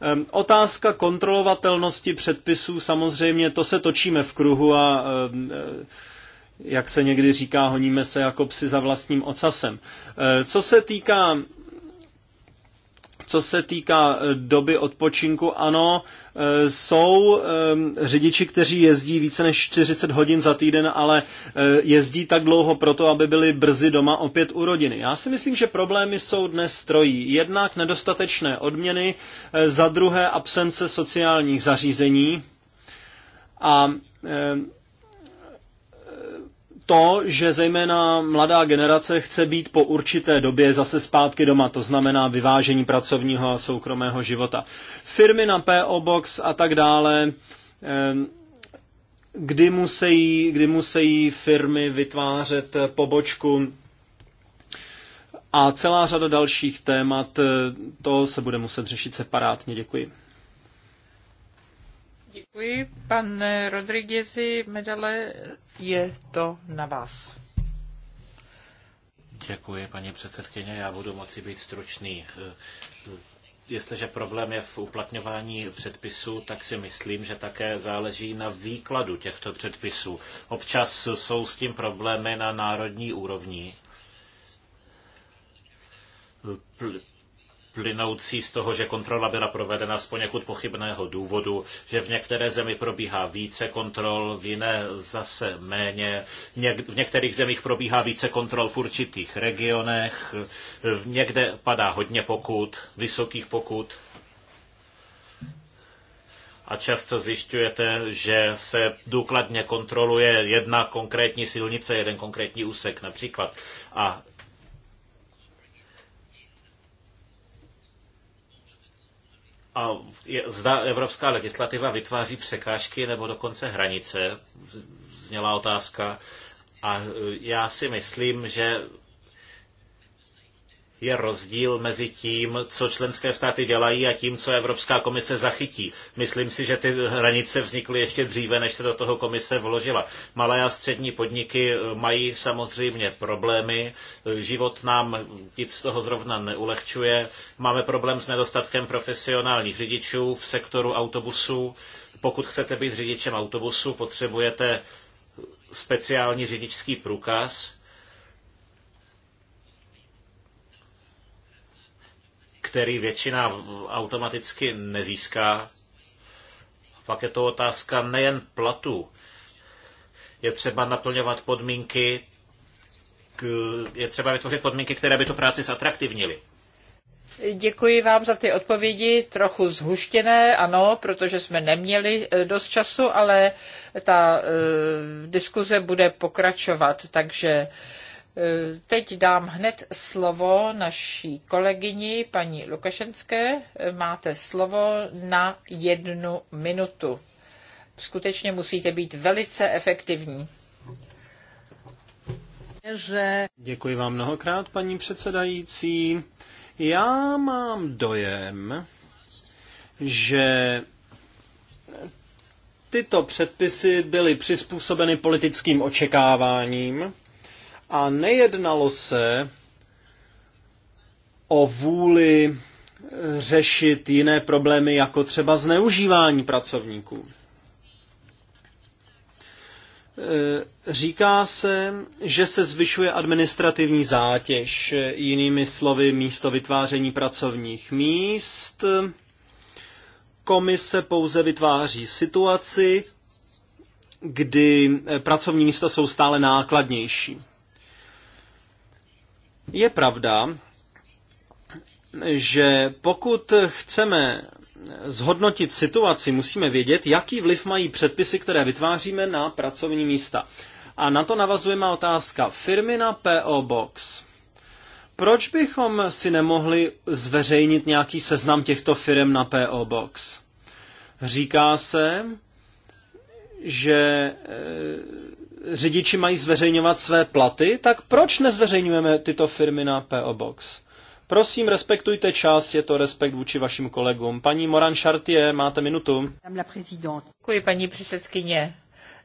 Ehm, otázka kontrolovatelnosti předpisů, samozřejmě to se točíme v kruhu a ehm, jak se někdy říká, honíme se jako psi za vlastním ocasem. Ehm, co se týká co se týká eh, doby odpočinku, ano, eh, jsou eh, řidiči, kteří jezdí více než 40 hodin za týden, ale jezdí tak dlouho proto, aby byli brzy doma opět u rodiny. Já si myslím, že problémy jsou dnes trojí. Jednak nedostatečné odměny, za druhé absence sociálních zařízení a to, že zejména mladá generace chce být po určité době zase zpátky doma, to znamená vyvážení pracovního a soukromého života. Firmy na PO Box a tak dále, eh, kdy musí, kdy musí firmy vytvářet pobočku a celá řada dalších témat, eh, to se bude muset řešit separátně. Děkuji. Děkuji. Pane Rodriguezi, medale je to na vás. Děkuji, paní předsedkyně. Já budu moci být stručný. Jestliže problém je v uplatňování předpisů, tak si myslím, že také záleží na výkladu těchto předpisů. Občas jsou s tím problémy na národní úrovni plynoucí z toho, že kontrola byla provedena z poněkud pochybného důvodu, že v některé zemi probíhá více kontrol, v jiné zase méně, v některých zemích probíhá více kontrol v určitých regionech, někde padá hodně pokut, vysokých pokut a často zjišťujete, že se důkladně kontroluje jedna konkrétní silnice, jeden konkrétní úsek například. A A je, zda evropská legislativa vytváří překážky nebo dokonce hranice, zněla otázka. A e, já si myslím, že je rozdíl mezi tím, co členské státy dělají a tím, co Evropská komise zachytí. Myslím si, že ty hranice vznikly ještě dříve, než se do toho komise vložila. Malé a střední podniky eh, mají samozřejmě problémy, eh, život nám nic z toho zrovna neulehčuje, máme problém s nedostatkem profesionálních řidičů v sektoru autobusů. Pokud chcete být řidičem autobusu, potřebujete speciální řidičský průkaz, který většina automaticky nezíská. Pak je to otázka nejen platu. Je třeba naplňovat podmínky, je třeba vytvořit podmínky, které by tu práci zatraktivnily. Děkuji vám za ty odpovědi, trochu zhuštěné, ano, protože jsme neměli eh, dost času, ale ta e, diskuze bude pokračovat, takže Teď dám hned slovo naší kolegyni, paní Lukašenské. Máte slovo na jednu minutu. Skutečně musíte být velice efektivní. Děkuji vám mnohokrát, paní předsedající. Já mám dojem, že tyto předpisy byly přizpůsobeny politickým očekáváním, a nejednalo se o vůli eh, řešit jiné problémy, jako třeba zneužívání pracovníků. Eh, říká se, že se zvyšuje administrativní zátěž, eh, jinými slovy místo vytváření pracovních míst. Komise pouze vytváří situaci, kdy pracovní místa jsou stále nákladnější. Je pravda, že pokud chceme zhodnotit situaci, musíme vědět, jaký vliv mají předpisy, které vytváříme na pracovní místa. A na to navazuje má otázka firmy na PO Box. Proč bychom si nemohli zveřejnit nějaký seznam těchto firm na PO Box? Říká se, že eh, řidiči mají zveřejňovat své platy, tak proč nezveřejňujeme tyto firmy na PO Box? Prosím, respektujte čas, je to respekt vůči vašim kolegům. Paní Moran Chartier, máte minutu. Děkuji, paní předsedkyně.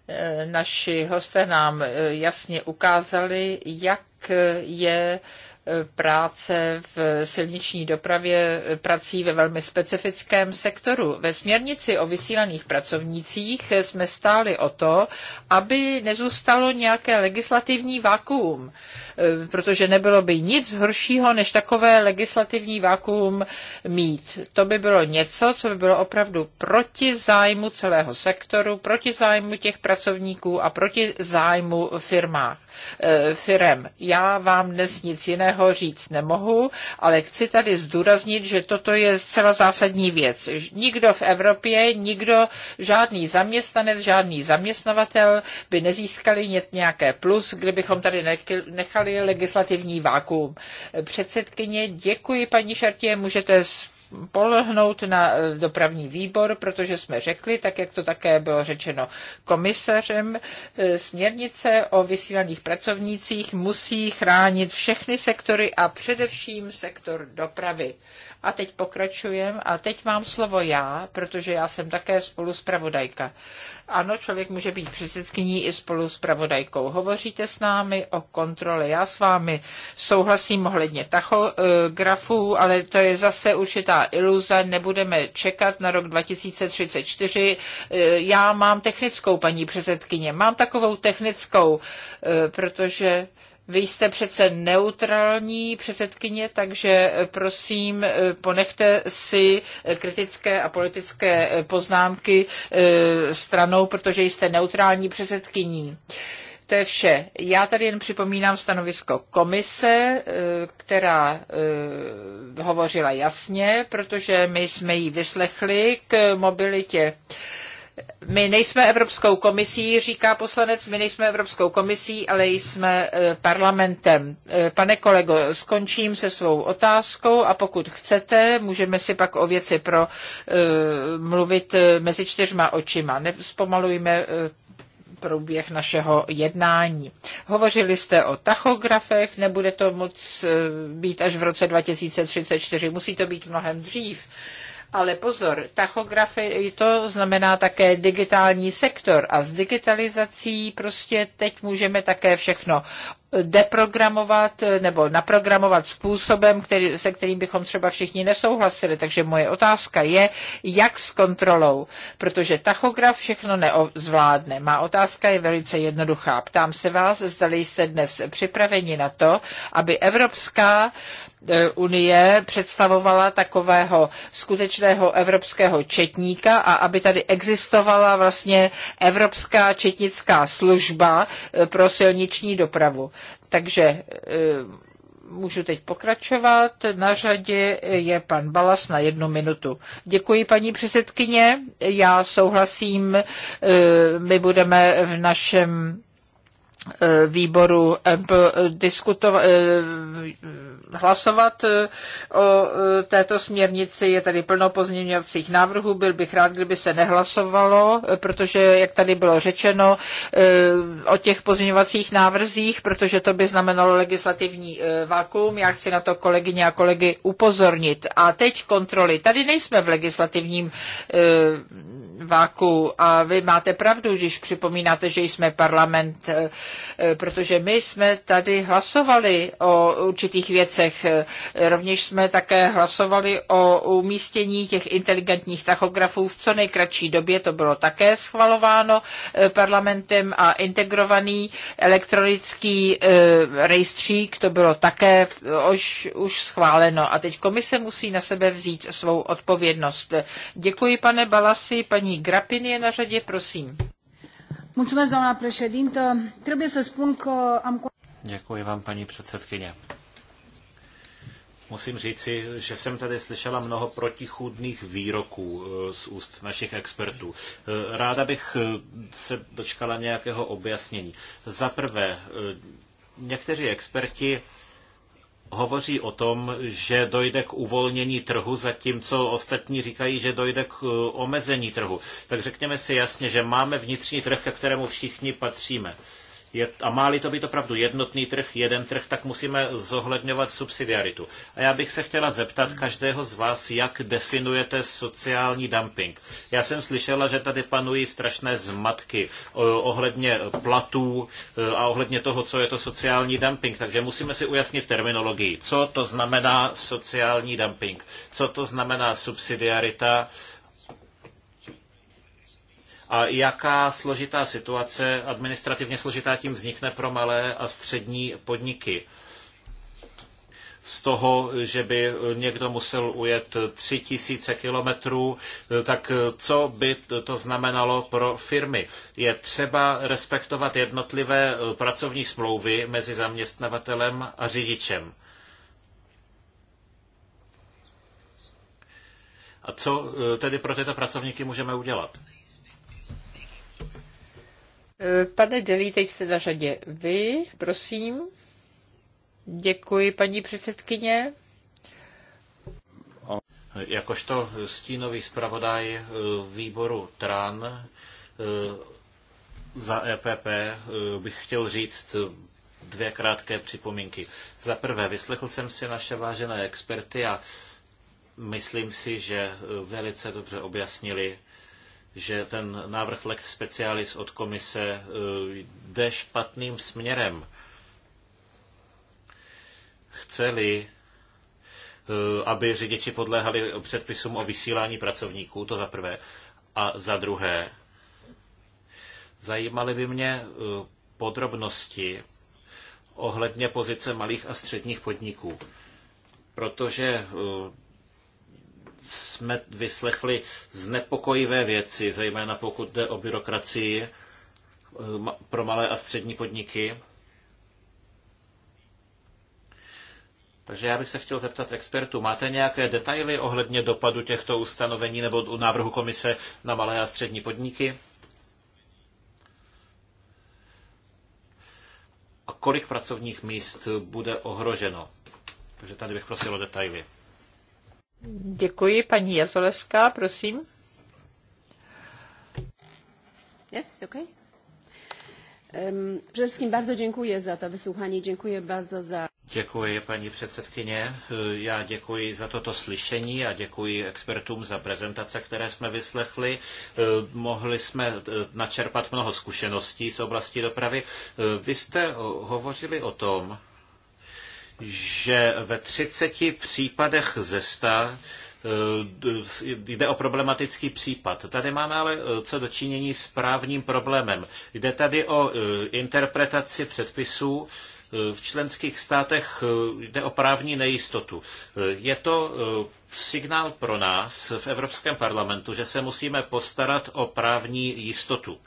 Eh, naši hosté nám eh, jasně ukázali, jak eh, je práce v silniční dopravě prací ve velmi specifickém sektoru. Ve směrnici o vysílaných pracovnících jsme stáli o to, aby nezůstalo nějaké legislativní vákuum, eh, protože nebylo by nic horšího, než takové legislativní vákuum mít. To by bylo něco, co by bylo opravdu proti zájmu celého sektoru, proti zájmu těch pracovníků a proti zájmu firmách Eh, firem. Já vám dnes nic jiného říct nemohu, ale chci tady zdůraznit, že toto je zcela zásadní věc. Nikdo v Evropě, nikdo, žádný zaměstnanec, žádný zaměstnavatel by nezískali nějaké plus, kdybychom tady nechali legislativní vákuum. Předsedkyně, děkuji paní Šartě, můžete polehnout na eh, dopravní výbor, protože jsme řekli, tak jak to také bylo řečeno komisařem, eh, směrnice o vysílaných pracovnících musí chránit všechny sektory a především sektor dopravy. A teď pokračujeme. A teď mám slovo já, protože já jsem také spolu zpravodajka. Ano, člověk může být předsedkyní i spolu s pravodajkou. Hovoříte s námi o kontrole. Já s vámi souhlasím ohledně tachografů, ale to je zase určitá iluze. Nebudeme čekat na rok 2034. Já mám technickou, paní předsedkyně. Mám takovou technickou, eh, protože vy jste přece neutrální předsedkyně, takže eh, prosím, eh, ponechte si eh, kritické a politické poznámky stranou, protože jste neutrální předsedkyní. To je vše. Já tady jen připomínám stanovisko komise, která hovořila jasně, protože my jsme ji vyslechli k mobilitě my nejsme Evropskou komisí, říká poslanec, my nejsme Evropskou komisí, ale jsme e, parlamentem. E, pane kolego, skončím se svou otázkou a pokud chcete, můžeme si pak o věci pro e, mluvit mezi čtyřma očima. Nezpomalujme průběh našeho jednání. Hovořili jste o tachografech, nebude to moc být až v roce 2034, musí to být mnohem dřív. Ale pozor, tachografy, to znamená také digitální sektor a s digitalizací prostě teď můžeme také všechno deprogramovat eh, nebo naprogramovat způsobem, který, se kterým bychom třeba všichni nesouhlasili. Takže moje otázka je, jak s kontrolou, protože tachograf všechno neozvládne. Má otázka je velice jednoduchá. Ptám se vás, zda jste dnes připraveni na to, aby Evropská uh, E, unie představovala takového skutečného evropského četníka a aby tady existovala vlastně evropská četnická služba e, pro silniční dopravu. Takže e, můžu teď pokračovat. Na řadě je pan Balas na jednu minutu. Děkuji, paní předsedkyně. Já souhlasím, my budeme v našem výboru diskutovat hlasovat eh, o eh, této směrnici. Je tady plno pozměňovacích návrhů. Byl bych rád, kdyby se nehlasovalo, eh, protože, jak tady bylo řečeno, o těch pozměňovacích návrzích, protože to by znamenalo legislativní vakuum. Já chci na to kolegyně a kolegy upozornit. A teď kontroly. Tady nejsme v legislativním váku a vy máte pravdu, když připomínáte, že jsme parlament, protože my jsme tady hlasovali o určitých věcech místech. Eh, rovněž jsme také hlasovali o umístění těch inteligentních tachografů v co nejkratší době. To bylo také schvalováno eh, parlamentem a integrovaný elektronický eh, rejstřík, to bylo také už, už schváleno. A teď komise musí na sebe vzít svou odpovědnost. Děkuji, pane Balasi. Paní Grapin je na řadě, prosím. Mulțumesc, doamna președintă. Trebuie să spun că am... Děkuji vám, paní předsedkyně. Musím říci, že jsem tady slyšela mnoho protichůdných výroků eh, z úst našich expertů. Eh, ráda bych eh, se dočkala nějakého objasnění. Za prvé, někteří experti hovoří o tom, že dojde k uvolnění trhu, zatímco ostatní říkají, že dojde k omezení trhu. Tak řekněme si jasně, že máme vnitřní trh, ke kterému všichni patříme. Je, a má-li to být opravdu jednotný trh, jeden trh, tak musíme zohledňovat subsidiaritu. A já bych se chtěla zeptat každého z vás, jak definujete sociální dumping. Já jsem slyšela, že tady panují strašné zmatky eh, ohledně platů eh, a ohledně toho, co je to sociální dumping. Takže musíme si ujasnit terminologii. Co to znamená sociální dumping? Co to znamená subsidiarita? a jaká složitá situace, administrativně složitá tím vznikne pro malé a střední podniky z toho, že by někdo musel ujet tři tisíce kilometrů, tak co by to znamenalo pro firmy? Je třeba respektovat jednotlivé pracovní smlouvy mezi zaměstnavatelem a řidičem. A co tedy pro tyto pracovníky můžeme udělat? Eh, pane Delí, teď jste na řadě vy, prosím. Děkuji, paní předsedkyně. Jakožto stínový zpravodaj eh, výboru TRAN eh, za EPP bych chtěl říct dvě krátké připomínky. Za prvé, vyslechl jsem si naše vážené experty a myslím si, že velice dobře objasnili že ten návrh Lex Specialis od komise e, jde špatným směrem. Chceli, e, aby řidiči podléhali předpisům o vysílání pracovníků, to za prvé. A za druhé, zajímaly by mě e, podrobnosti ohledně pozice malých a středních podniků, protože jsme vyslechli znepokojivé věci, zejména pokud jde o byrokracii eh, pro malé a střední podniky. Takže já bych se chtěl zeptat expertů, máte nějaké detaily ohledně dopadu těchto ustanovení nebo u návrhu komise na malé a střední podniky? A kolik pracovních míst bude ohroženo? Takže tady bych prosil o detaily. Děkuji, paní Jazoleská, prosím. Yes, okay. Um, bardzo dziękuję za to wysłuchanie, děkuji bardzo za... Děkuji, paní předsedkyně. Já děkuji za toto slyšení a děkuji expertům za prezentace, které jsme vyslechli. Eh, mohli jsme eh, načerpat mnoho zkušeností z oblasti dopravy. Eh, vy jste hovořili o tom, že ve 30 případech ze 100 eh, jde o problematický případ. Tady máme ale eh, co dočinění s právním problémem. Jde tady o eh, interpretaci předpisů, v členských státech jde o právní nejistotu. Je to signál pro nás v Evropském parlamentu, že se musíme postarat o právní jistotu.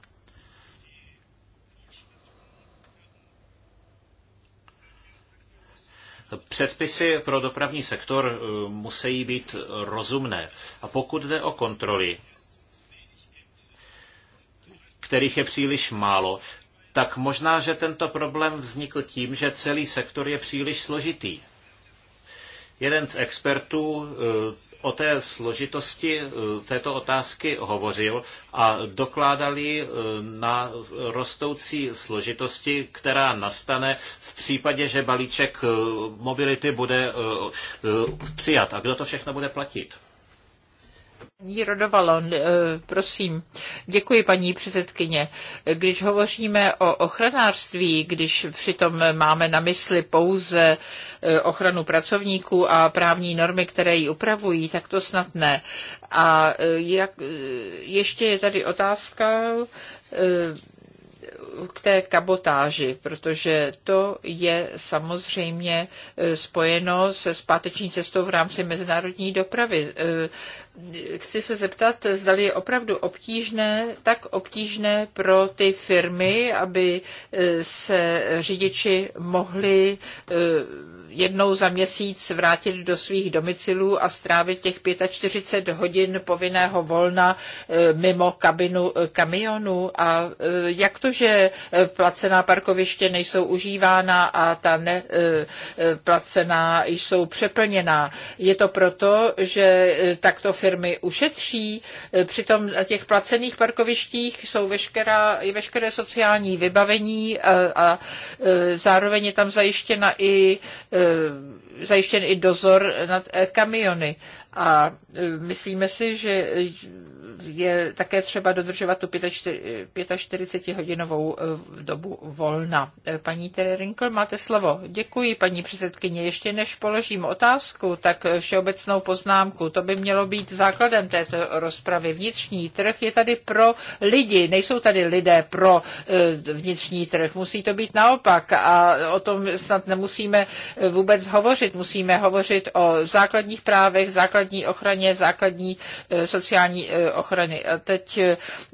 Předpisy pro dopravní sektor eh, musí být rozumné. A pokud jde o kontroly, kterých je příliš málo, tak možná, že tento problém vznikl tím, že celý sektor je příliš složitý. Jeden z expertů eh, o té složitosti e, této otázky hovořil a dokládali e, na rostoucí složitosti, která nastane v případě, že balíček e, mobility bude přijat. A kdo to všechno bude platit? Rodovalon, e, prosím. Děkuji, paní předsedkyně. Když hovoříme o ochranářství, když přitom máme na mysli pouze e, ochranu pracovníků a právní normy, které ji upravují, tak to snad ne. A e, jak, ještě je tady otázka, k té kabotáži, protože to je samozřejmě eh, spojeno se zpáteční cestou v rámci mezinárodní dopravy. Eh, chci se zeptat, zda je opravdu obtížné, tak obtížné pro ty firmy, aby eh, se řidiči mohli jednou za měsíc vrátit do svých domicilů a strávit těch 45 hodin povinného volna e, mimo kabinu e, kamionu. A e, jak to, že placená parkoviště nejsou užívána a ta neplacená jsou přeplněná? Je to proto, že takto firmy ušetří? Přitom na těch placených parkovištích jsou veškerá, i veškeré sociální vybavení a zároveň je tam zajištěna i zajištěn i dozor nad e, kamiony. A e, myslíme si, že je také třeba dodržovat tu 45-hodinovou e, dobu volna. E, paní Tere Rinkl, máte slovo. Děkuji, paní předsedkyně. Ještě než položím otázku, tak všeobecnou poznámku. To by mělo být základem této rozpravy. Vnitřní trh je tady pro lidi, nejsou tady lidé pro vnitřní trh. Musí to být naopak a o tom snad nemusíme vůbec hovořit. Musíme hovořit o základních právech, základních základní ochraně, základní e, sociální e, ochrany. A teď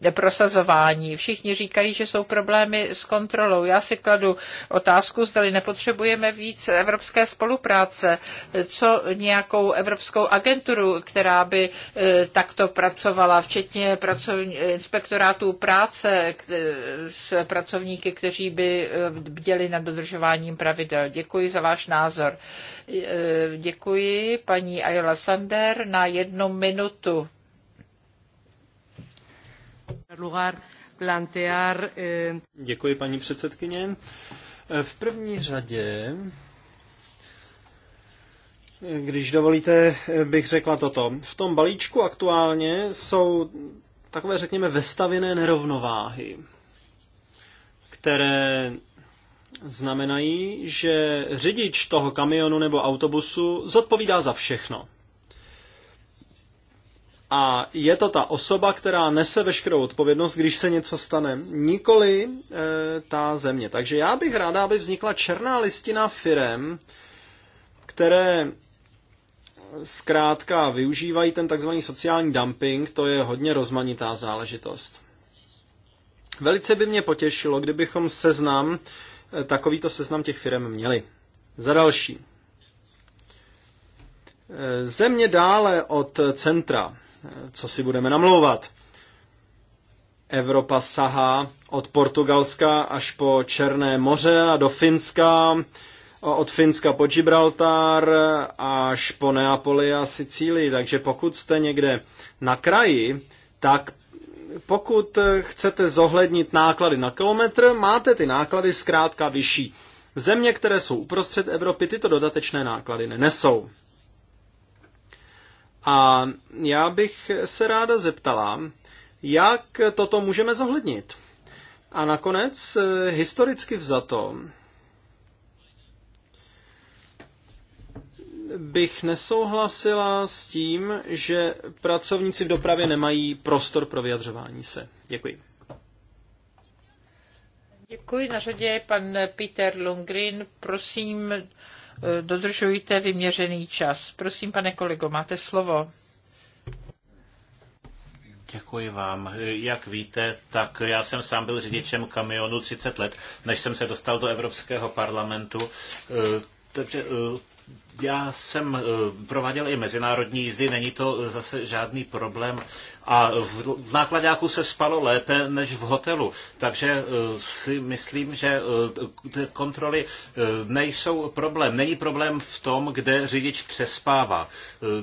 e, prosazování. Všichni říkají, že jsou problémy s kontrolou. Já si kladu otázku, zda nepotřebujeme víc evropské spolupráce, co nějakou evropskou agenturu, která by takto pracovala, včetně inspektorátů práce s pracovníky, kteří by bděli nad dodržováním pravidel. Děkuji za váš názor. Děkuji paní Ayola Sande na jednu minutu. Eh, Děkuji, paní předsedkyně. Eh, v první řadě eh, když dovolíte, bych řekla toto. V tom balíčku aktuálně jsou takové, řekněme, vestavěné nerovnováhy, které znamenají, že řidič toho kamionu nebo autobusu zodpovídá za všechno. A je to ta osoba, která nese veškerou odpovědnost, když se něco stane, nikoli e, ta země. Takže já bych ráda, aby vznikla černá listina firem, které zkrátka využívají ten takzvaný sociální dumping, to je hodně rozmanitá záležitost. Velice by mě potěšilo, kdybychom seznam, e, takovýto seznam těch firm měli. Za další. E, země dále od centra co si budeme namlouvat. Evropa sahá od Portugalska až po Černé moře a do Finska, od Finska po Gibraltar až po Neapoli a Sicílii. Takže pokud jste někde na kraji, tak pokud chcete zohlednit náklady na kilometr, máte ty náklady zkrátka vyšší. Země, které jsou uprostřed Evropy, tyto dodatečné náklady nenesou. A já bych se ráda zeptala, jak toto můžeme zohlednit. A nakonec, eh, historicky vzato, bych nesouhlasila s tím, že pracovníci v dopravě nemají prostor pro vyjadřování se. Děkuji. Děkuji. Na řadě je pan Peter Longrin. Prosím, Eh, dodržujte vyměřený čas. Prosím, pane kolego, máte slovo. Děkuji vám. Jak víte, tak já jsem sám byl řidičem kamionu 30 let, než jsem se dostal do Evropského parlamentu. Eh, takže eh, já jsem prováděl i mezinárodní jízdy, není to zase žádný problém a v nákladňáku se spalo lépe než v hotelu. Takže eh, si myslím, že eh, kontroly eh, nejsou problém. Není problém v tom, kde řidič přespává.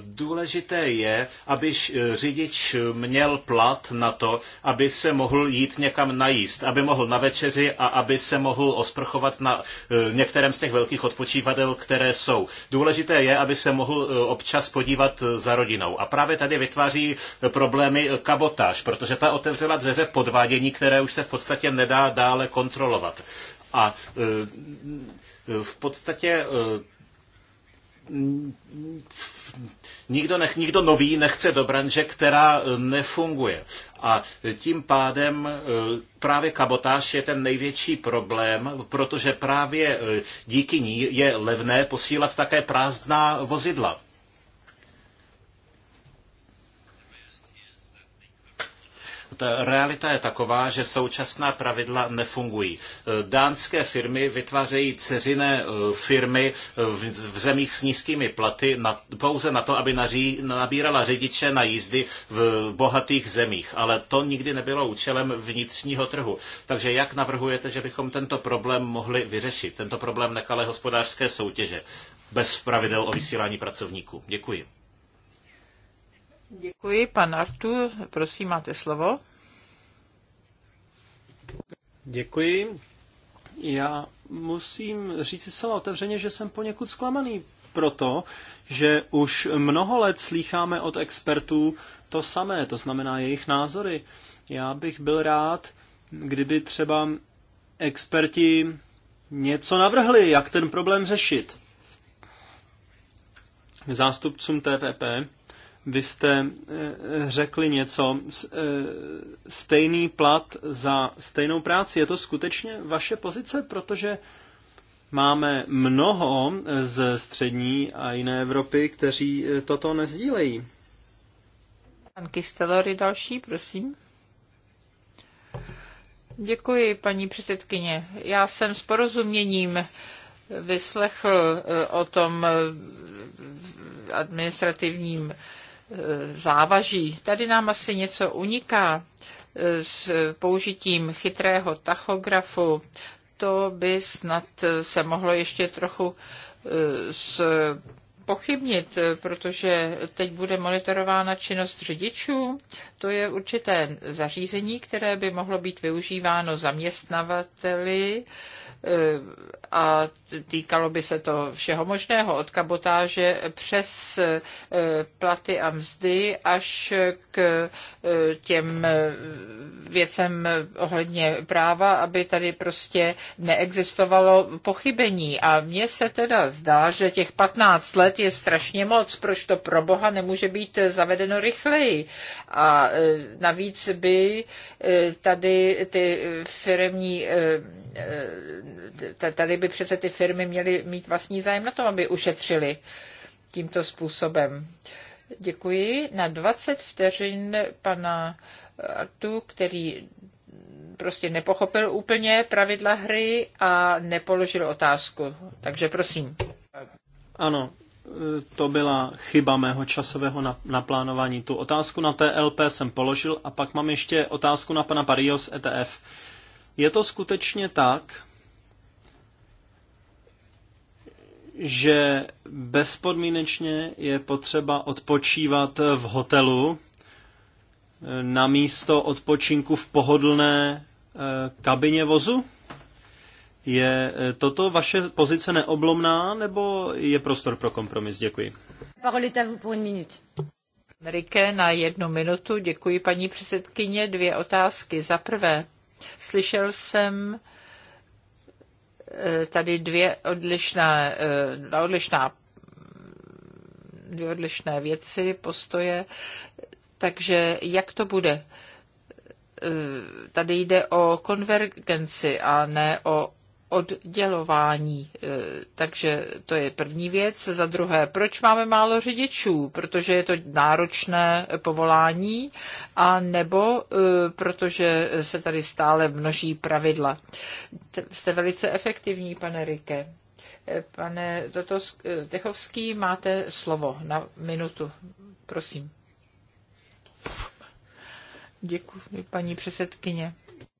Důležité je, aby řidič měl plat na to, aby se mohl jít někam najíst, aby mohl na večeři a aby se mohl osprchovat na některém z těch velkých odpočívadel, které jsou. Důležité je, aby se mohl občas podívat za rodinou. A právě tady vytváří problém zemi eh, kabotáž, protože ta otevřela dveře podvádění, které už se v podstatě nedá dále kontrolovat. A eh, v podstatě eh, nikdo, nech, nikdo nový nechce do branže, která nefunguje. A tím pádem právě kabotáž je ten největší problém, protože právě díky ní je levné posílat také prázdná vozidla. realita je taková, že současná pravidla nefungují. Dánské firmy vytvářejí ceřiné e, firmy e, v zemích s nízkými platy na, pouze na to, aby naří, nabírala řidiče na jízdy v bohatých zemích. Ale to nikdy nebylo účelem vnitřního trhu. Takže jak navrhujete, že bychom tento problém mohli vyřešit? Tento problém nekalé hospodářské soutěže bez pravidel o vysílání pracovníků. Děkuji. Děkuji, pan Artur. Prosím, máte slovo. Děkuji. Já musím říct zcela otevřeně, že jsem poněkud zklamaný proto, že už mnoho let slýcháme od expertů to samé, to znamená jejich názory. Já bych byl rád, kdyby třeba experti něco navrhli, jak ten problém řešit. Zástupcům TVP vy jste eh, řekli něco, eh, stejný plat za stejnou práci. Je to skutečně vaše pozice, protože máme mnoho eh, z střední a jiné Evropy, kteří toto nezdílejí. Pan Kistelory další, prosím. Děkuji, paní předsedkyně. Já jsem s porozuměním vyslechl o tom administrativním závaží. Tady nám asi něco uniká e, s použitím chytrého tachografu. To by snad se mohlo ještě trochu e, s pochybnit, protože teď bude monitorována činnost řidičů. To je určité zařízení, které by mohlo být využíváno zaměstnavateli eh, a týkalo by se to všeho možného, od kabotáže přes eh, platy a mzdy až k eh, těm věcem ohledně práva, aby tady prostě neexistovalo pochybení. A mně se teda zdá, že těch 15 let let je strašně moc. Proč to pro boha nemůže být zavedeno rychleji? A e, navíc by e, tady ty firmní e, tady by přece ty firmy měly mít vlastní zájem na tom, aby ušetřili tímto způsobem. Děkuji. Na 20 vteřin pana Artu, který prostě nepochopil úplně pravidla hry a nepoložil otázku. Takže prosím. Ano, Eh, to byla chyba mého časového naplánování. Tu otázku na TLP jsem položil a pak mám ještě otázku na pana Parios ETF. Je to skutečně tak, že bezpodmínečně je potřeba odpočívat v hotelu eh, na místo odpočinku v pohodlné eh, kabině vozu? Je e, toto vaše pozice neoblomná, nebo je prostor pro kompromis? Děkuji. Parole Amerike na jednu minutu. Děkuji, paní předsedkyně. Dvě otázky. Za prvé, slyšel jsem e, tady dvě odlišné, e, dva odlišná, dvě odlišné věci, postoje. Takže jak to bude? Tady jde o konvergenci a ne o oddělování. E, takže to je první věc. Za druhé, proč máme málo řidičů? Protože je to náročné povolání a nebo e, protože se tady stále množí pravidla. Jste velice efektivní, pane Rike. E, pane toto Techovský, máte slovo na minutu. Prosím. Děkuji, paní předsedkyně.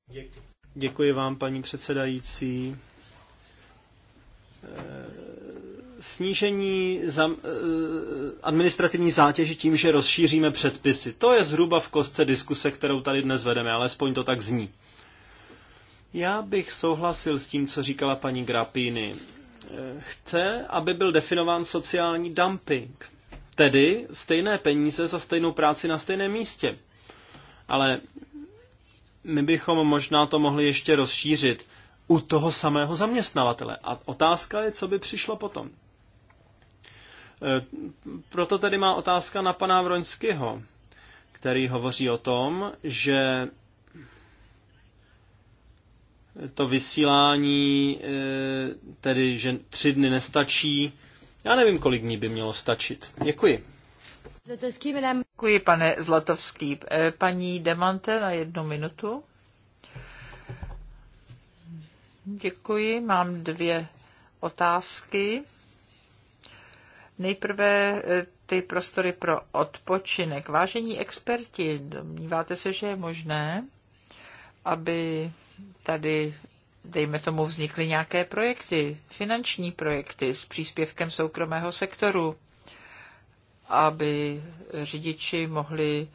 Děkuji. Děkuji vám, paní předsedající. Eh, snížení eh, administrativní zátěže tím, že rozšíříme předpisy. To je zhruba v kostce diskuse, kterou tady dnes vedeme, alespoň to tak zní. Já bych souhlasil s tím, co říkala paní Grapíny. Eh, chce, aby byl definován sociální dumping, tedy stejné peníze za stejnou práci na stejném místě. Ale my bychom možná to mohli ještě rozšířit u toho samého zaměstnavatele. A otázka je, co by přišlo potom. E, proto tedy má otázka na pana Vroňského, který hovoří o tom, že to vysílání, e, tedy že tři dny nestačí. Já nevím, kolik dní by mělo stačit. Děkuji. Děkuji, pane Zlatovský. Eh, paní Demante na jednu minutu. Děkuji, mám dvě otázky. Nejprve eh, ty prostory pro odpočinek. Vážení experti, domníváte se, že je možné, aby tady, dejme tomu, vznikly nějaké projekty, finanční projekty s příspěvkem soukromého sektoru? aby řidiči mohli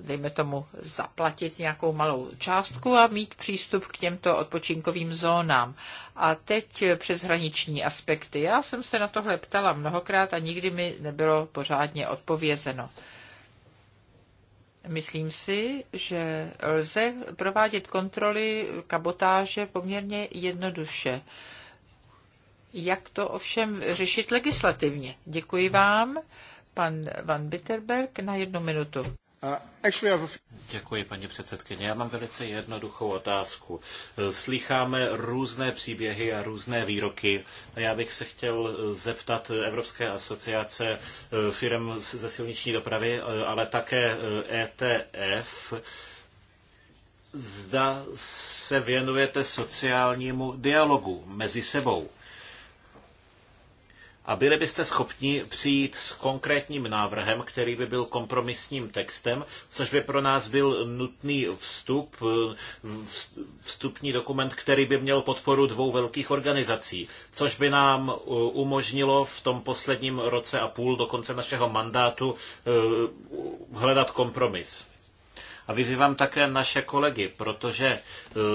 dejme tomu, zaplatit nějakou malou částku a mít přístup k těmto odpočinkovým zónám. A teď přeshraniční aspekty. Já jsem se na tohle ptala mnohokrát a nikdy mi nebylo pořádně odpovězeno. Myslím si, že lze provádět kontroly kabotáže poměrně jednoduše. Jak to ovšem řešit legislativně? Děkuji vám. Pan Van Bitterberg na jednu minutu. Uh, Děkuji, paní předsedkyně. Já mám velice jednoduchou otázku. Slycháme různé příběhy a různé výroky. Já bych se chtěl zeptat Evropské asociace eh, firm ze silniční dopravy, eh, ale také ETF, eh, e zda se věnujete sociálnímu dialogu mezi sebou a byli byste schopni přijít s konkrétním návrhem, který by byl kompromisním textem, což by pro nás byl nutný vstup, eh, vstupní dokument, který by měl podporu dvou velkých organizací, což by nám eh, umožnilo v tom posledním roce a půl do konce našeho mandátu eh, hledat kompromis. A vyzývám také naše kolegy, protože e,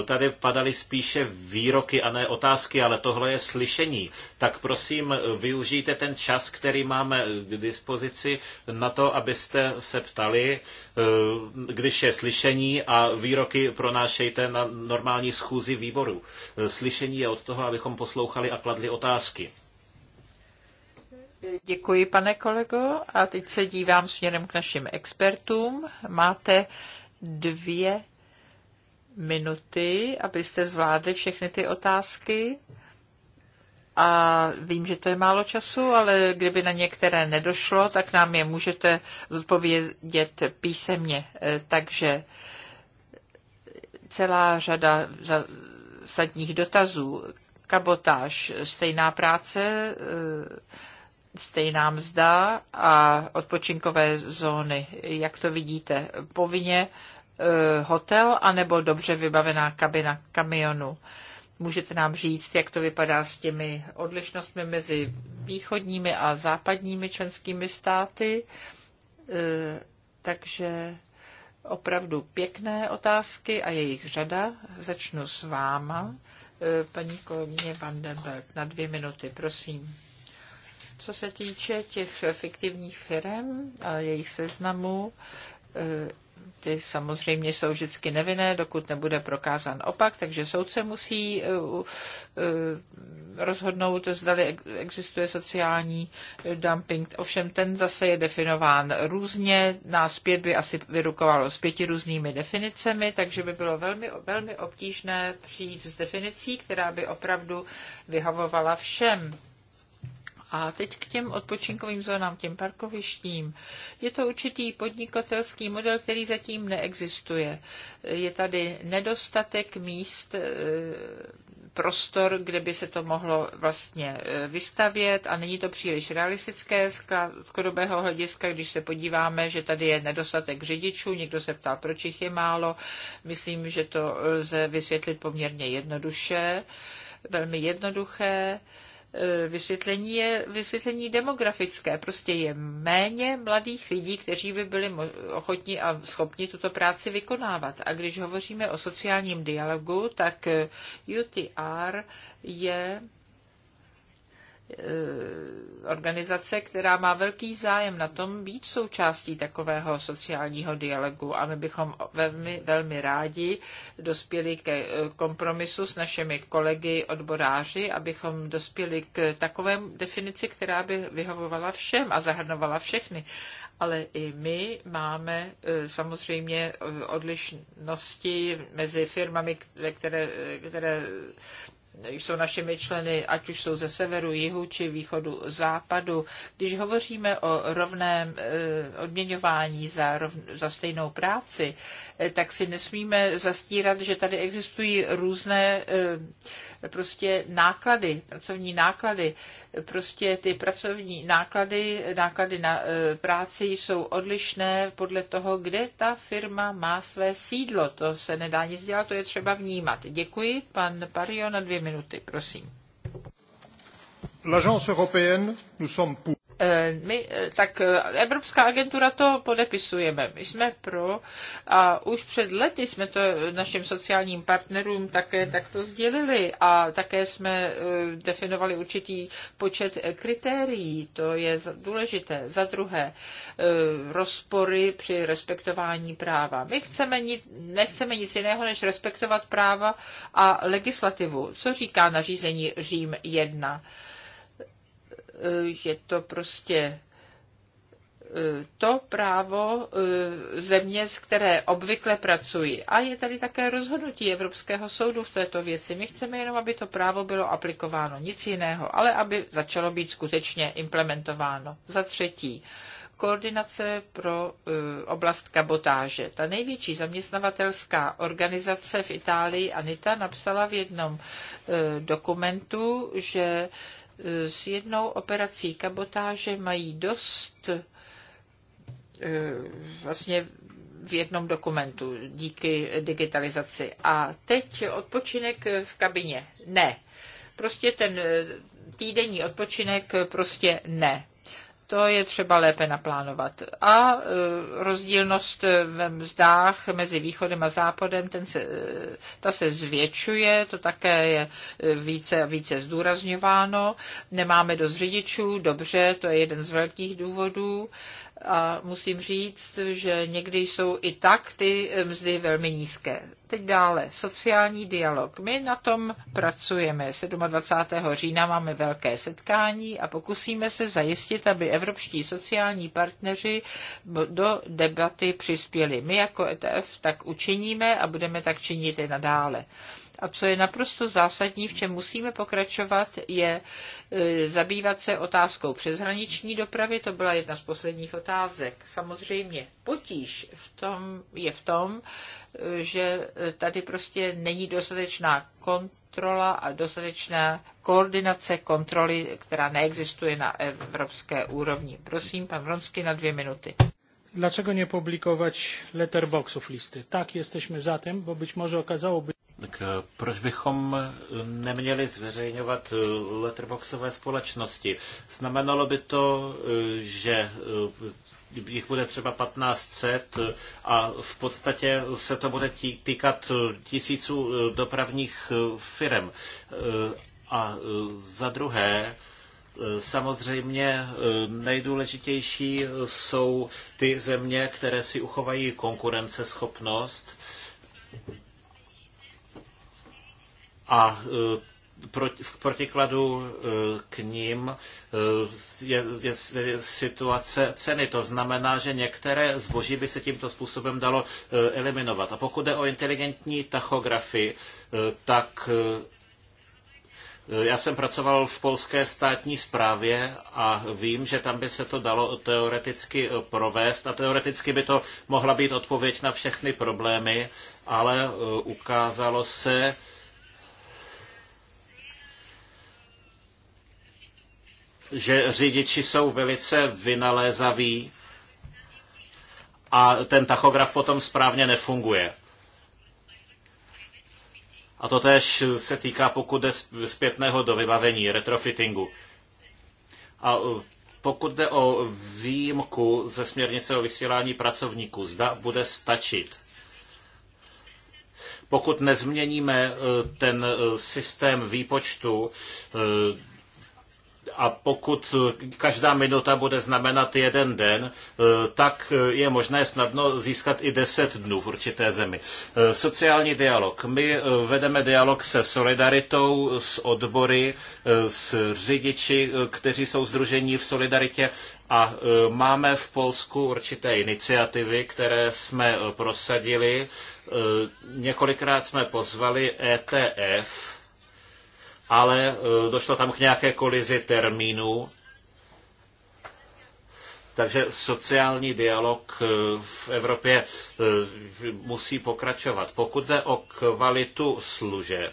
tady padaly spíše výroky a ne otázky, ale tohle je slyšení. Tak prosím, e, využijte ten čas, který máme e, k dispozici na to, abyste se ptali, když je slyšení a výroky pronášejte na normální schůzi výboru. Slyšení je od toho, abychom poslouchali a kladli otázky. Děkuji, pane kolego. A teď se dívám směrem k našim expertům. Máte dvě minuty, abyste zvládli všechny ty otázky. A vím, že to je málo času, ale kdyby na některé nedošlo, tak nám je můžete zodpovědět písemně. E, takže celá řada sadních dotazů, kabotáž, stejná práce, e, stejná mzda a odpočinkové zóny. Jak to vidíte? Povinně eh, hotel anebo dobře vybavená kabina kamionu? Můžete nám říct, jak to vypadá s těmi odlišnostmi mezi východními a západními členskými státy? Eh, takže opravdu pěkné otázky a jejich řada. Začnu s váma, eh, paní kolegyně Vandenberg, na dvě minuty, prosím co se týče těch fiktivních firm a jejich seznamů, e, ty samozřejmě jsou vždycky nevinné, dokud nebude prokázán opak, takže soudce musí e, e, rozhodnout, zda existuje sociální dumping. Ovšem ten zase je definován různě, nás pět by asi vyrukovalo s pěti různými definicemi, takže by bylo velmi, velmi obtížné přijít s definicí, která by opravdu vyhovovala všem. A teď k těm odpočinkovým zónám, těm parkovištím. Je to určitý podnikatelský model, který zatím neexistuje. Je tady nedostatek míst e, prostor, kde by se to mohlo vlastně e, vystavět a není to příliš realistické z krátkodobého hlediska, když se podíváme, že tady je nedostatek řidičů, někdo se ptá, proč jich je málo. Myslím, že to lze vysvětlit poměrně jednoduše, velmi jednoduché Eh, vysvětlení je vysvětlení demografické. Prostě je méně mladých lidí, kteří by byli ochotní a schopni tuto práci vykonávat. A když hovoříme o sociálním dialogu, tak eh, UTR je Eh, organizace, která má velký zájem na tom být součástí takového sociálního dialogu a my bychom velmi, velmi rádi dospěli ke eh, kompromisu s našimi kolegy odboráři, abychom dospěli k takové definici, která by vyhovovala všem a zahrnovala všechny. Ale i my máme eh, samozřejmě odlišnosti mezi firmami, které, které jsou našimi členy, ať už jsou ze severu, jihu či východu, západu. Když hovoříme o rovném eh, odměňování za, rovn, za stejnou práci, eh, tak si nesmíme zastírat, že tady existují různé eh, prostě náklady, pracovní náklady. Prostě ty pracovní náklady, náklady na e, práci jsou odlišné podle toho, kde ta firma má své sídlo. To se nedá nic dělat, to je třeba vnímat. Děkuji. Pan Pario na dvě minuty, prosím. L'agence européenne, nous sommes pour. Eh, my, eh, tak eh, Evropská agentura to podepisujeme. My jsme pro a už před lety jsme to našim sociálním partnerům také takto sdělili a také jsme definovali určitý počet kritérií. To je důležité. Za druhé, rozpory při respektování práva. My chceme ni, nechceme nic jiného, než respektovat práva a legislativu. Co říká nařízení Řím 1? je to prostě e, to právo e, země, z které obvykle pracují. A je tady také rozhodnutí Evropského soudu v této věci. My chceme jenom, aby to právo bylo aplikováno, nic jiného, ale aby začalo být skutečně implementováno. Za třetí, koordinace pro e, oblast kabotáže. Ta největší zaměstnavatelská organizace v Itálii, Anita, napsala v jednom dokumentu, že s jednou operací kabotáže mají dost e, vlastně v jednom dokumentu díky digitalizaci. A teď odpočinek v kabině. Ne. Prostě ten e, týdenní odpočinek prostě ne. To je třeba lépe naplánovat. A e, rozdílnost ve mzdách mezi východem a západem, ten se, e, ta se zvětšuje, to také je e, více a více zdůrazňováno. Nemáme dost řidičů, dobře, to je jeden z velkých důvodů a musím říct, že někdy jsou i tak ty mzdy velmi nízké. Teď dále, sociální dialog. My na tom pracujeme. 27. října máme velké setkání a pokusíme se zajistit, aby evropští sociální partneři do debaty přispěli. My jako ETF tak učiníme a budeme tak činit i nadále. A co je naprosto zásadní, v čem musíme pokračovat, je e, zabývat se otázkou přeshraniční dopravy. To byla jedna z posledních otázek. Samozřejmě potíž v tom, je v tom, e, že tady prostě není dostatečná kontrola a dostatečná koordinace kontroly, která neexistuje na evropské úrovni. Prosím, pan Vronsky na dvě minuty. Dlaczego nie publikować letterboxów listy? Tak, jesteśmy za tym, bo być może okazałoby tak eh, proč bychom eh, neměli zveřejňovat eh, letterboxové společnosti? Znamenalo by to, že jich bude třeba 1500 a v podstatě se to bude týkat tisíců dopravních firm. A za druhé, Samozřejmě nejdůležitější jsou ty země, které si uchovají konkurenceschopnost a e, v protikladu e, k ním e, je, je, je situace ceny. To znamená, že některé zboží by se tímto způsobem dalo eliminovat. A pokud jde o inteligentní tachografy, tak já jsem pracoval v polské státní správě a vím, že tam by se to dalo teoreticky provést a teoreticky by to mohla být odpověď na všechny problémy, ale ukázalo se, že řidiči jsou velice vynalézaví a ten tachograf potom správně nefunguje. A to tež se týká, pokud jde zpětného do vybavení, retrofittingu. A uh, pokud jde o výjimku ze směrnice o vysílání pracovníků, zda bude stačit. Pokud nezměníme uh, ten uh, systém výpočtu a pokud každá minuta bude znamenat jeden den, eh, tak eh, je možné snadno získat i deset dnů v určité zemi. Eh, sociální dialog. My vedeme dialog se solidaritou, s odbory, s řidiči, kteří jsou združení v solidaritě a máme v Polsku určité iniciativy, které jsme prosadili. Několikrát jsme pozvali ETF, ale eh, došlo tam k nějaké kolizi termínů. Takže sociální dialog eh, v Evropě eh, musí pokračovat. Pokud jde o kvalitu služeb,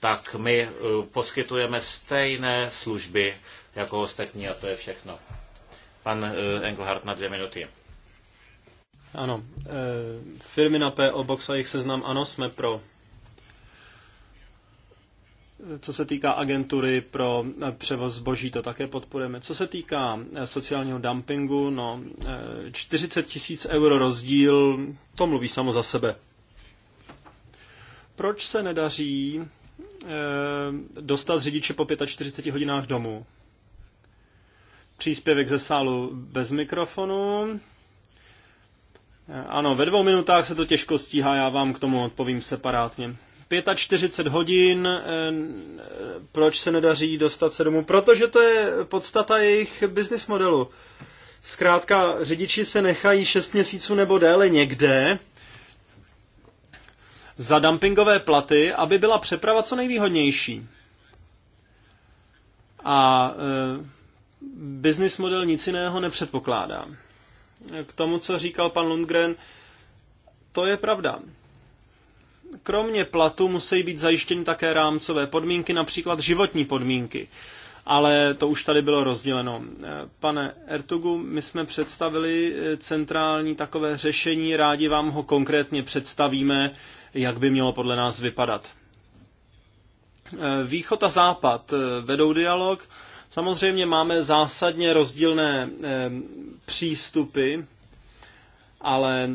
tak my poskytujeme stejné služby jako ostatní a to je všechno. Pan Engelhardt na dvě minuty. Ano, firmy na PO Box a jejich seznam, ano, jsme pro. Co se týká agentury pro převoz zboží, to také podporujeme. Co se týká eh, sociálního dumpingu, no 40 eh, tisíc euro rozdíl, to mluví samo za sebe. Proč se nedaří eh, dostat řidiče po 45 hodinách domů? Příspěvek ze sálu bez mikrofonu. Ano, ve dvou minutách se to těžko stíhá, já vám k tomu odpovím separátně. 45 hodin, eh, proč se nedaří dostat se domů? Protože to je podstata jejich business modelu. Zkrátka, řidiči se nechají 6 měsíců nebo déle někde za dumpingové platy, aby byla přeprava co nejvýhodnější. A e, business model nic jiného nepředpokládá. K tomu, co říkal pan Lundgren, to je pravda. Kromě platu musí být zajištěny také rámcové podmínky, například životní podmínky. Ale to už tady bylo rozděleno. Eh, pane Ertugu, my jsme představili eh, centrální takové řešení, rádi vám ho konkrétně představíme, jak by mělo podle nás vypadat. Eh, východ a západ vedou dialog. Samozřejmě máme zásadně rozdílné přístupy, ale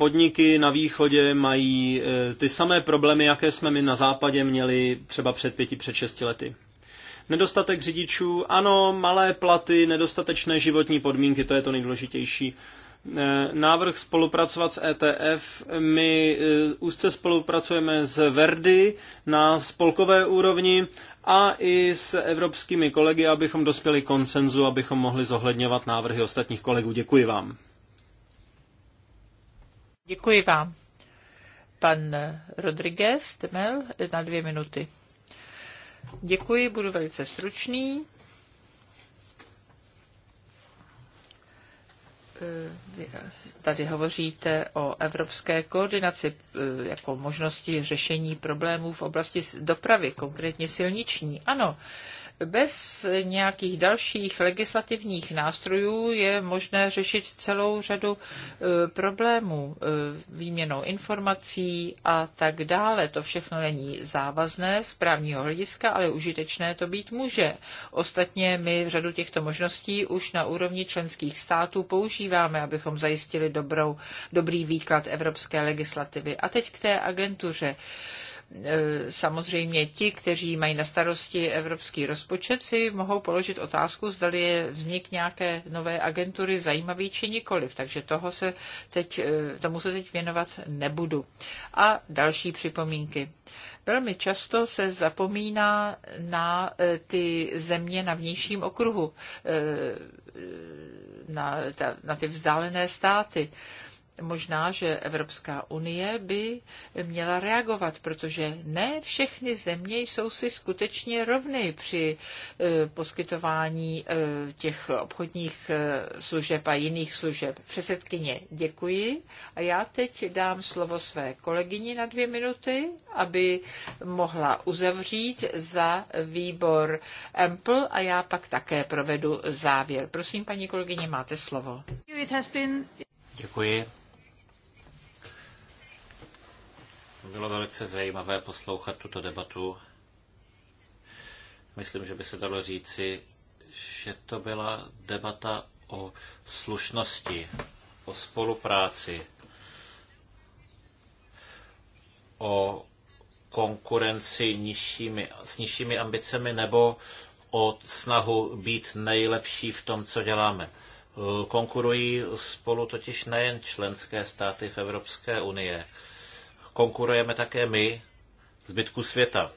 podniky na východě mají eh, ty samé problémy, jaké jsme my na západě měli třeba před pěti, před šesti lety. Nedostatek řidičů, ano, malé platy, nedostatečné životní podmínky, to je to nejdůležitější. Eh, návrh spolupracovat s ETF. My eh, úzce spolupracujeme s Verdy na spolkové úrovni a i s evropskými kolegy, abychom dospěli konsenzu, abychom mohli zohledňovat návrhy ostatních kolegů. Děkuji vám. Děkuji vám. Pan Rodriguez Temel na dvě minuty. Děkuji, budu velice stručný. Eh, tady hovoříte o evropské koordinaci eh, jako možnosti řešení problémů v oblasti dopravy, konkrétně silniční. Ano, bez nějakých dalších legislativních nástrojů je možné řešit celou řadu e, problémů e, výměnou informací a tak dále. To všechno není závazné z právního hlediska, ale užitečné to být může. Ostatně my v řadu těchto možností už na úrovni členských států používáme, abychom zajistili dobrou, dobrý výklad evropské legislativy. A teď k té agentuře. E, samozřejmě ti, kteří mají na starosti evropský rozpočet, si mohou položit otázku, zda je vznik nějaké nové agentury zajímavý či nikoliv. Takže toho se teď, e, tomu se teď věnovat nebudu. A další připomínky. Velmi často se zapomíná na e, ty země na vnějším okruhu, na, na ty vzdálené státy Možná, že Evropská unie by měla reagovat, protože ne všechny země jsou si skutečně rovny při e, poskytování e, těch obchodních e, služeb a jiných služeb. Předsedkyně, děkuji. A já teď dám slovo své kolegyni na dvě minuty, aby mohla uzavřít za výbor EMPL a já pak také provedu závěr. Prosím, paní kolegyně, máte slovo. Děkuji. Bylo velice zajímavé poslouchat tuto debatu. Myslím, že by se dalo říci, že to byla debata o slušnosti, o spolupráci, o konkurenci nižšími, s nižšími ambicemi nebo o snahu být nejlepší v tom, co děláme. Konkurují spolu totiž nejen členské státy v Evropské unie, konkurujeme také my zbytku světa.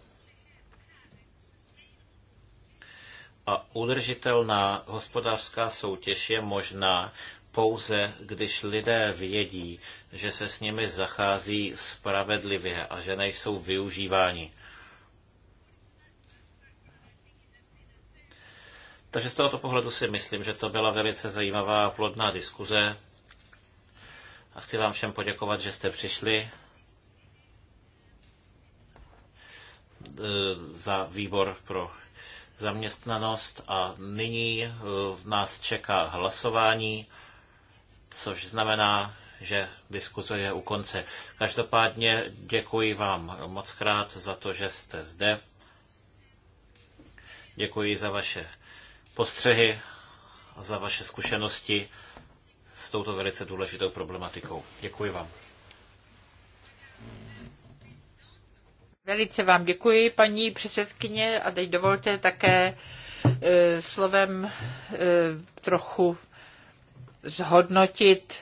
A udržitelná hospodářská soutěž je možná pouze, když lidé vědí, že se s nimi zachází spravedlivě a že nejsou využíváni. Takže z tohoto pohledu si myslím, že to byla velice zajímavá a plodná diskuze. A chci vám všem poděkovat, že jste přišli. E, za výbor pro zaměstnanost a nyní e, v nás čeká hlasování, což znamená, že diskuze je u konce. Každopádně děkuji vám moc krát za to, že jste zde. Děkuji za vaše postřehy a za vaše zkušenosti s touto velice důležitou problematikou. Děkuji vám. Velice vám děkuji, paní předsedkyně, a teď dovolte také e, slovem e, trochu zhodnotit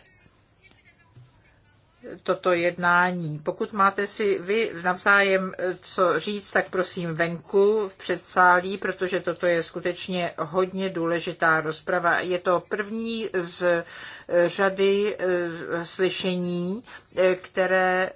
toto jednání. Pokud máte si vy navzájem e, co říct, tak prosím venku v předsálí, protože toto je skutečně hodně důležitá rozprava. Je to první z řady slyšení, které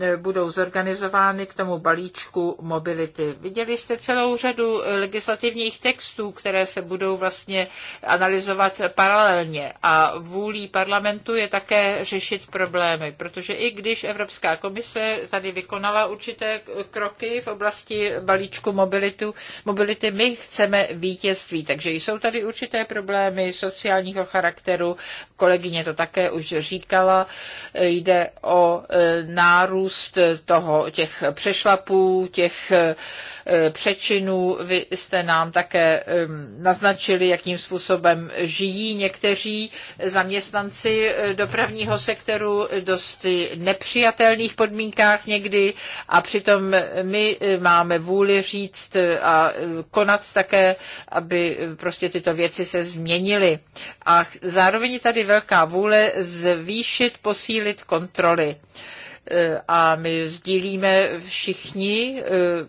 E, budou zorganizovány k tomu balíčku mobility. Viděli jste celou řadu legislativních textů, které se budou vlastně analyzovat paralelně a vůlí parlamentu je také řešit problémy, protože i když Evropská komise tady vykonala určité kroky v oblasti balíčku mobilitu, mobility, my chceme vítězství, takže jsou tady určité problémy sociálního charakteru, kolegyně to také už říkala, e, jde o e, nárůst růst toho, těch přešlapů, těch eh, přečinů. Vy jste nám také ehm, naznačili, jakým způsobem žijí někteří zaměstnanci eh, dopravního sektoru dost nepřijatelných podmínkách někdy a přitom my eh, máme vůli říct a konat také, aby prostě tyto věci se změnily. A zároveň tady velká vůle zvýšit, posílit kontroly. E, a my sdílíme všichni e,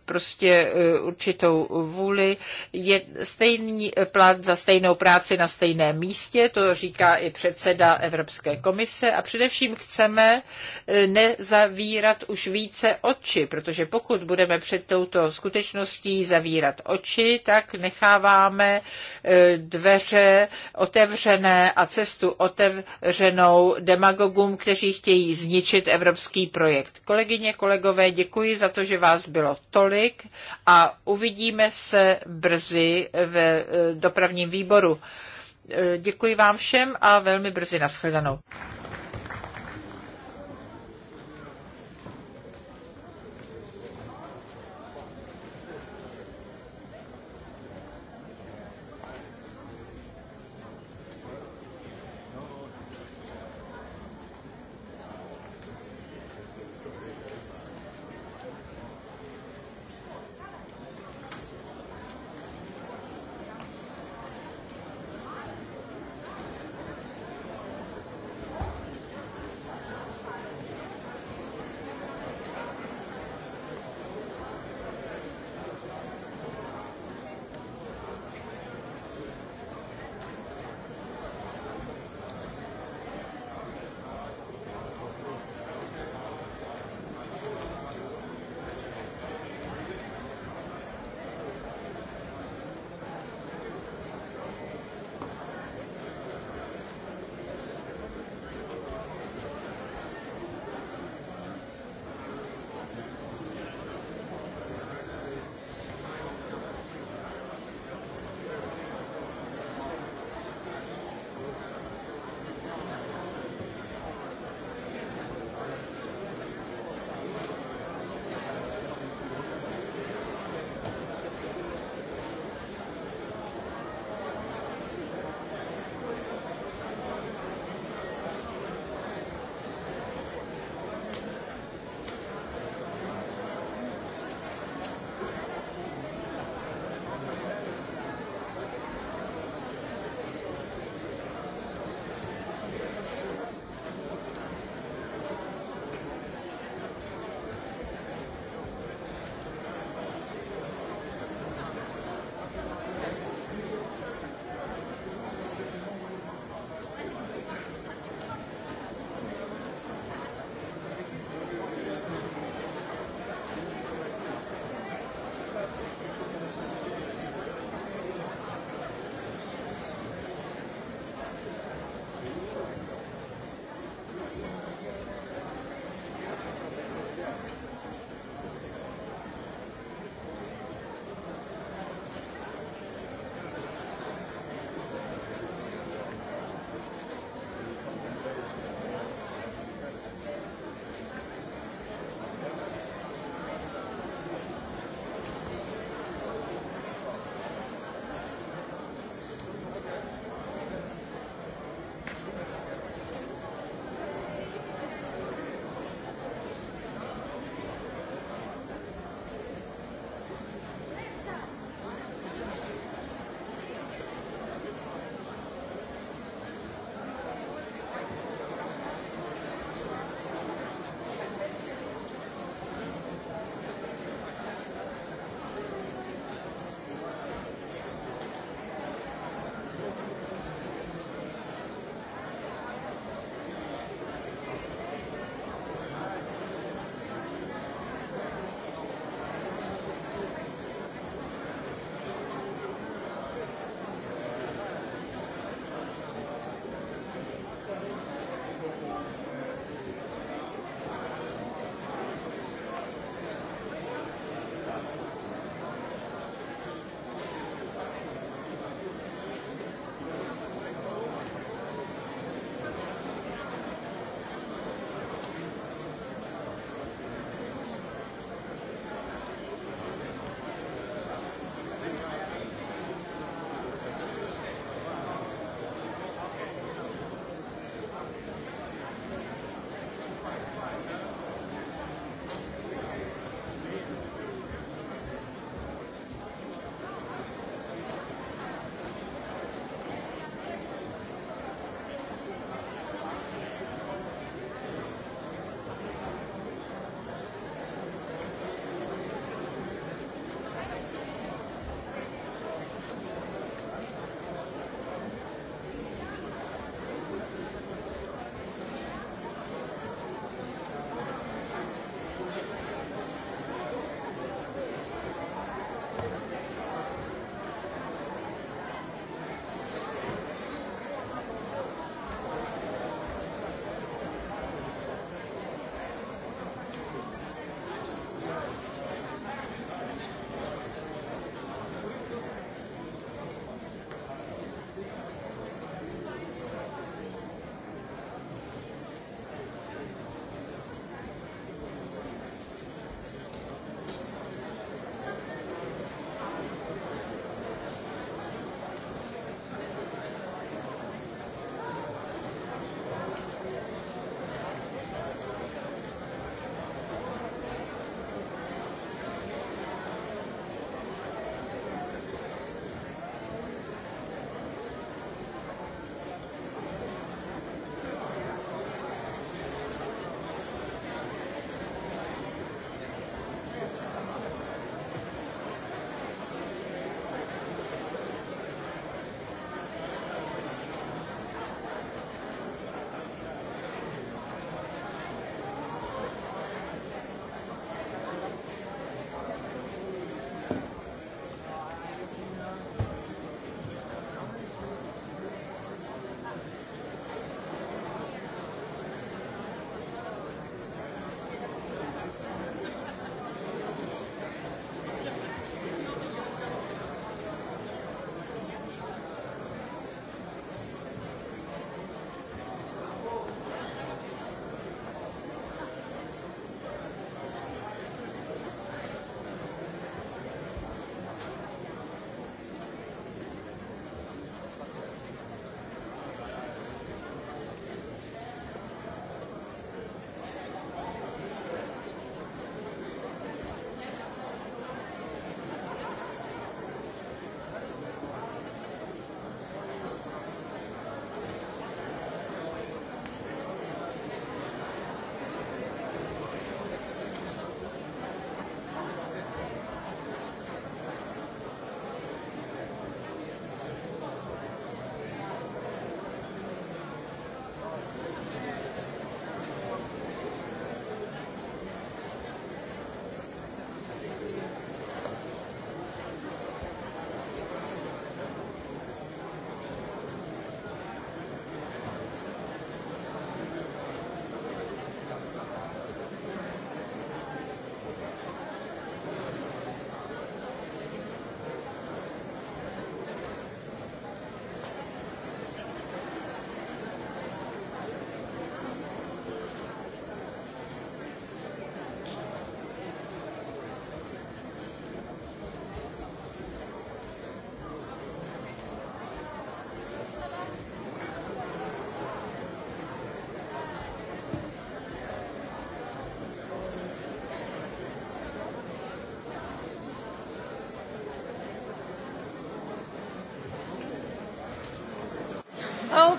prostě e, určitou vůli. Je stejný plat za stejnou práci na stejném místě, to říká i předseda Evropské komise a především chceme nezavírat už více oči, protože pokud budeme před touto skutečností zavírat oči, tak necháváme dveře otevřené a cestu otevřenou demagogům, kteří chtějí zničit evropský velký projekt. Kolegyně, kolegové, děkuji za to, že vás bylo tolik a uvidíme se brzy v eh, dopravním výboru. Eh, děkuji vám všem a velmi brzy nashledanou.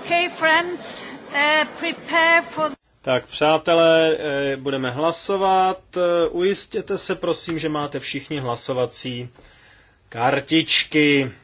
Okay, friends, uh, prepare for... Tak přátelé, eh, budeme hlasovat. Eh, ujistěte se prosím, že máte všichni hlasovací kartičky.